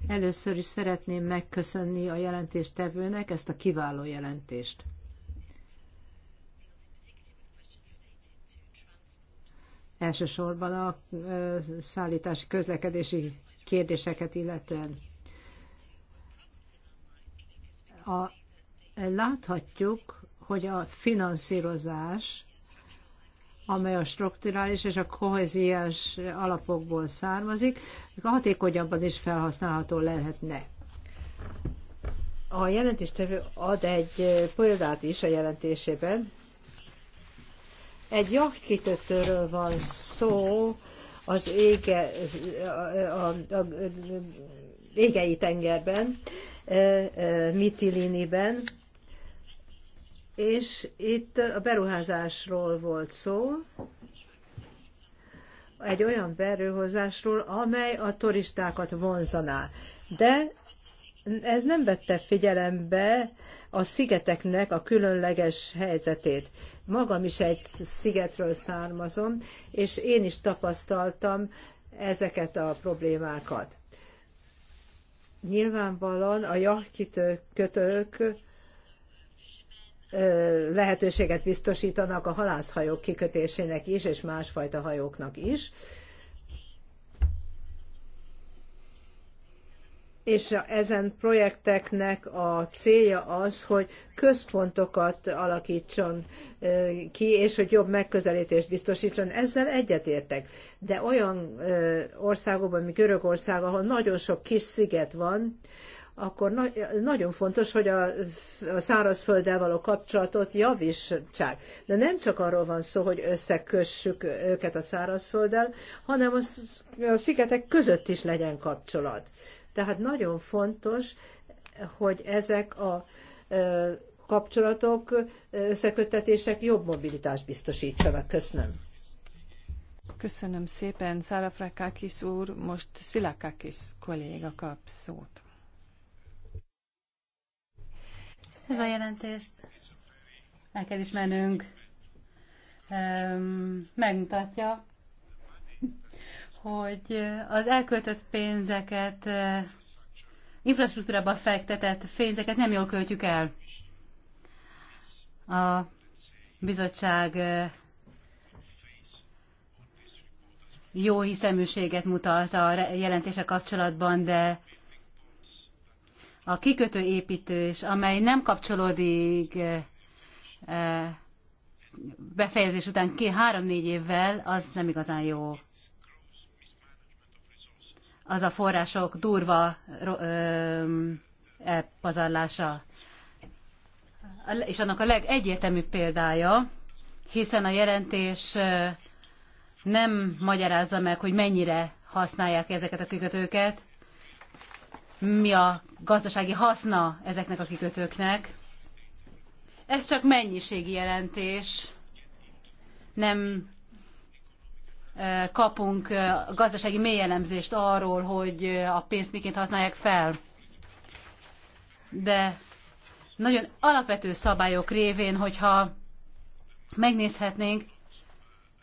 Először is szeretném megköszönni a jelentéstevőnek ezt a kiváló jelentést. elsősorban a szállítási közlekedési kérdéseket illetően. A, láthatjuk, hogy a finanszírozás, amely a strukturális és a kohéziás alapokból származik, hatékonyabban is felhasználható lehetne. A jelentéstevő ad egy példát is a jelentésében, egy jachtkitötőről van szó az ége, a, a, a, égei tengerben, e, e, Mitiliniben, és itt a beruházásról volt szó, egy olyan beruházásról, amely a turistákat vonzaná. De ez nem vette figyelembe a szigeteknek a különleges helyzetét. Magam is egy szigetről származom, és én is tapasztaltam ezeket a problémákat. Nyilvánvalóan a jachtkötők lehetőséget biztosítanak a halászhajók kikötésének is, és másfajta hajóknak is és ezen projekteknek a célja az, hogy központokat alakítson ki, és hogy jobb megközelítést biztosítson. Ezzel egyetértek. De olyan országokban, mint Görögország, ahol nagyon sok kis sziget van, akkor na- nagyon fontos, hogy a, a szárazfölddel való kapcsolatot javítsák. De nem csak arról van szó, hogy összekössük őket a szárazfölddel, hanem a, a szigetek között is legyen kapcsolat. Tehát nagyon fontos, hogy ezek a kapcsolatok, összeköttetések jobb mobilitást biztosítsanak. Köszönöm. Köszönöm szépen, Szárafrakákis úr. Most Szilákákis kolléga kap szót. Ez a jelentés. El kell ismernünk. Um, megmutatja, hogy az elköltött pénzeket, eh, infrastruktúrába fektetett pénzeket nem jól költjük el. A bizottság eh, jó hiszeműséget mutat a jelentése kapcsolatban, de a kikötő építés, amely nem kapcsolódik eh, befejezés után ki három-négy évvel, az nem igazán jó az a források durva elpazarlása. És annak a legegyértelműbb példája, hiszen a jelentés nem magyarázza meg, hogy mennyire használják ezeket a kikötőket, mi a gazdasági haszna ezeknek a kikötőknek. Ez csak mennyiségi jelentés, nem kapunk gazdasági mélyelemzést arról, hogy a pénzt miként használják fel. De nagyon alapvető szabályok révén, hogyha megnézhetnénk,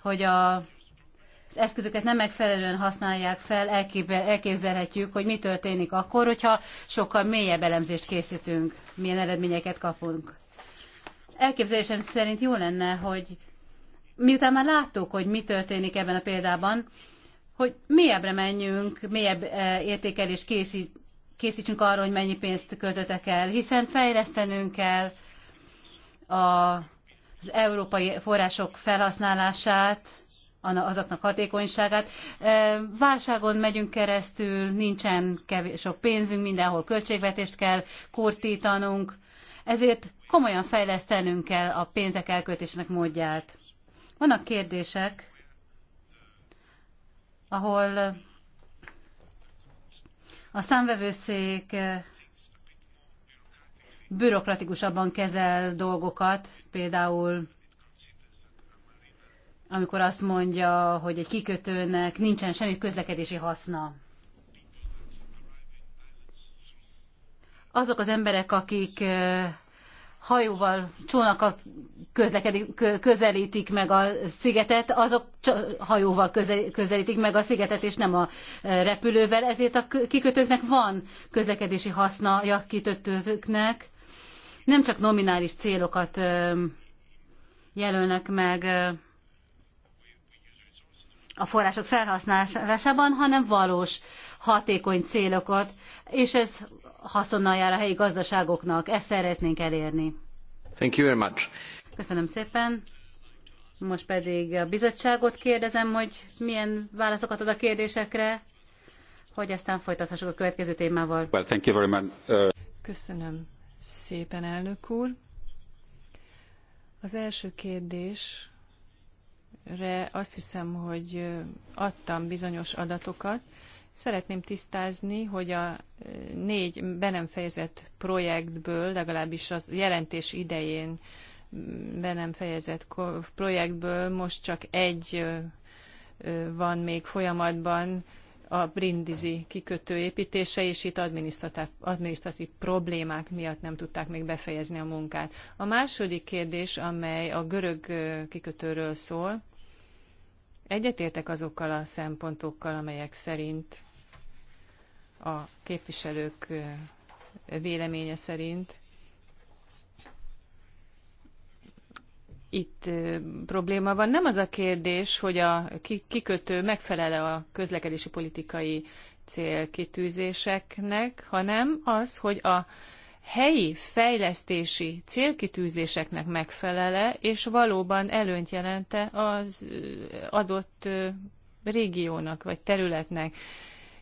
hogy a az eszközöket nem megfelelően használják fel, elképzelhetjük, hogy mi történik akkor, hogyha sokkal mélyebb elemzést készítünk, milyen eredményeket kapunk. Elképzelésem szerint jó lenne, hogy miután már láttuk, hogy mi történik ebben a példában, hogy mélyebbre menjünk, mélyebb eh, értékelés készít, készítsünk arra, hogy mennyi pénzt költöttek el, hiszen fejlesztenünk kell a, az európai források felhasználását, azoknak hatékonyságát. Eh, válságon megyünk keresztül, nincsen kevés, sok pénzünk, mindenhol költségvetést kell kurtítanunk, ezért komolyan fejlesztenünk kell a pénzek elköltésének módját. Vannak kérdések, ahol a számvevőszék bürokratikusabban kezel dolgokat, például amikor azt mondja, hogy egy kikötőnek nincsen semmi közlekedési haszna. Azok az emberek, akik hajóval, csónakkal közlekedik, közelítik meg a szigetet, azok hajóval közelítik meg a szigetet, és nem a e, repülővel. Ezért a kikötőknek van közlekedési haszna a kikötőknek. Nem csak nominális célokat e, jelölnek meg e, a források felhasználásában, hanem valós hatékony célokat, és ez haszonnal jár a helyi gazdaságoknak. Ezt szeretnénk elérni. Thank you very much. Köszönöm szépen. Most pedig a bizottságot kérdezem, hogy milyen válaszokat ad a kérdésekre, hogy aztán folytathassuk a következő témával. Well, thank you very much. Uh... Köszönöm szépen, elnök úr. Az első kérdés, azt hiszem, hogy uh, adtam bizonyos adatokat. Szeretném tisztázni, hogy a négy be nem fejezett projektből, legalábbis az jelentés idején mm, be nem fejezett projektből most csak egy van még folyamatban, a Brindisi kikötő építése, és itt adminisztratív, adminisztratív problémák miatt nem tudták még befejezni a munkát. A második kérdés, amely a görög kikötőről szól, Egyetértek azokkal a szempontokkal, amelyek szerint a képviselők véleménye szerint itt probléma van. Nem az a kérdés, hogy a kikötő megfelele a közlekedési politikai célkitűzéseknek, hanem az, hogy a helyi fejlesztési célkitűzéseknek megfelele, és valóban előnyt jelente az adott régiónak vagy területnek,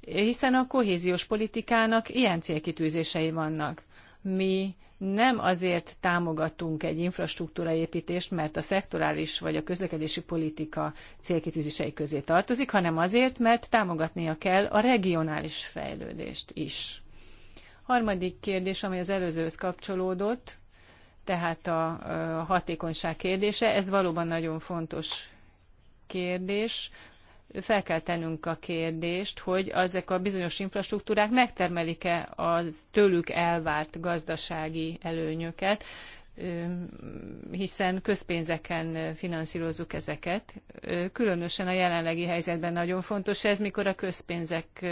hiszen a kohéziós politikának ilyen célkitűzései vannak. Mi nem azért támogatunk egy infrastruktúraépítést, mert a szektorális vagy a közlekedési politika célkitűzései közé tartozik, hanem azért, mert támogatnia kell a regionális fejlődést is. Harmadik kérdés, amely az előzőhöz kapcsolódott, tehát a hatékonyság kérdése. Ez valóban nagyon fontos kérdés. Fel kell tennünk a kérdést, hogy ezek a bizonyos infrastruktúrák megtermelik-e az tőlük elvárt gazdasági előnyöket, hiszen közpénzeken finanszírozzuk ezeket. Különösen a jelenlegi helyzetben nagyon fontos ez, mikor a közpénzek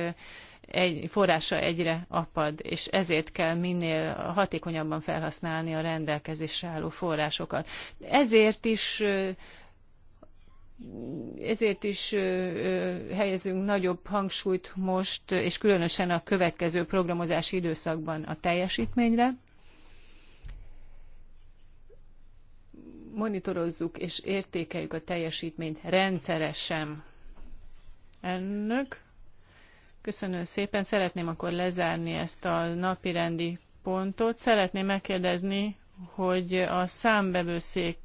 egy, forrása egyre apad, és ezért kell minél hatékonyabban felhasználni a rendelkezésre álló forrásokat. Ezért is ezért is helyezünk nagyobb hangsúlyt most, és különösen a következő programozási időszakban a teljesítményre. Monitorozzuk és értékeljük a teljesítményt rendszeresen. Elnök, Köszönöm szépen. Szeretném akkor lezárni ezt a napirendi pontot. Szeretném megkérdezni, hogy a számbevőszék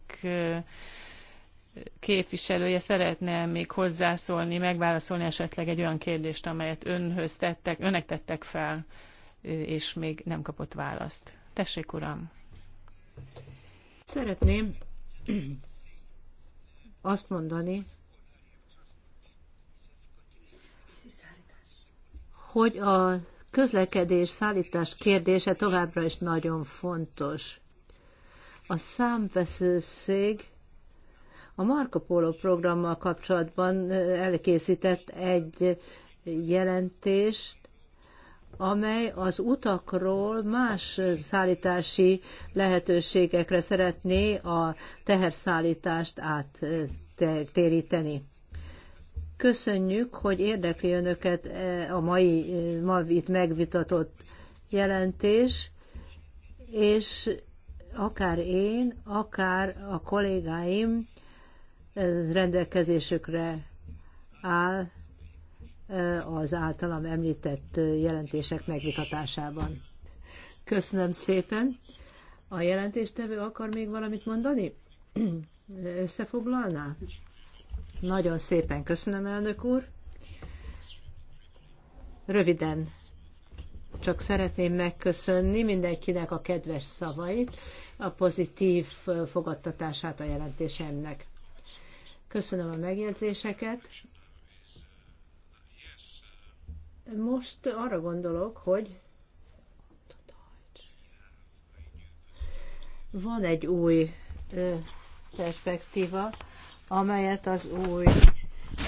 képviselője szeretne még hozzászólni, megválaszolni esetleg egy olyan kérdést, amelyet önhöz tettek, önnek tettek fel, és még nem kapott választ. Tessék, uram! Szeretném azt mondani, hogy a közlekedés szállítás kérdése továbbra is nagyon fontos. A számveszőszég a Marco Polo programmal kapcsolatban elkészített egy jelentést, amely az utakról más szállítási lehetőségekre szeretné a teherszállítást áttéríteni. Köszönjük, hogy érdekli önöket e, a mai, e, ma itt megvitatott jelentés, és akár én, akár a kollégáim e, rendelkezésükre áll az általam említett jelentések megvitatásában. Köszönöm szépen. A jelentéstevő akar még valamit mondani? Összefoglalná? Nagyon szépen köszönöm, elnök úr. Röviden csak szeretném megköszönni mindenkinek a kedves szavait, a pozitív fogadtatását a jelentésemnek. Köszönöm a megjegyzéseket. Most arra gondolok, hogy van egy új perspektíva, amelyet az új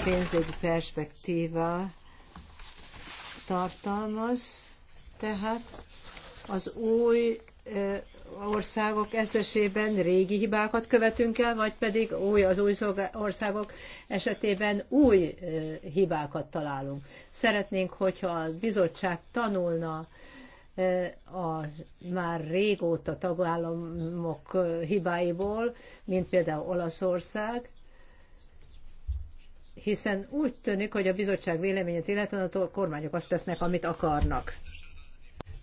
pénzügyi perspektíva tartalmaz, tehát az új országok esetében régi hibákat követünk el, vagy pedig új, az új országok esetében új hibákat találunk. Szeretnénk, hogyha a bizottság tanulna a már régóta tagállamok hibáiból, mint például Olaszország, hiszen úgy tűnik, hogy a bizottság véleményét illetően a kormányok azt tesznek, amit akarnak.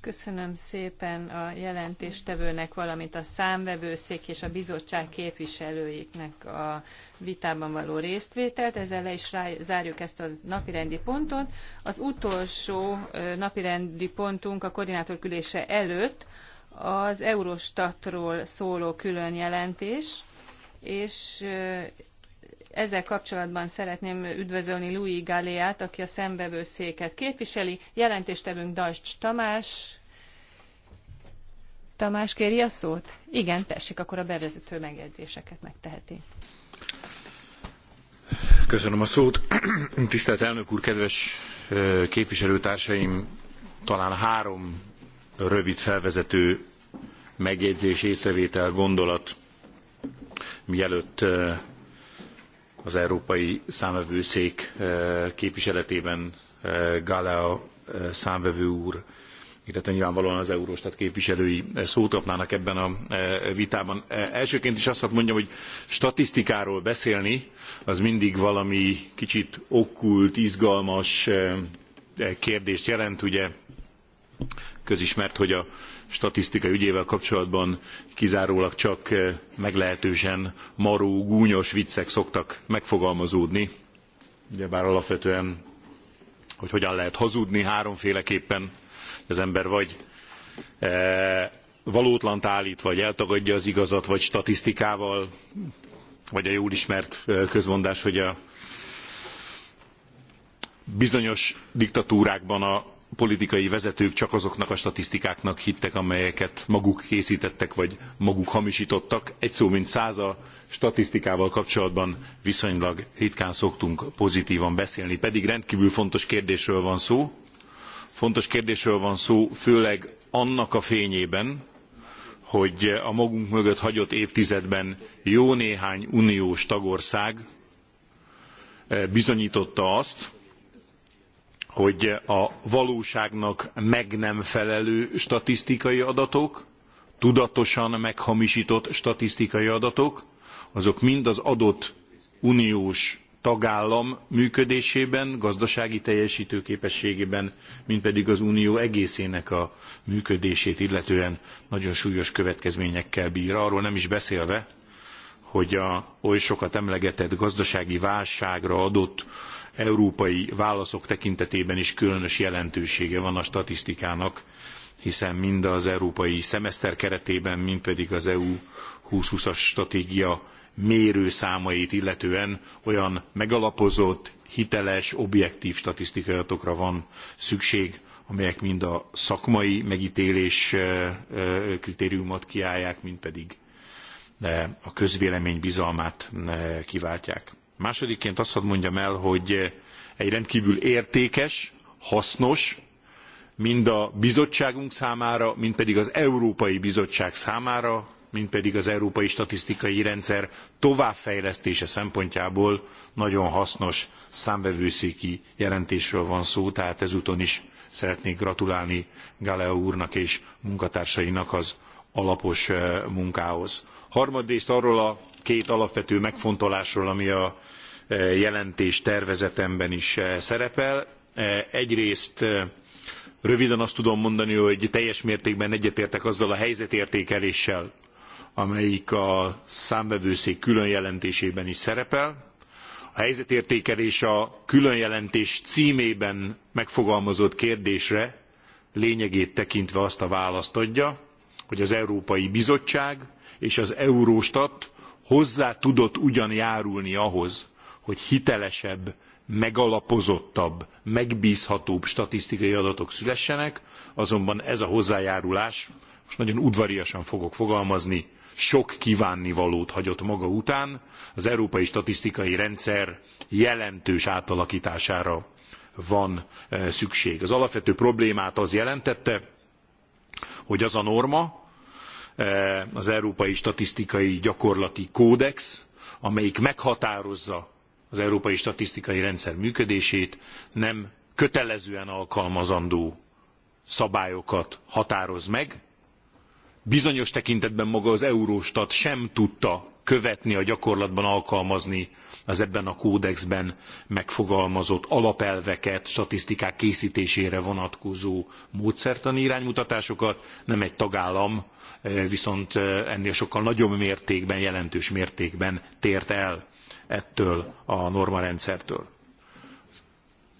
Köszönöm szépen a jelentéstevőnek, valamint a számvevőszék és a bizottság képviselőiknek a vitában való résztvételt. Ezzel le is rá, zárjuk ezt a napirendi pontot. Az utolsó napirendi pontunk a koordinátorkülése előtt az Eurostatról szóló külön jelentés, és ezzel kapcsolatban szeretném üdvözölni Louis Galéát, aki a szembevő széket képviseli. Jelentéstevünk Dajcs Tamás. Tamás kéri a szót? Igen, tessék, akkor a bevezető megjegyzéseket megteheti. Köszönöm a szót. Tisztelt elnök úr, kedves képviselőtársaim, talán három rövid felvezető megjegyzés, észrevétel, gondolat, mielőtt az Európai Számvevőszék eh, képviseletében eh, Galea eh, számvevő úr, illetve nyilvánvalóan az Euróstat képviselői szót kapnának ebben a vitában. Elsőként is azt hadd mondjam, hogy statisztikáról beszélni, az mindig valami kicsit okkult, izgalmas kérdést jelent, ugye közismert, hogy a statisztika ügyével kapcsolatban kizárólag csak eh, meglehetősen maró, gúnyos viccek szoktak megfogalmazódni. Ugyebár alapvetően, hogy hogyan lehet hazudni háromféleképpen. Az ember vagy e, valótlant állít, vagy eltagadja az igazat, vagy statisztikával, vagy a jól ismert eh, közmondás, hogy a bizonyos diktatúrákban a politikai vezetők csak azoknak a statisztikáknak hittek, amelyeket maguk készítettek, vagy maguk hamisítottak. Egy szó, mint száz a statisztikával kapcsolatban viszonylag ritkán szoktunk pozitívan beszélni, pedig rendkívül fontos kérdésről van szó. Fontos kérdésről van szó, főleg annak a fényében, hogy a magunk mögött hagyott évtizedben jó néhány uniós tagország eh, bizonyította azt, hogy a valóságnak meg nem felelő statisztikai adatok, tudatosan meghamisított statisztikai adatok, azok mind az adott uniós tagállam működésében, gazdasági teljesítőképességében, mint pedig az unió egészének a működését illetően nagyon súlyos következményekkel bír. Arról nem is beszélve, hogy a oly sokat emlegetett gazdasági válságra adott európai válaszok tekintetében is különös jelentősége van a statisztikának, hiszen mind az európai szemeszter keretében, mind pedig az EU 2020-as stratégia mérőszámait illetően olyan megalapozott, hiteles, objektív statisztikai adatokra van szükség, amelyek mind a szakmai megítélés kritériumot kiállják, mind pedig a közvélemény bizalmát kiváltják. Másodikként azt hadd mondjam el, hogy eh, egy rendkívül értékes, hasznos, mind a bizottságunk számára, mind pedig az Európai Bizottság számára, mind pedig az Európai Statisztikai Rendszer továbbfejlesztése szempontjából nagyon hasznos számvevőszéki jelentésről van szó, tehát ezúton is szeretnék gratulálni Galeo úrnak és munkatársainak az alapos eh, munkához. Harmadrészt arról a két alapvető megfontolásról, ami a jelentés tervezetemben is eh, szerepel. Eh, egyrészt eh, röviden azt tudom mondani, hogy teljes mértékben egyetértek azzal a helyzetértékeléssel, amelyik a számvevőszék külön jelentésében is szerepel. A helyzetértékelés a külön jelentés címében megfogalmazott kérdésre lényegét tekintve azt a választ adja, hogy az Európai Bizottság és az Euróstat hozzá tudott ugyan járulni ahhoz, hogy hitelesebb, megalapozottabb, megbízhatóbb statisztikai adatok szülessenek, azonban ez a hozzájárulás, most nagyon udvariasan fogok fogalmazni, sok kívánnivalót hagyott maga után, az európai statisztikai rendszer jelentős átalakítására van eh, szükség. Az alapvető problémát az jelentette, hogy az a norma, eh, az Európai Statisztikai Gyakorlati Kódex, amelyik meghatározza az európai statisztikai rendszer működését, nem kötelezően alkalmazandó szabályokat határoz meg. Bizonyos tekintetben maga az Euróstat sem tudta követni, a gyakorlatban alkalmazni az ebben a kódexben megfogalmazott alapelveket, statisztikák készítésére vonatkozó módszertani iránymutatásokat, nem egy tagállam, eh, viszont eh, ennél sokkal nagyobb mértékben, jelentős mértékben tért el ettől a normarendszertől.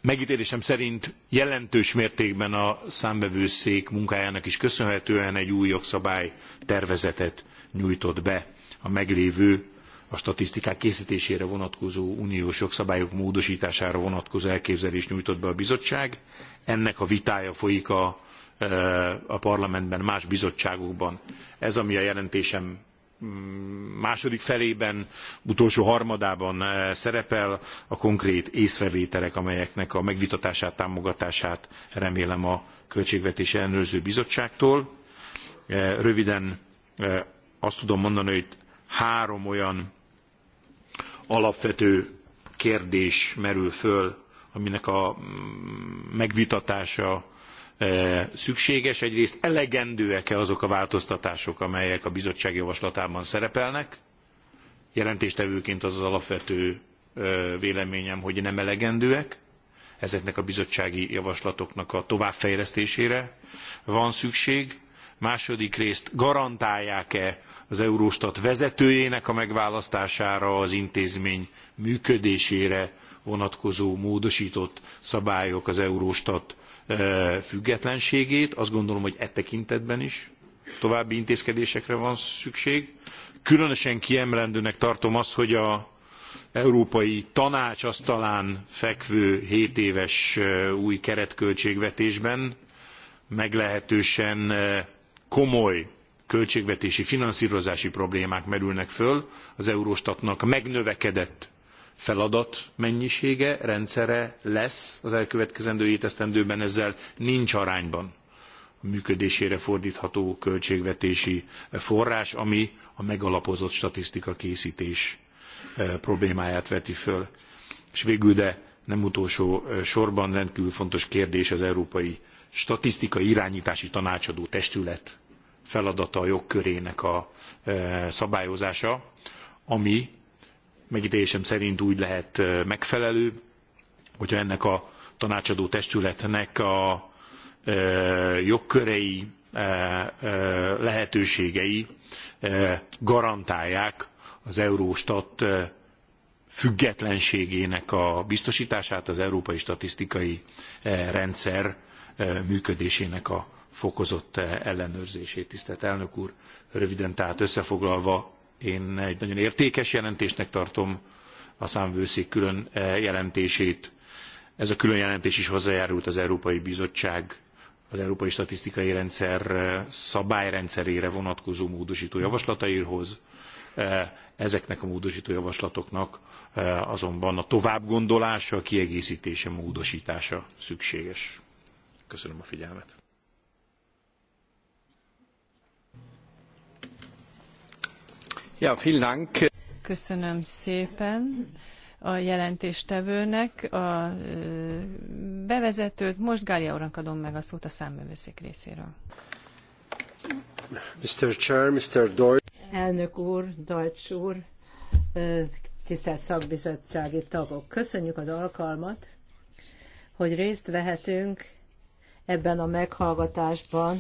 Megítélésem szerint jelentős mértékben a számbevőszék munkájának is köszönhetően egy új jogszabály tervezetet nyújtott be a meglévő a statisztikák készítésére vonatkozó uniós jogszabályok módosítására vonatkozó elképzelést nyújtott be a bizottság. Ennek a vitája folyik a, e, a parlamentben, más bizottságokban. Ez, ami a jelentésem Mm, második felében, utolsó harmadában eh, szerepel a konkrét észrevételek, amelyeknek a megvitatását, támogatását remélem a Költségvetési Ellenőrző Bizottságtól. Eh, röviden eh, azt tudom mondani, hogy három olyan alapvető kérdés merül föl, aminek a mm, megvitatása E, szükséges, egyrészt elegendőek-e azok a változtatások, amelyek a bizottság javaslatában szerepelnek. Jelentéstevőként az az alapvető e, véleményem, hogy nem elegendőek. Ezeknek a bizottsági javaslatoknak a továbbfejlesztésére van szükség. Második részt garantálják-e az Euróstat vezetőjének a megválasztására, az intézmény működésére vonatkozó módosított szabályok az Euróstat függetlenségét. Azt gondolom, hogy e tekintetben is további intézkedésekre van szükség. Különösen kiemelendőnek tartom azt, hogy a Európai Tanács asztalán fekvő 7 éves új keretköltségvetésben meglehetősen komoly költségvetési finanszírozási problémák merülnek föl. Az Eurostatnak megnövekedett feladat mennyisége, rendszere lesz az elkövetkezendő hétesztendőben, ezzel nincs arányban a működésére fordítható költségvetési forrás, ami a megalapozott statisztika készítés e, problémáját veti föl. És végül, de nem utolsó e, sorban rendkívül fontos kérdés az Európai Statisztikai Irányítási Tanácsadó Testület feladata a jogkörének a e, szabályozása, ami megítélésem szerint úgy lehet megfelelő, hogyha ennek a tanácsadó testületnek a jogkörei, lehetőségei garantálják az Euróstat függetlenségének a biztosítását, az Európai Statisztikai Rendszer működésének a fokozott ellenőrzését. Tisztelt elnök úr, röviden tehát összefoglalva én egy nagyon értékes jelentésnek tartom a számvőszék külön eh, jelentését. Ez a külön jelentés is hozzájárult az Európai Bizottság az Európai Statisztikai Rendszer eh, szabályrendszerére vonatkozó módosító javaslataihoz. Eh, ezeknek a módosító javaslatoknak azonban a továbbgondolása, a kiegészítése, módosítása szükséges. Köszönöm a figyelmet. Ja, Köszönöm szépen a jelentéstevőnek a bevezetőt. Most Gália úrnak adom meg a szót a számövőszék részéről. Mr. Chair, Mr. Deutsch. Elnök úr, Deutsch úr, tisztelt szakbizottsági tagok, köszönjük az alkalmat, hogy részt vehetünk ebben a meghallgatásban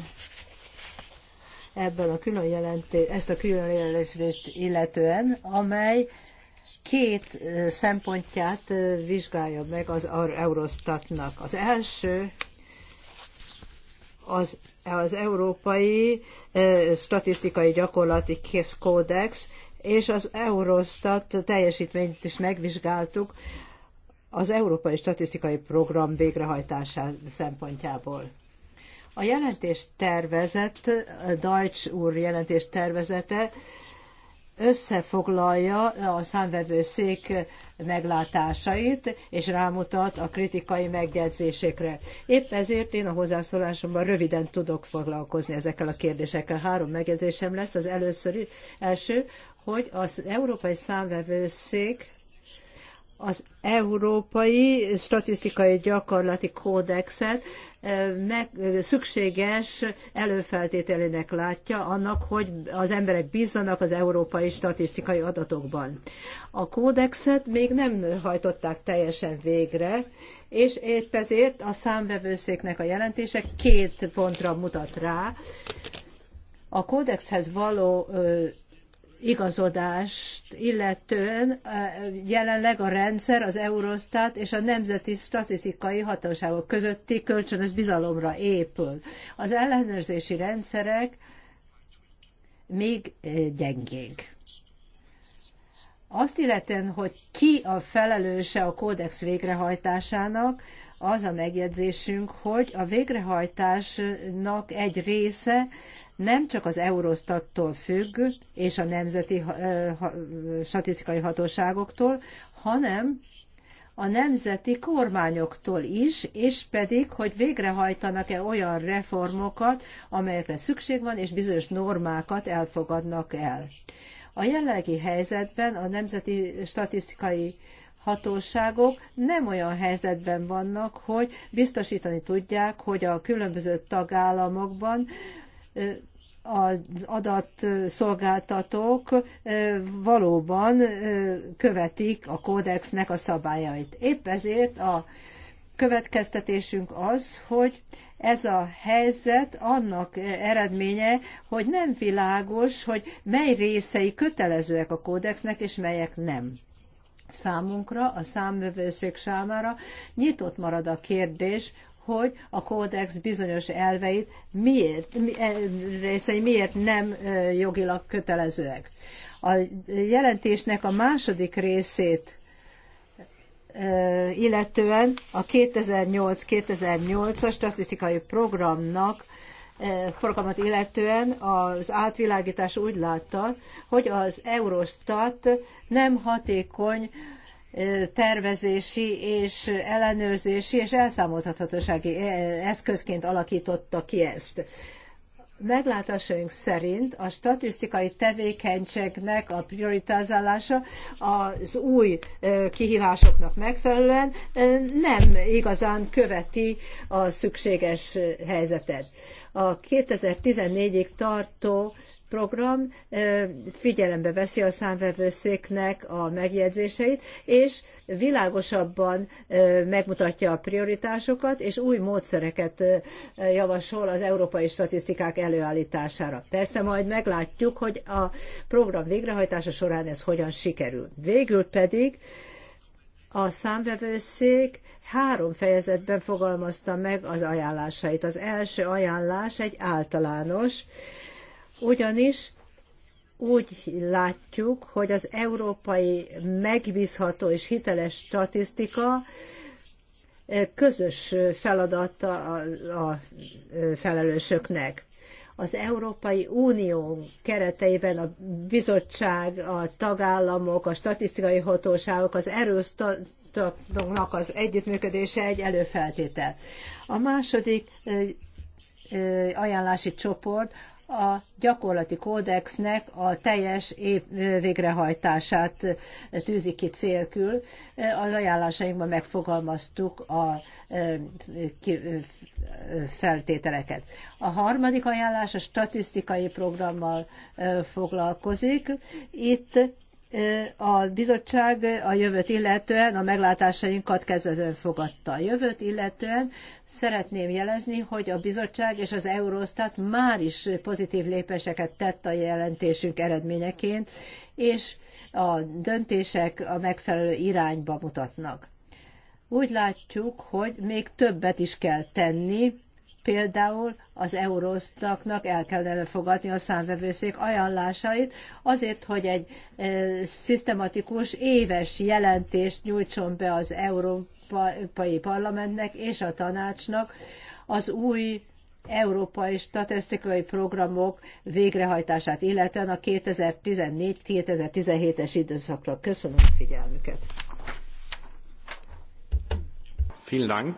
ebben a külön jelentés, ezt a külön jelentést illetően, amely két szempontját vizsgálja meg az Eurostatnak. Az első az, az Európai Statisztikai Gyakorlati Kódex, és az Eurostat teljesítményt is megvizsgáltuk az Európai Statisztikai Program végrehajtása szempontjából. A jelentés tervezet, Deutsch úr jelentés tervezete összefoglalja a számvevőszék meglátásait, és rámutat a kritikai megjegyzésekre. Épp ezért én a hozzászólásomban röviden tudok foglalkozni ezekkel a kérdésekkel. Három megjegyzésem lesz. Az először első, hogy az Európai Számvevőszék az Európai Statisztikai Gyakorlati Kódexet meg, szükséges előfeltételének látja annak, hogy az emberek bízzanak az európai statisztikai adatokban. A kódexet még nem hajtották teljesen végre, és épp ezért a számvevőszéknek a jelentése két pontra mutat rá. A kódexhez való igazodást illetően jelenleg a rendszer, az Eurostat és a Nemzeti Statisztikai Hatóságok közötti kölcsönös bizalomra épül. Az ellenőrzési rendszerek még gyengék. Azt illetően, hogy ki a felelőse a kódex végrehajtásának, az a megjegyzésünk, hogy a végrehajtásnak egy része nem csak az Eurostattól függ, és a nemzeti statisztikai hatóságoktól, hanem a nemzeti kormányoktól is, és pedig, hogy végrehajtanak-e olyan reformokat, amelyekre szükség van, és bizonyos normákat elfogadnak el. A jelenlegi helyzetben a nemzeti statisztikai hatóságok nem olyan helyzetben vannak, hogy biztosítani tudják, hogy a különböző tagállamokban az adatszolgáltatók valóban követik a kódexnek a szabályait. Épp ezért a következtetésünk az, hogy ez a helyzet annak eredménye, hogy nem világos, hogy mely részei kötelezőek a kódexnek, és melyek nem. Számunkra, a számvevőszék számára nyitott marad a kérdés, hogy a kódex bizonyos elveit miért, e, részei miért nem e, jogilag kötelezőek. A jelentésnek a második részét e, illetően a 2008-2008-as statisztikai programnak programot illetően az átvilágítás úgy látta, hogy az Eurostat nem hatékony tervezési és ellenőrzési és elszámoltathatósági eszközként alakította ki ezt. Meglátásaink szerint a statisztikai tevékenységnek a prioritizálása az új kihívásoknak megfelelően nem igazán követi a szükséges helyzetet. A 2014-ig tartó program figyelembe veszi a számvevőszéknek a megjegyzéseit, és világosabban megmutatja a prioritásokat, és új módszereket javasol az európai statisztikák előállítására. Persze majd meglátjuk, hogy a program végrehajtása során ez hogyan sikerül. Végül pedig a számvevőszék három fejezetben fogalmazta meg az ajánlásait. Az első ajánlás egy általános, ugyanis úgy látjuk, hogy az európai megbízható és hiteles statisztika eh, közös feladata a eh, felelősöknek. Az Európai Unió kereteiben a bizottság, a tagállamok, a statisztikai hatóságok, az erőszaknak az együttműködése egy előfeltétel. A második eh, ajánlási csoport a gyakorlati kódexnek a teljes végrehajtását tűzi ki célkül. Az ajánlásainkban megfogalmaztuk a feltételeket. A harmadik ajánlás a statisztikai programmal foglalkozik. Itt a bizottság a jövőt illetően a meglátásainkat kezdetően fogadta. A jövőt illetően szeretném jelezni, hogy a bizottság és az Eurostat már is pozitív lépéseket tett a jelentésünk eredményeként, és a döntések a megfelelő irányba mutatnak. Úgy látjuk, hogy még többet is kell tenni, Például az Eurostatnak el kellene fogadni a számvevőszék ajánlásait azért, hogy egy e, szisztematikus éves jelentést nyújtson be az Európai Parlamentnek és a tanácsnak az új európai statisztikai programok végrehajtását, illetően a 2014-2017-es időszakra. Köszönöm a figyelmüket. Vielen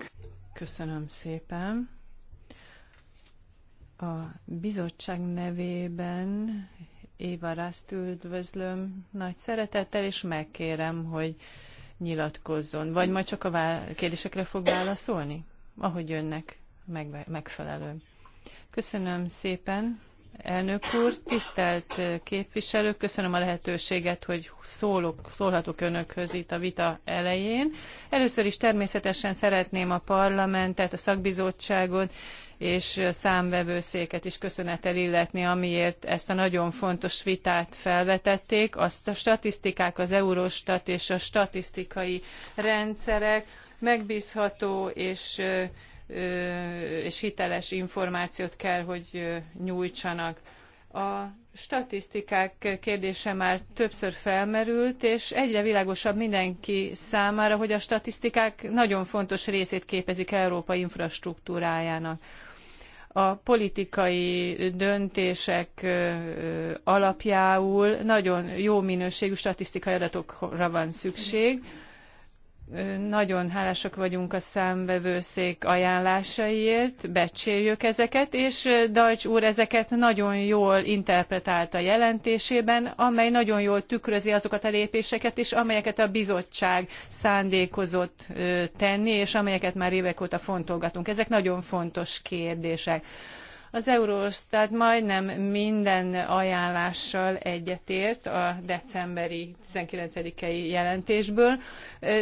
Köszönöm szépen. A bizottság nevében Éva Rászt üdvözlöm nagy szeretettel, és megkérem, hogy nyilatkozzon. Vagy majd csak a kérdésekre fog válaszolni, ahogy jönnek megfelelő. Köszönöm szépen elnök úr, tisztelt képviselők, köszönöm a lehetőséget, hogy szólok, szólhatok önökhöz itt a vita elején. Először is természetesen szeretném a parlamentet, a szakbizottságot és számvevőszéket is köszönettel illetni, amiért ezt a nagyon fontos vitát felvetették. Azt a statisztikák, az Eurostat és a statisztikai rendszerek megbízható és és hiteles információt kell, hogy nyújtsanak. A statisztikák kérdése már többször felmerült, és egyre világosabb mindenki számára, hogy a statisztikák nagyon fontos részét képezik Európa infrastruktúrájának. A politikai döntések alapjául nagyon jó minőségű statisztikai adatokra van szükség, nagyon hálásak vagyunk a számvevőszék ajánlásaiért, becsérjük ezeket, és Dajcs úr ezeket nagyon jól interpretálta a jelentésében, amely nagyon jól tükrözi azokat a lépéseket is, amelyeket a bizottság szándékozott tenni, és amelyeket már évek óta fontolgatunk. Ezek nagyon fontos kérdések. Az Eurostat majdnem minden ajánlással egyetért a decemberi 19-i jelentésből.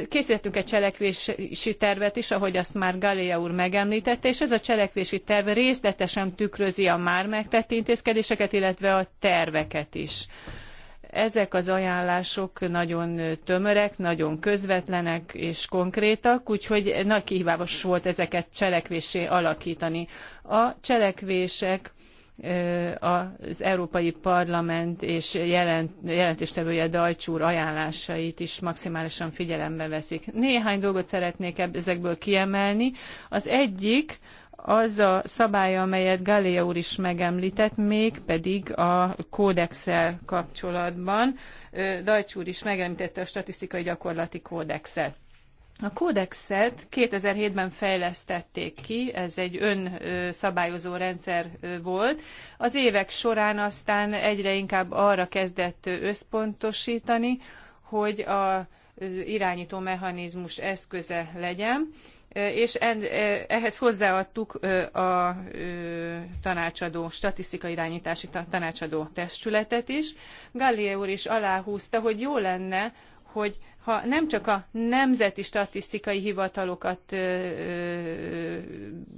Készítettünk egy cselekvési tervet is, ahogy azt már Galéa úr megemlítette, és ez a cselekvési terv részletesen tükrözi a már megtett intézkedéseket, illetve a terveket is ezek az ajánlások nagyon tömörek, nagyon közvetlenek és konkrétak, úgyhogy nagy kihívás volt ezeket cselekvésé alakítani. A cselekvések az Európai Parlament és jelent, jelentéstevője Dajcsúr ajánlásait is maximálisan figyelembe veszik. Néhány dolgot szeretnék ezekből kiemelni. Az egyik, az a szabály, amelyet Galéa úr is megemlített, mégpedig a kódexel kapcsolatban. Dajcs úr is megemlítette a statisztikai gyakorlati kódexet. A kódexet 2007-ben fejlesztették ki, ez egy önszabályozó rendszer volt. Az évek során aztán egyre inkább arra kezdett összpontosítani, hogy az irányító mechanizmus eszköze legyen és ehhez hozzáadtuk a tanácsadó, statisztikai iránytási tanácsadó testületet is. Gallier úr is aláhúzta, hogy jó lenne, hogy ha nem csak a nemzeti statisztikai hivatalokat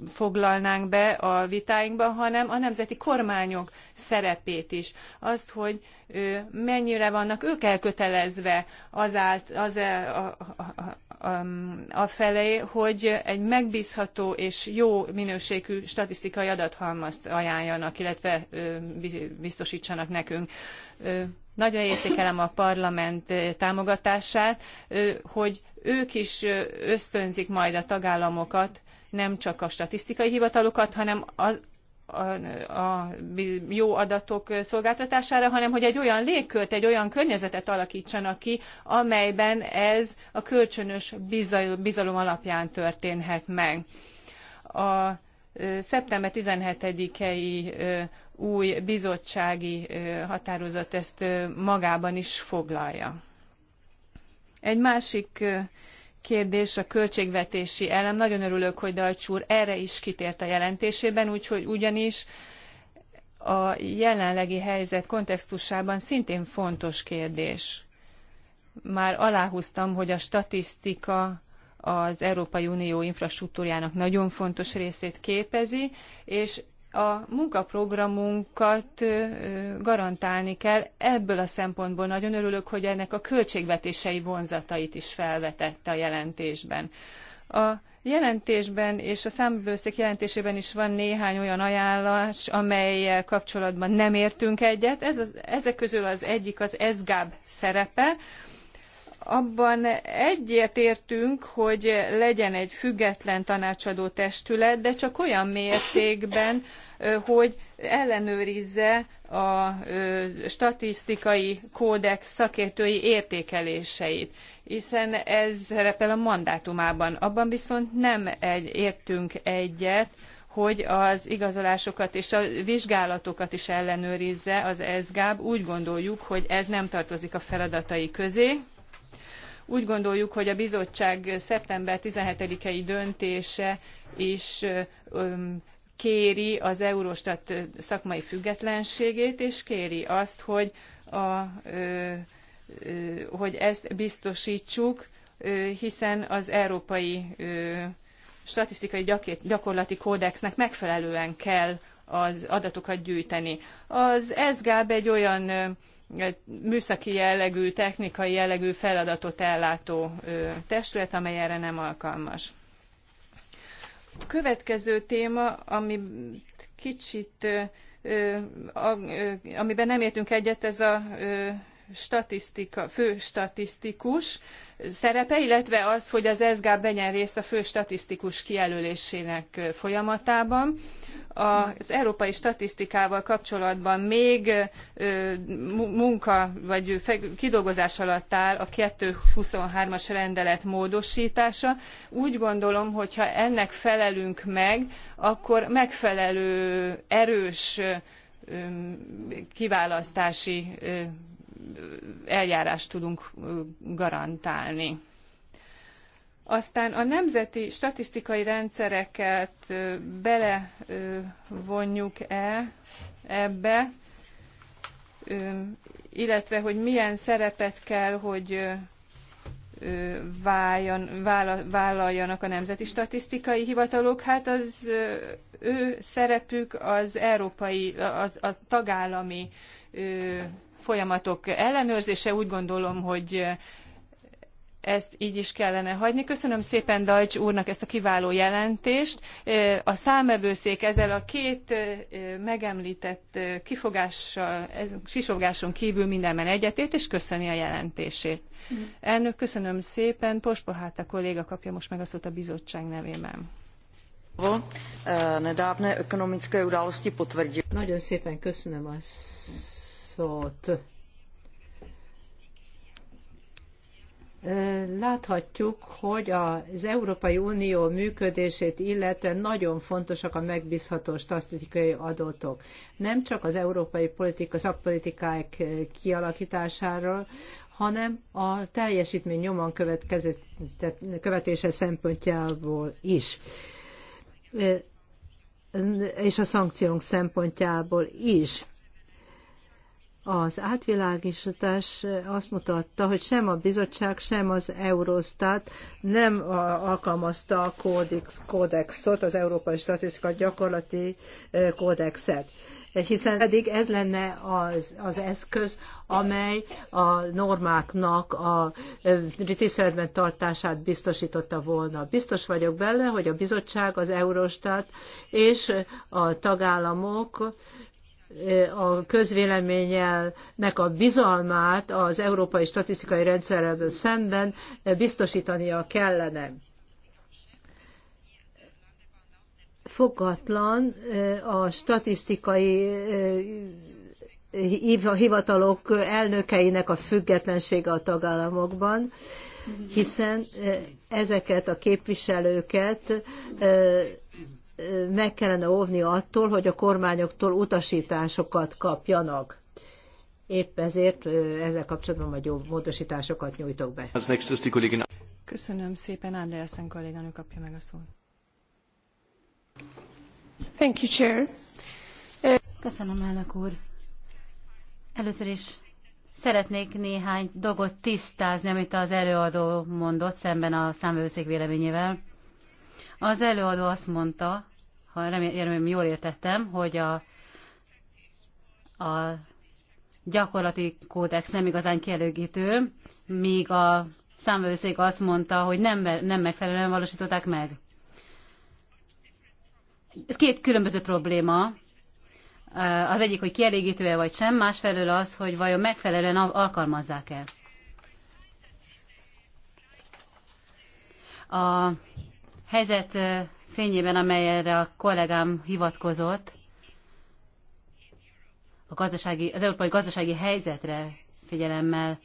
foglalnánk be a vitáinkba, hanem a nemzeti kormányok szerepét is. Azt, hogy mennyire vannak ők elkötelezve az, állt, az a, a, a, a felé, hogy egy megbízható és jó minőségű statisztikai adathalmazt ajánljanak, illetve biztosítsanak nekünk Nagyra értékelem a parlament támogatását, hogy ők is ösztönzik majd a tagállamokat, nem csak a statisztikai hivatalokat, hanem a, a jó adatok szolgáltatására, hanem hogy egy olyan légkört, egy olyan környezetet alakítsanak ki, amelyben ez a kölcsönös bizalom alapján történhet meg. A szeptember 17-i új bizottsági határozat ezt magában is foglalja. Egy másik kérdés a költségvetési elem. Nagyon örülök, hogy Dalcsúr erre is kitért a jelentésében, úgyhogy ugyanis a jelenlegi helyzet kontextusában szintén fontos kérdés. Már aláhúztam, hogy a statisztika az Európai Unió infrastruktúrjának nagyon fontos részét képezi, és a munkaprogramunkat garantálni kell. Ebből a szempontból nagyon örülök, hogy ennek a költségvetései vonzatait is felvetette a jelentésben. A jelentésben és a számbőszék jelentésében is van néhány olyan ajánlás, amelyel kapcsolatban nem értünk egyet. Ez az, ezek közül az egyik az ESGAB szerepe, abban egyetértünk, hogy legyen egy független tanácsadó testület, de csak olyan mértékben, hogy ellenőrizze a statisztikai kódex szakértői értékeléseit, hiszen ez szerepel a mandátumában. Abban viszont nem egy, értünk egyet, hogy az igazolásokat és a vizsgálatokat is ellenőrizze az ESGÁB. Úgy gondoljuk, hogy ez nem tartozik a feladatai közé, úgy gondoljuk, hogy a bizottság szeptember 17-i döntése is kéri az Eurostat szakmai függetlenségét, és kéri azt, hogy, a, hogy ezt biztostsuk hiszen az európai statisztikai gyakorlati kódexnek megfelelően kell az adatokat gyűjteni. Az ESGAB egy olyan műszaki jellegű, technikai jellegű feladatot ellátó testület, amely erre nem alkalmas. A következő téma, ami kicsit, amiben nem értünk egyet, ez a statisztika, fő statisztikus, szerepe, illetve az, hogy az ESGAB vegyen részt a fő statisztikus kijelölésének folyamatában. Az európai statisztikával kapcsolatban még munka vagy kidolgozás alatt áll a 223-as rendelet módosítása. Úgy gondolom, hogy ha ennek felelünk meg, akkor megfelelő erős kiválasztási eljárást tudunk garantálni. Aztán a nemzeti statisztikai rendszereket belevonjuk-e ebbe, illetve hogy milyen szerepet kell, hogy váljon, vállaljanak a nemzeti statisztikai hivatalok. Hát az ő szerepük az európai, az, a tagállami folyamatok ellenőrzése. Úgy gondolom, hogy ezt így is kellene hagyni. Köszönöm szépen Dajcs úrnak ezt a kiváló jelentést. A számevőszék ezzel a két megemlített kifogással, sisogáson kívül mindenben egyetért, és köszöni a jelentését. Mm. Elnök, köszönöm szépen. Pospoháta kolléga kapja most meg a szót a bizottság nevében. Nagyon szépen köszönöm a szót. Láthatjuk, hogy az Európai Unió működését illetően nagyon fontosak a megbízható statisztikai adatok. Nem csak az európai politika, szakpolitikák kialakításáról, hanem a teljesítmény nyomon követése szempontjából is és a szankciónk szempontjából is. Az átvilágítás azt mutatta, hogy sem a bizottság, sem az Eurostat nem alkalmazta a kódex, kódexot, az Európai Statisztikai Gyakorlati Kódexet hiszen pedig ez lenne az, az eszköz, amely a normáknak a tiszteletben tartását biztosította volna. Biztos vagyok benne, hogy a bizottság, az Eurostat és a tagállamok a közvéleményelnek a bizalmát az európai statisztikai rendszerrel szemben biztosítania kellene. Fogatlan eh, a statisztikai eh, hivatalok elnökeinek a függetlensége a tagállamokban, hiszen eh, ezeket a képviselőket meg kellene óvni attól, hogy a kormányoktól utasításokat kapjanak. Épp ezért ezzel kapcsolatban majd jó módosításokat nyújtok be. Köszönöm szépen, Andreasen kolléganő kapja meg a szót. Thank you, Chair. Köszönöm, elnök úr. Először is szeretnék néhány dolgot tisztázni, amit az előadó mondott szemben a számvevőszék véleményével. Az előadó azt mondta, ha remélem jól értettem, hogy a, a gyakorlati kódex nem igazán kielőgítő, míg a számvevőszék azt mondta, hogy nem, nem megfelelően valósították meg. Ez két különböző probléma. Az egyik, hogy kielégítő-e vagy sem, másfelől az, hogy vajon megfelelően alkalmazzák-e. A helyzet fényében, amelyre a kollégám hivatkozott, a gazdasági, az európai gazdasági helyzetre figyelemmel.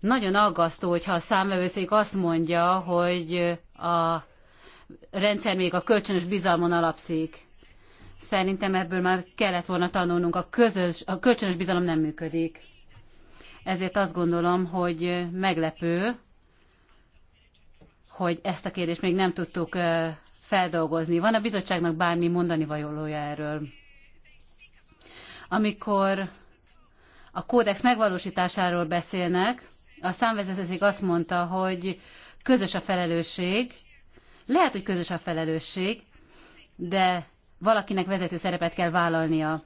Nagyon aggasztó, hogyha a számvevőszék azt mondja, hogy a rendszer még a kölcsönös bizalmon alapszik. Szerintem ebből már kellett volna tanulnunk, a, közös, a kölcsönös bizalom nem működik. Ezért azt gondolom, hogy meglepő, hogy ezt a kérdést még nem tudtuk feldolgozni. Van a bizottságnak bármi mondani vajolója erről? Amikor a kódex megvalósításáról beszélnek, a számvezetőség azt mondta, hogy közös a felelősség. Lehet, hogy közös a felelősség, de valakinek vezető szerepet kell vállalnia.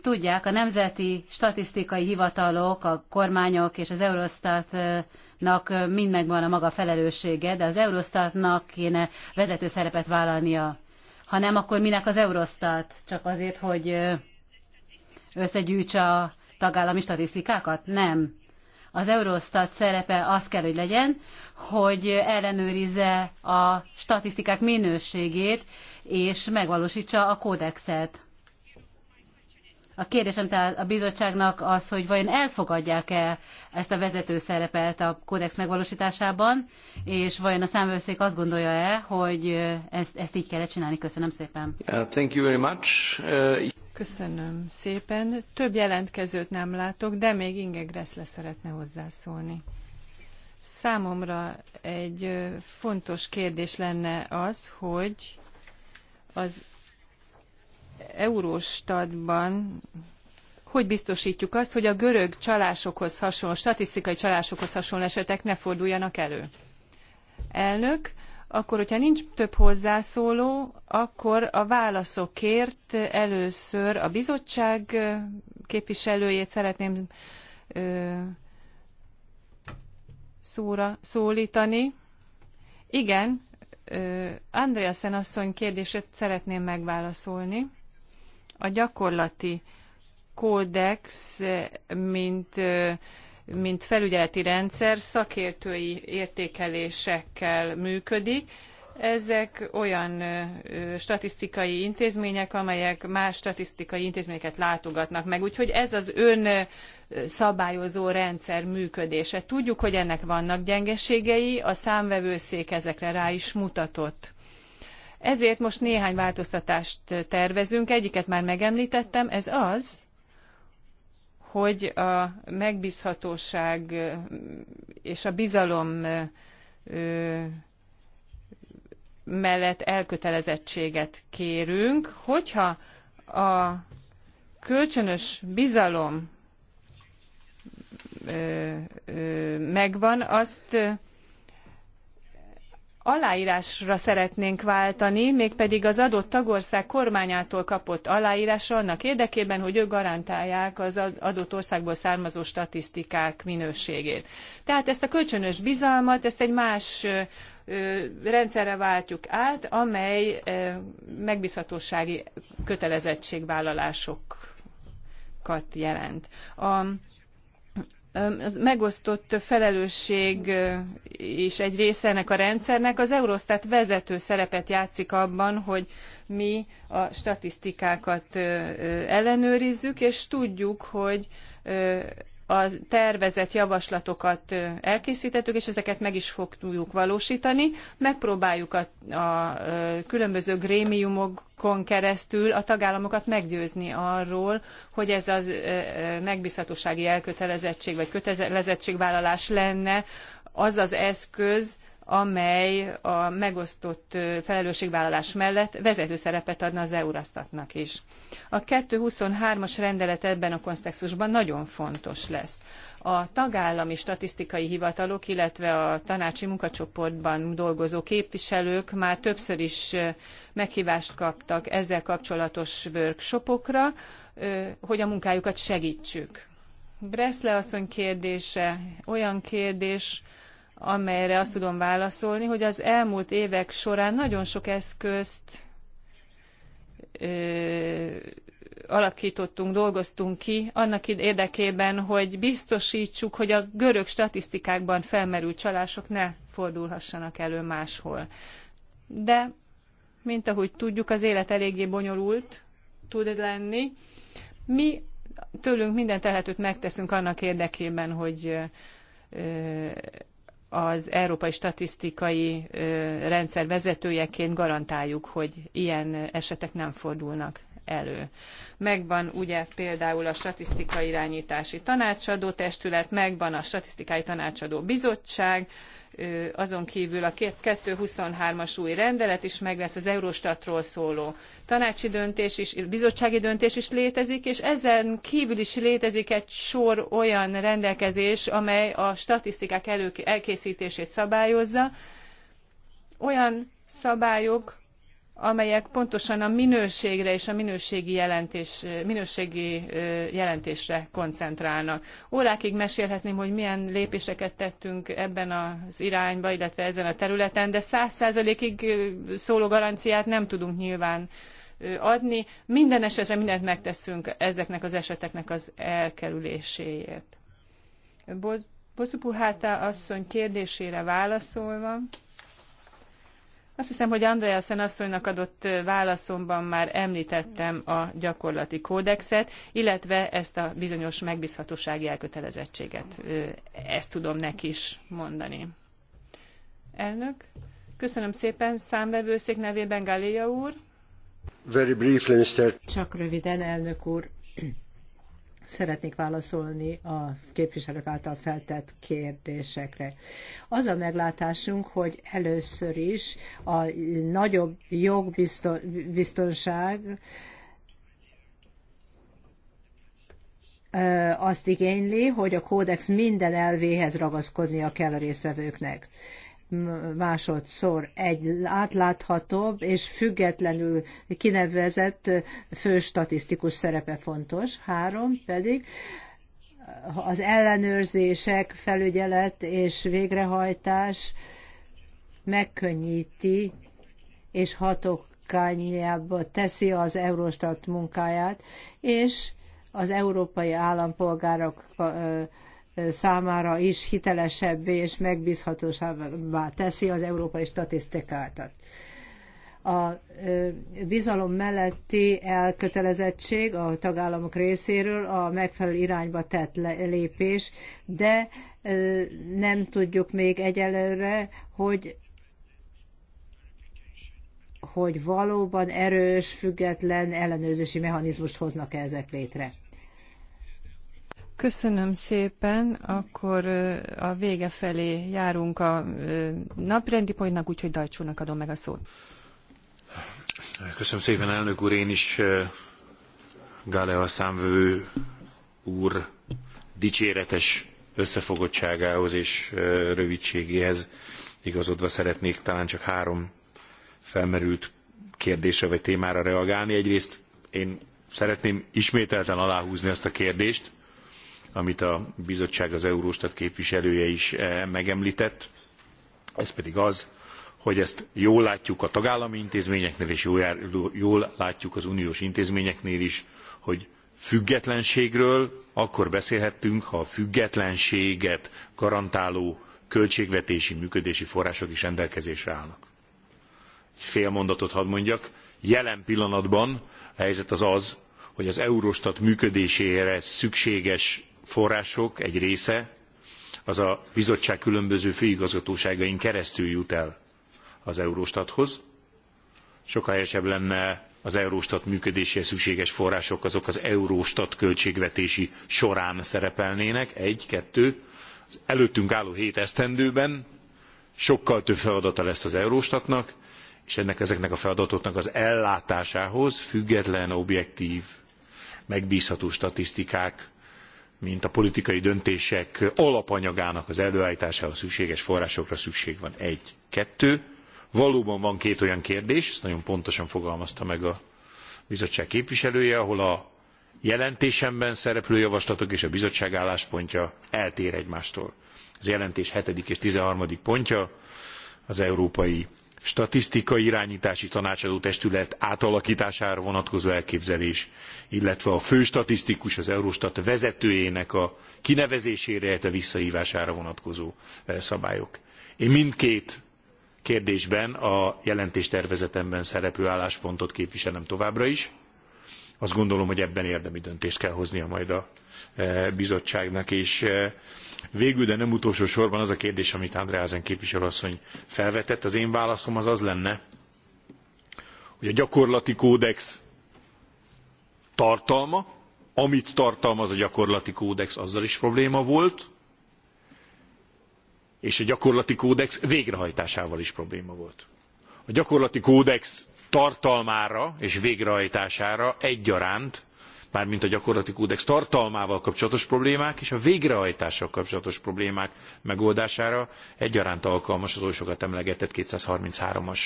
Tudják, a nemzeti statisztikai hivatalok, a kormányok és az Eurostatnak mind megvan a maga felelőssége, de az Eurostatnak kéne vezető szerepet vállalnia. Ha nem, akkor minek az Eurostat? Csak azért, hogy összegyűjtse a tagállami statisztikákat? Nem. Az Eurostat szerepe az kell, hogy legyen, hogy ellenőrizze a statisztikák minőségét, és megvalósítsa a kódexet a kérdésem tehát a bizottságnak az, hogy vajon elfogadják-e ezt a vezető szerepet a kódex megvalósításában, és vajon a számvőszék azt gondolja-e, hogy ezt, ezt így kell csinálni. Köszönöm szépen. Uh, thank you very much. Uh... Köszönöm szépen. Több jelentkezőt nem látok, de még Inge Gressle szeretne hozzászólni. Számomra egy fontos kérdés lenne az, hogy az Euróstatban hogy biztosítjuk azt, hogy a görög csalásokhoz hasonló, statisztikai csalásokhoz hasonló esetek ne forduljanak elő? Elnök, akkor, hogyha nincs több hozzászóló, akkor a válaszokért először a bizottság képviselőjét szeretném ö, szóra szólítani. Igen, Andreasen asszony kérdését szeretném megválaszolni. A gyakorlati kódex, mint, mint felügyeleti rendszer szakértői értékelésekkel működik. Ezek olyan statisztikai intézmények, amelyek más statisztikai intézményeket látogatnak meg. Úgyhogy ez az ön szabályozó rendszer működése. Tudjuk, hogy ennek vannak gyengeségei, a számvevőszék ezekre rá is mutatott ezért most néhány változtatást tervezünk. Egyiket már megemlítettem, ez az, hogy a megbízhatóság és a bizalom mellett elkötelezettséget kérünk, hogyha a kölcsönös bizalom megvan, azt aláírásra szeretnénk váltani, mégpedig az adott tagország kormányától kapott aláírásra annak érdekében, hogy ők garantálják az adott országból származó statisztikák minőségét. Tehát ezt a kölcsönös bizalmat, ezt egy más rendszerre váltjuk át, amely megbízhatósági kötelezettségvállalásokat jelent. A az megosztott felelősség is egy része ennek a rendszernek. Az Eurostat vezető szerepet játszik abban, hogy mi a statisztikákat ellenőrizzük, és tudjuk, hogy a tervezett javaslatokat elkészítettük, és ezeket meg is fogjuk valósítani. Megpróbáljuk a, a különböző grémiumokon keresztül a tagállamokat meggyőzni arról, hogy ez az megbízhatósági elkötelezettség vagy kötelezettségvállalás lenne az az eszköz, amely a megosztott felelősségvállalás mellett vezető szerepet adna az Eurostatnak is. A 223-as rendelet ebben a kontextusban nagyon fontos lesz. A tagállami statisztikai hivatalok, illetve a tanácsi munkacsoportban dolgozó képviselők már többször is meghívást kaptak ezzel kapcsolatos workshopokra, hogy a munkájukat segítsük. Breszle asszony kérdése olyan kérdés, amelyre azt tudom válaszolni, hogy az elmúlt évek során nagyon sok eszközt ö, alakítottunk, dolgoztunk ki annak érdekében, hogy biztosítsuk, hogy a görög statisztikákban felmerült csalások ne fordulhassanak elő máshol. De, mint ahogy tudjuk, az élet eléggé bonyolult tud lenni. Mi tőlünk minden tehetőt megteszünk annak érdekében, hogy az Európai Statisztikai Rendszer vezetőjeként garantáljuk, hogy ilyen esetek nem fordulnak elő. Megvan ugye például a statisztikai irányítási tanácsadó testület, megvan a statisztikai tanácsadó bizottság, azon kívül a 223-as új rendelet is meg lesz az Eurostatról szóló tanácsi döntés is, bizottsági döntés is létezik, és ezen kívül is létezik egy sor olyan rendelkezés, amely a statisztikák elő, elkészítését szabályozza, olyan szabályok, amelyek pontosan a minőségre és a minőségi, jelentés, minőségi jelentésre koncentrálnak. Órákig mesélhetném, hogy milyen lépéseket tettünk ebben az irányba, illetve ezen a területen, de száz százalékig szóló garanciát nem tudunk nyilván adni. Minden esetre mindent megteszünk ezeknek az eseteknek az elkerüléséért. Bozupuháta asszony kérdésére válaszolva, azt hiszem, hogy Andreasen asszonynak adott válaszomban már említettem a gyakorlati kódexet, illetve ezt a bizonyos megbízhatósági elkötelezettséget. Ezt tudom neki is mondani. Elnök, köszönöm szépen számvevőszék nevében, Galéja úr. Very briefly, Mr. Csak röviden, elnök úr. Szeretnék válaszolni a képviselők által feltett kérdésekre. Az a meglátásunk, hogy először is a nagyobb jogbiztonság azt igényli, hogy a kódex minden elvéhez ragaszkodnia kell a résztvevőknek másodszor egy átláthatóbb és függetlenül kinevezett fő statisztikus szerepe fontos. Három pedig az ellenőrzések, felügyelet és végrehajtás megkönnyíti és hatokányába teszi az Eurostat munkáját, és az európai állampolgárok számára is hitelesebbé és megbízhatósabbá teszi az európai statisztikát. A bizalom melletti elkötelezettség a tagállamok részéről a megfelelő irányba tett lépés, de nem tudjuk még egyelőre, hogy hogy valóban erős, független ellenőrzési mechanizmust hoznak -e ezek létre. Köszönöm szépen, akkor a vége felé járunk a naprendi pontnak, úgyhogy Dajcsónak adom meg a szót. Köszönöm szépen, elnök úr, én is Galea számvő úr dicséretes összefogottságához és rövidségéhez igazodva szeretnék talán csak három felmerült kérdésre vagy témára reagálni. Egyrészt én szeretném ismételten aláhúzni azt a kérdést, amit a bizottság az Euróstat képviselője is eh, megemlített. Ez pedig az, hogy ezt jól látjuk a tagállami intézményeknél, és jól látjuk az uniós intézményeknél is, hogy függetlenségről akkor beszélhettünk, ha a függetlenséget garantáló költségvetési, működési források is rendelkezésre állnak. Fél mondatot hadd mondjak. Jelen pillanatban a helyzet az az, hogy az Eurostat működésére szükséges források egy része az a bizottság különböző főigazgatóságain keresztül jut el az Eurostathoz. Sokkal helyesebb lenne az Eurostat működéséhez szükséges források azok az Eurostat költségvetési során szerepelnének, egy, kettő. Az előttünk álló hét esztendőben sokkal több feladata lesz az Eurostatnak, és ennek ezeknek a feladatoknak az ellátásához független, objektív, megbízható statisztikák mint a politikai döntések alapanyagának az előállításához szükséges forrásokra szükség van. Egy. Kettő. Valóban van két olyan kérdés, ezt nagyon pontosan fogalmazta meg a bizottság képviselője, ahol a jelentésemben szereplő javaslatok és a bizottság álláspontja eltér egymástól. Az jelentés 7. és 13. pontja az európai statisztikai irányítási tanácsadó testület átalakítására vonatkozó elképzelés, illetve a főstatisztikus az Eurostat vezetőjének a kinevezésére, illetve visszahívására vonatkozó eh, szabályok. Én mindkét kérdésben a jelentéstervezetemben szereplő álláspontot képviselem továbbra is azt gondolom, hogy ebben érdemi döntést kell hoznia majd a e, bizottságnak, és e, végül, de nem utolsó sorban az a kérdés, amit Andreasen képviselőasszony felvetett, az én válaszom az az lenne, hogy a gyakorlati kódex tartalma, amit tartalmaz a gyakorlati kódex, azzal is probléma volt, és a gyakorlati kódex végrehajtásával is probléma volt. A gyakorlati kódex tartalmára és végrehajtására egyaránt mármint a gyakorlati kódex tartalmával kapcsolatos problémák és a végrehajtással kapcsolatos problémák megoldására egyaránt alkalmas az oly sokat emlegetett 233-as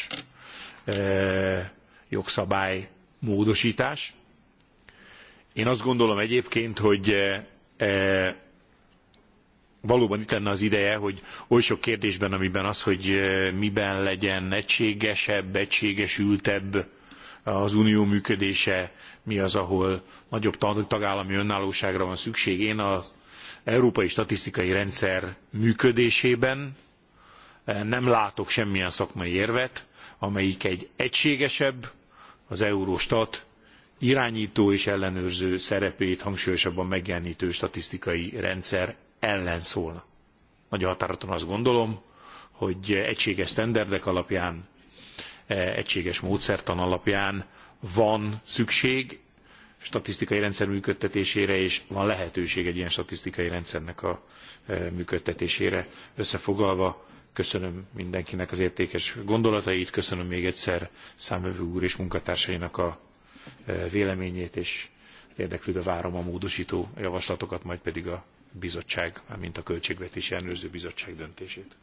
jogszabály módosítás. Én azt gondolom egyébként, hogy valóban itt lenne az ideje, hogy oly sok kérdésben, amiben az, hogy eh, miben legyen egységesebb, egységesültebb az unió működése, mi az, ahol nagyobb tagállami önállóságra van szükség. Én az európai statisztikai rendszer működésében eh, nem látok semmilyen szakmai érvet, amelyik egy egységesebb, az Eurostat irányító és ellenőrző szerepét hangsúlyosabban megjelenítő statisztikai rendszer ellen szólna. Nagy határaton azt gondolom, hogy egységes sztenderdek alapján, eh, egységes módszertan alapján van szükség statisztikai rendszer működtetésére, és van lehetőség egy ilyen statisztikai rendszernek a eh, működtetésére. Összefoglalva köszönöm mindenkinek az értékes gondolatait, köszönöm még egyszer számvevő úr és munkatársainak a eh, véleményét, és érdeklődve várom a módosító javaslatokat, majd pedig a bizottság, mint a Költségvetési Ellenőrző Bizottság döntését.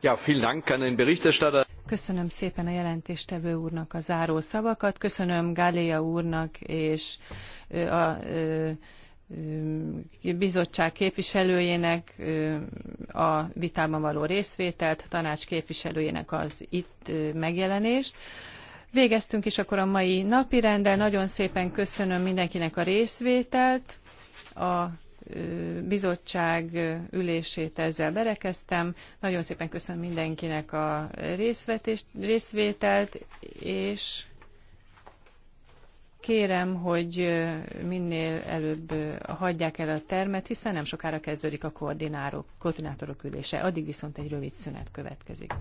Ja, vielen Dank an den Berichterstatter. Köszönöm szépen a jelentéstevő úrnak a záró szavakat, köszönöm Gália úrnak és a, a bizottság képviselőjének a vitában való részvételt, tanács képviselőjének az itt megjelenést. Végeztünk is akkor a mai napi rendel. Nagyon szépen köszönöm mindenkinek a részvételt. A bizottság ülését ezzel berekeztem. Nagyon szépen köszönöm mindenkinek a részvételt, és kérem, hogy minél előbb hagyják el a termet, hiszen nem sokára kezdődik a koordinátorok ülése. Addig viszont egy rövid szünet következik.